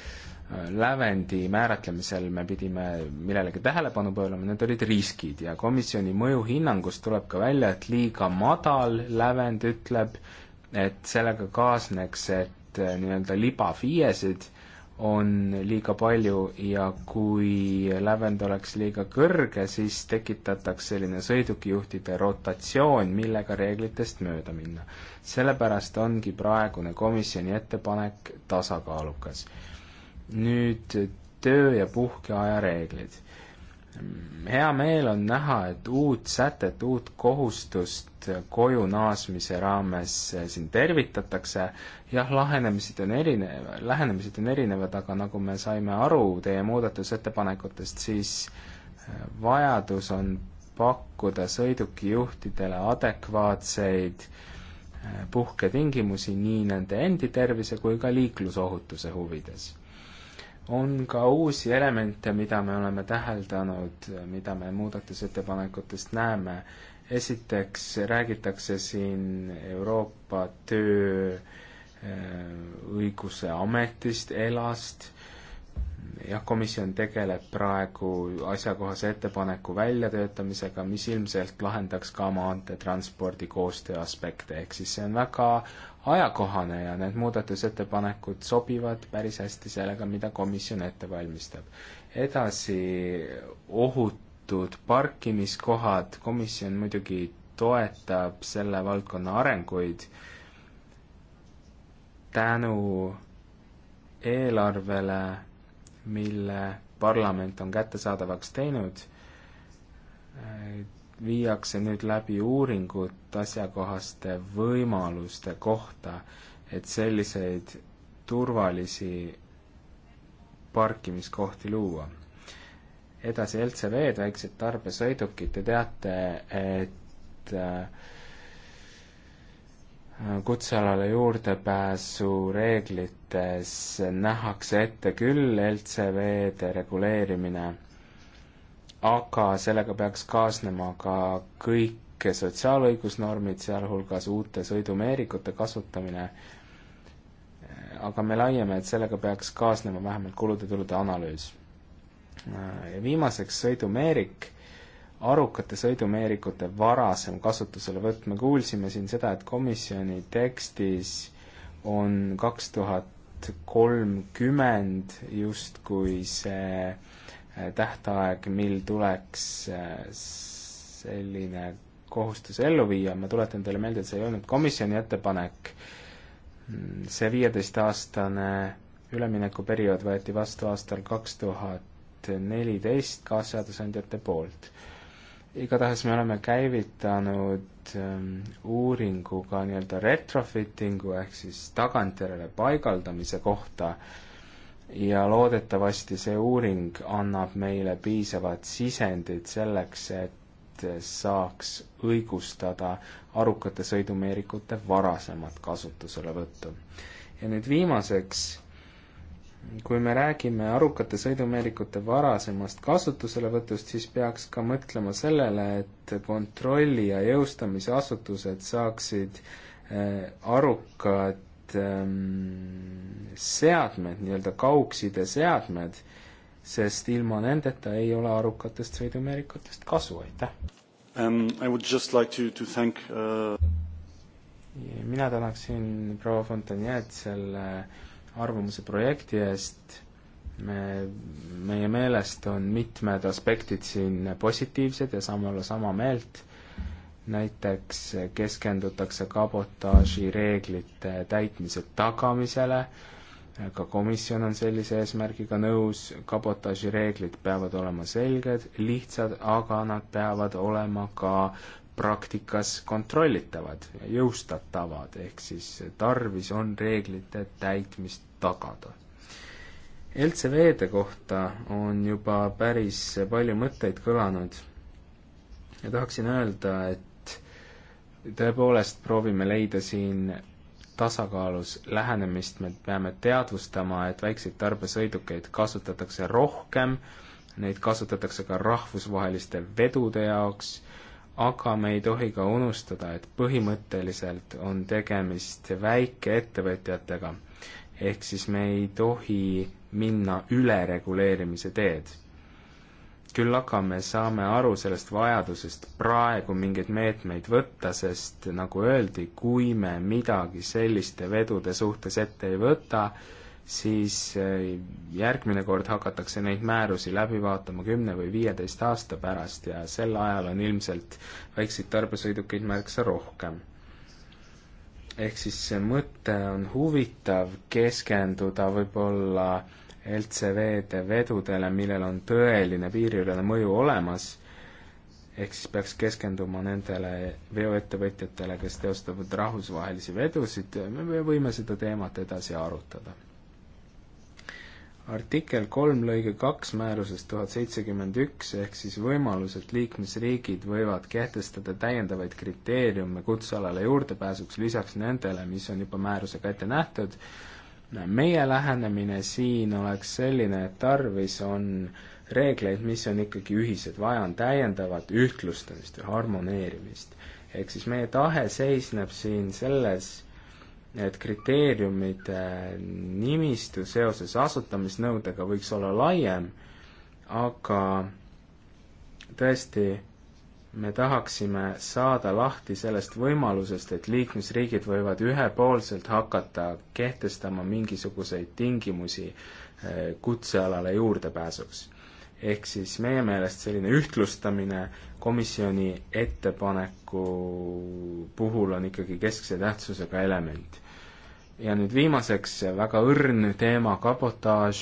lävendi määratlemisel me pidime millelegi tähelepanu pöörama, need olid riskid ja komisjoni mõjuhinnangust tuleb ka välja, et liiga madal lävend ütleb, et sellega kaasneks, et eh, nii-öelda libafiesid on liiga palju ja kui lävend oleks liiga kõrge, siis tekitataks selline sõidukijuhtide rotatsioon, millega reeglitest mööda minna. sellepärast ongi praegune komisjoni ettepanek tasakaalukas nüüd töö- ja puhkeaja reeglid. hea meel on näha, et uut sätet, uut kohustust koju naasmise raames siin tervitatakse. jah, lahenemised on erinev, lähenemised on erinevad, aga nagu me saime aru teie muudatusettepanekutest, siis äh, vajadus on pakkuda sõidukijuhtidele adekvaatseid äh, puhketingimusi nii nende endi tervise kui ka liiklusohutuse huvides on ka uusi elemente, mida me oleme täheldanud, mida me muudatusettepanekutest näeme. esiteks räägitakse siin Euroopa Tööõiguse äh, Ametist, ELAst jah, komisjon tegeleb praegu asjakohase ettepaneku väljatöötamisega, mis ilmselt lahendaks ka maanteetranspordi koostöö aspekte, ehk siis see on väga ajakohane ja need muudatusettepanekud sobivad päris hästi sellega, mida komisjon ette valmistab. edasi, ohutud parkimiskohad, komisjon muidugi toetab selle valdkonna arenguid tänu eelarvele mille parlament on kättesaadavaks teinud, viiakse nüüd läbi uuringut asjakohaste võimaluste kohta, et selliseid turvalisi parkimiskohti luua. edasi LCV-d, väiksed tarbesõidukid, te teate, et äh, kutsealale juurdepääsu reeglites nähakse ette küll LCV-de reguleerimine, aga sellega peaks kaasnema ka kõik sotsiaalõigusnormid, sealhulgas uute sõidumeerikute kasutamine, aga me laiame, et sellega peaks kaasnema vähemalt kulude-tulude analüüs. ja viimaseks sõidumeerik arukate sõidumeerikute varasem kasutuselevõtt, me kuulsime siin seda, et komisjoni tekstis on kaks tuhat kolmkümmend justkui see äh, tähtaeg, mil tuleks äh, selline kohustus ellu viia, ma tuletan teile meelde, et see ei olnud komisjoni ettepanek, see viieteistaastane üleminekuperiood võeti vastu aastal kaks tuhat neliteist kaasseadusandjate poolt igatahes me oleme käivitanud ähm, uuringuga nii-öelda retrofittingu ehk siis tagantjärele paigaldamise kohta ja loodetavasti see uuring annab meile piisavat sisendit selleks, et saaks õigustada arukate sõidumeerikute varasemat kasutuselevõttu. ja nüüd viimaseks kui me räägime arukate sõidumeerikute varasemast kasutuselevõtust, siis peaks ka mõtlema sellele, et kontrolli- ja jõustamisasutused saaksid äh, arukad ähm, seadmed, nii-öelda kaugsideseadmed, sest ilma nendeta ei ole arukatest sõidumeerikutest kasu, aitäh um,! Like to, to thank, uh... mina tänaksin proua Fontaniet selle uh, arvamuse projekti eest. me, meie meelest on mitmed aspektid siin positiivsed ja saame olla sama meelt. näiteks keskendutakse kabotaaži reeglite täitmise tagamisele, ka komisjon on sellise eesmärgiga nõus, kabotaaži reeglid peavad olema selged, lihtsad, aga nad peavad olema ka praktikas kontrollitavad ja jõustatavad, ehk siis tarvis on reeglite täitmist tagada. LCV-de kohta on juba päris palju mõtteid kõlanud ja tahaksin öelda, et tõepoolest proovime leida siin tasakaalus lähenemist, me peame teadvustama, et väikseid tarbesõidukeid kasutatakse rohkem, neid kasutatakse ka rahvusvaheliste vedude jaoks aga me ei tohi ka unustada, et põhimõtteliselt on tegemist väikeettevõtjatega. ehk siis me ei tohi minna ülereguleerimise teed. küll aga me saame aru sellest vajadusest praegu mingeid meetmeid võtta, sest nagu öeldi, kui me midagi selliste vedude suhtes ette ei võta, siis eh, järgmine kord hakatakse neid määrusi läbi vaatama kümne või viieteist aasta pärast ja sel ajal on ilmselt väikseid tarbesõidukeid märksa rohkem. ehk siis see mõte on huvitav keskenduda võib-olla LCV-de vedudele, millel on tõeline piiriülene mõju olemas, ehk siis peaks keskenduma nendele veoettevõtjatele, kes teostavad rahvusvahelisi vedusid, me võime seda teemat edasi arutada artikkel kolm lõige kaks määrusest tuhat seitsekümmend üks ehk siis võimalus, et liikmesriigid võivad kehtestada täiendavaid kriteeriume kutsealale juurdepääsuks lisaks nendele, mis on juba määrusega ette nähtud. meie lähenemine siin oleks selline, et tarvis on reegleid, mis on ikkagi ühised, vaja on täiendavat ühtlustamist või harmoneerimist. ehk siis meie tahe seisneb siin selles, et kriteeriumide nimistu seoses asutamisnõudega võiks olla laiem, aga tõesti, me tahaksime saada lahti sellest võimalusest, et liikmesriigid võivad ühepoolselt hakata kehtestama mingisuguseid tingimusi eh, kutsealale juurdepääsuks. ehk siis meie meelest selline ühtlustamine komisjoni ettepaneku puhul on ikkagi keskse tähtsusega element ja nüüd viimaseks väga õrn teema, kabotaaž.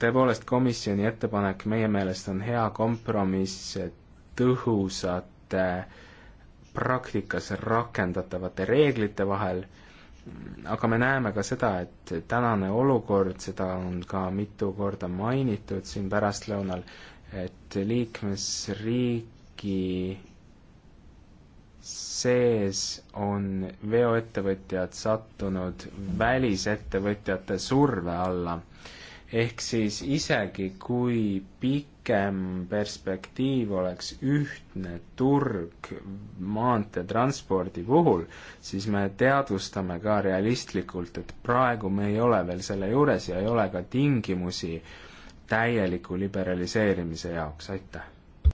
tõepoolest, komisjoni ettepanek meie meelest on hea kompromiss tõhusate praktikas rakendatavate reeglite vahel, aga me näeme ka seda, et tänane olukord, seda on ka mitu korda mainitud siin pärastlõunal, et liikmesriigi sees on veoettevõtjad sattunud välisettevõtjate surve alla. ehk siis isegi, kui pikem perspektiiv oleks ühtne turg maanteetranspordi puhul, siis me teadvustame ka realistlikult, et praegu me ei ole veel selle juures ja ei ole ka tingimusi täieliku liberaliseerimise jaoks, aitäh!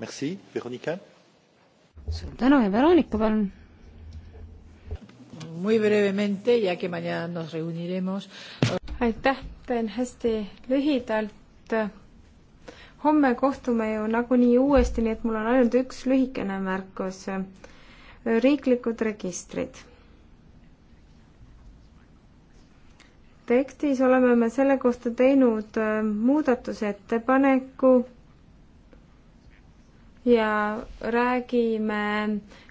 Merci, Veronika? suur tänu ja Veronika, palun. Muy brevemente, ya que mañana nos reuniremos. aitäh, teen hästi lühidalt. homme kohtume ju nagunii uuesti, nii et mul on ainult üks lühikene märkus. riiklikud registrid. tekstis oleme me selle kohta teinud muudatusettepaneku ja räägime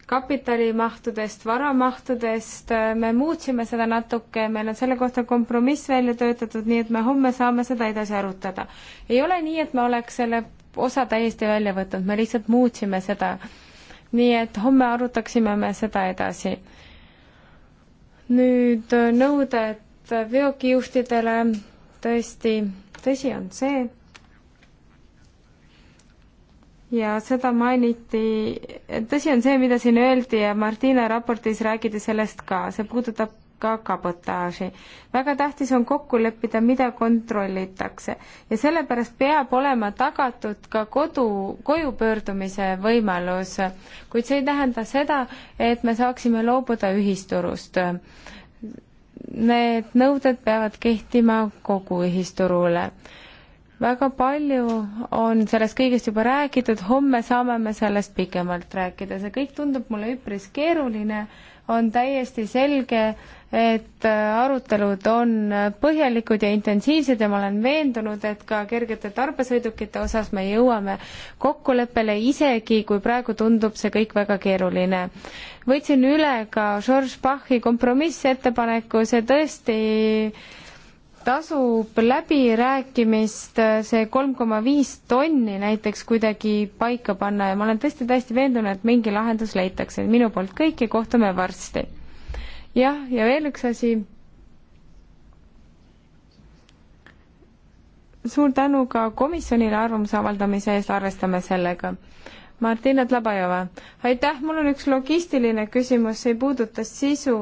kapitalimahtudest, varamahtudest, me muutsime seda natuke, meil on selle kohta kompromiss välja töötatud, nii et me homme saame seda edasi arutada. ei ole nii, et me oleks selle osa täiesti välja võtnud, me lihtsalt muutsime seda. nii et homme arutaksime me seda edasi. nüüd nõuded veokijuhtidele, tõesti, tõsi on see, ja seda mainiti, tõsi on see, mida siin öeldi ja Martina raportis räägiti sellest ka, see puudutab ka kabotaaži. väga tähtis on kokku leppida, mida kontrollitakse ja sellepärast peab olema tagatud ka kodu, koju pöördumise võimalus, kuid see ei tähenda seda, et me saaksime loobuda ühisturust. Need nõuded peavad kehtima kogu ühisturule väga palju on sellest kõigest juba räägitud, homme saame me sellest pikemalt rääkida, see kõik tundub mulle üpris keeruline, on täiesti selge, et arutelud on põhjalikud ja intensiivsed ja ma olen veendunud, et ka kergete tarbesõidukite osas me jõuame kokkuleppele, isegi kui praegu tundub see kõik väga keeruline. võtsin üle ka George Bachi kompromissettepaneku, see tõesti tasub läbirääkimist see kolm koma viis tonni näiteks kuidagi paika panna ja ma olen tõesti täiesti veendunud, et mingi lahendus leitakse. minu poolt kõik ja kohtume varsti. jah, ja veel üks asi. suur tänu ka komisjonile arvamuse avaldamise eest, arvestame sellega. Martina Tlabajova, aitäh, mul on üks logistiline küsimus, see ei puuduta sisu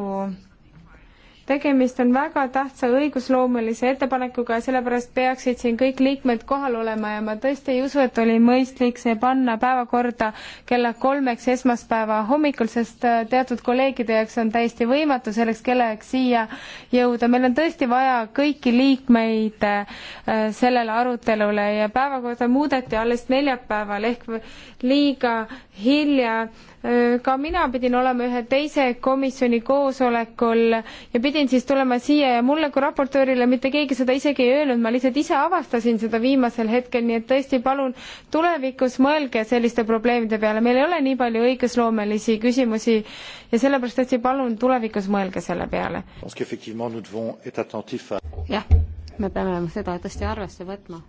tegemist on väga tähtsa õigusloomelise ettepanekuga ja sellepärast peaksid siin kõik liikmed kohal olema ja ma tõesti ei usu, et oli mõistlik see panna päevakorda kella kolmeks esmaspäeva hommikul, sest äh, teatud kolleegide jaoks on täiesti võimatu selleks kellajaks siia jõuda. meil on tõesti vaja kõiki liikmeid äh, sellele arutelule ja päevakorda muudeti alles neljapäeval ehk liiga hilja ka mina pidin olema ühe teise komisjoni koosolekul ja pidin siis tulema siia ja mulle kui raportöörile mitte keegi seda isegi ei öelnud, ma lihtsalt ise avastasin seda viimasel hetkel, nii et tõesti palun tulevikus mõelge selliste probleemide peale, meil ei ole nii palju õigusloomelisi küsimusi ja sellepärast tõesti palun tulevikus mõelge selle peale. jah, me peame seda tõesti arvesse võtma,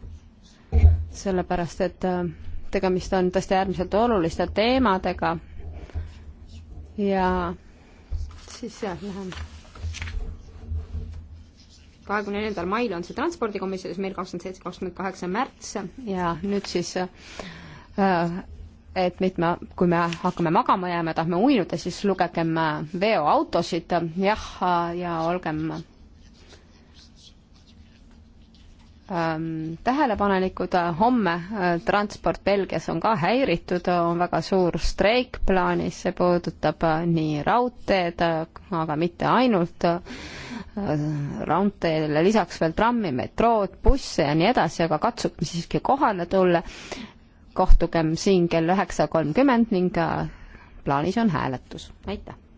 sellepärast et äh, tegemist on tõesti äärmiselt oluliste teemadega ja siis jah, läheme kahekümne neljandal mail on see transpordikomisjonis, meil kakskümmend seitse, kakskümmend kaheksa märts ja nüüd siis äh, et mitme, kui me hakkame magama jääma, tahame uinuda, siis lugegem äh, veoautosid jah, äh, ja olgem ähm, tähelepanelikud, äh, homme äh, transport Belgias on ka häiritud, äh, on väga suur streik plaanis, see puudutab äh, nii raudteed äh,, aga mitte ainult äh, raudteele, lisaks veel trammi, metrood, busse ja nii edasi, aga katsume siiski kohale tulla. kohtugem siin kell üheksa kolmkümmend ning plaanis on hääletus, aitäh!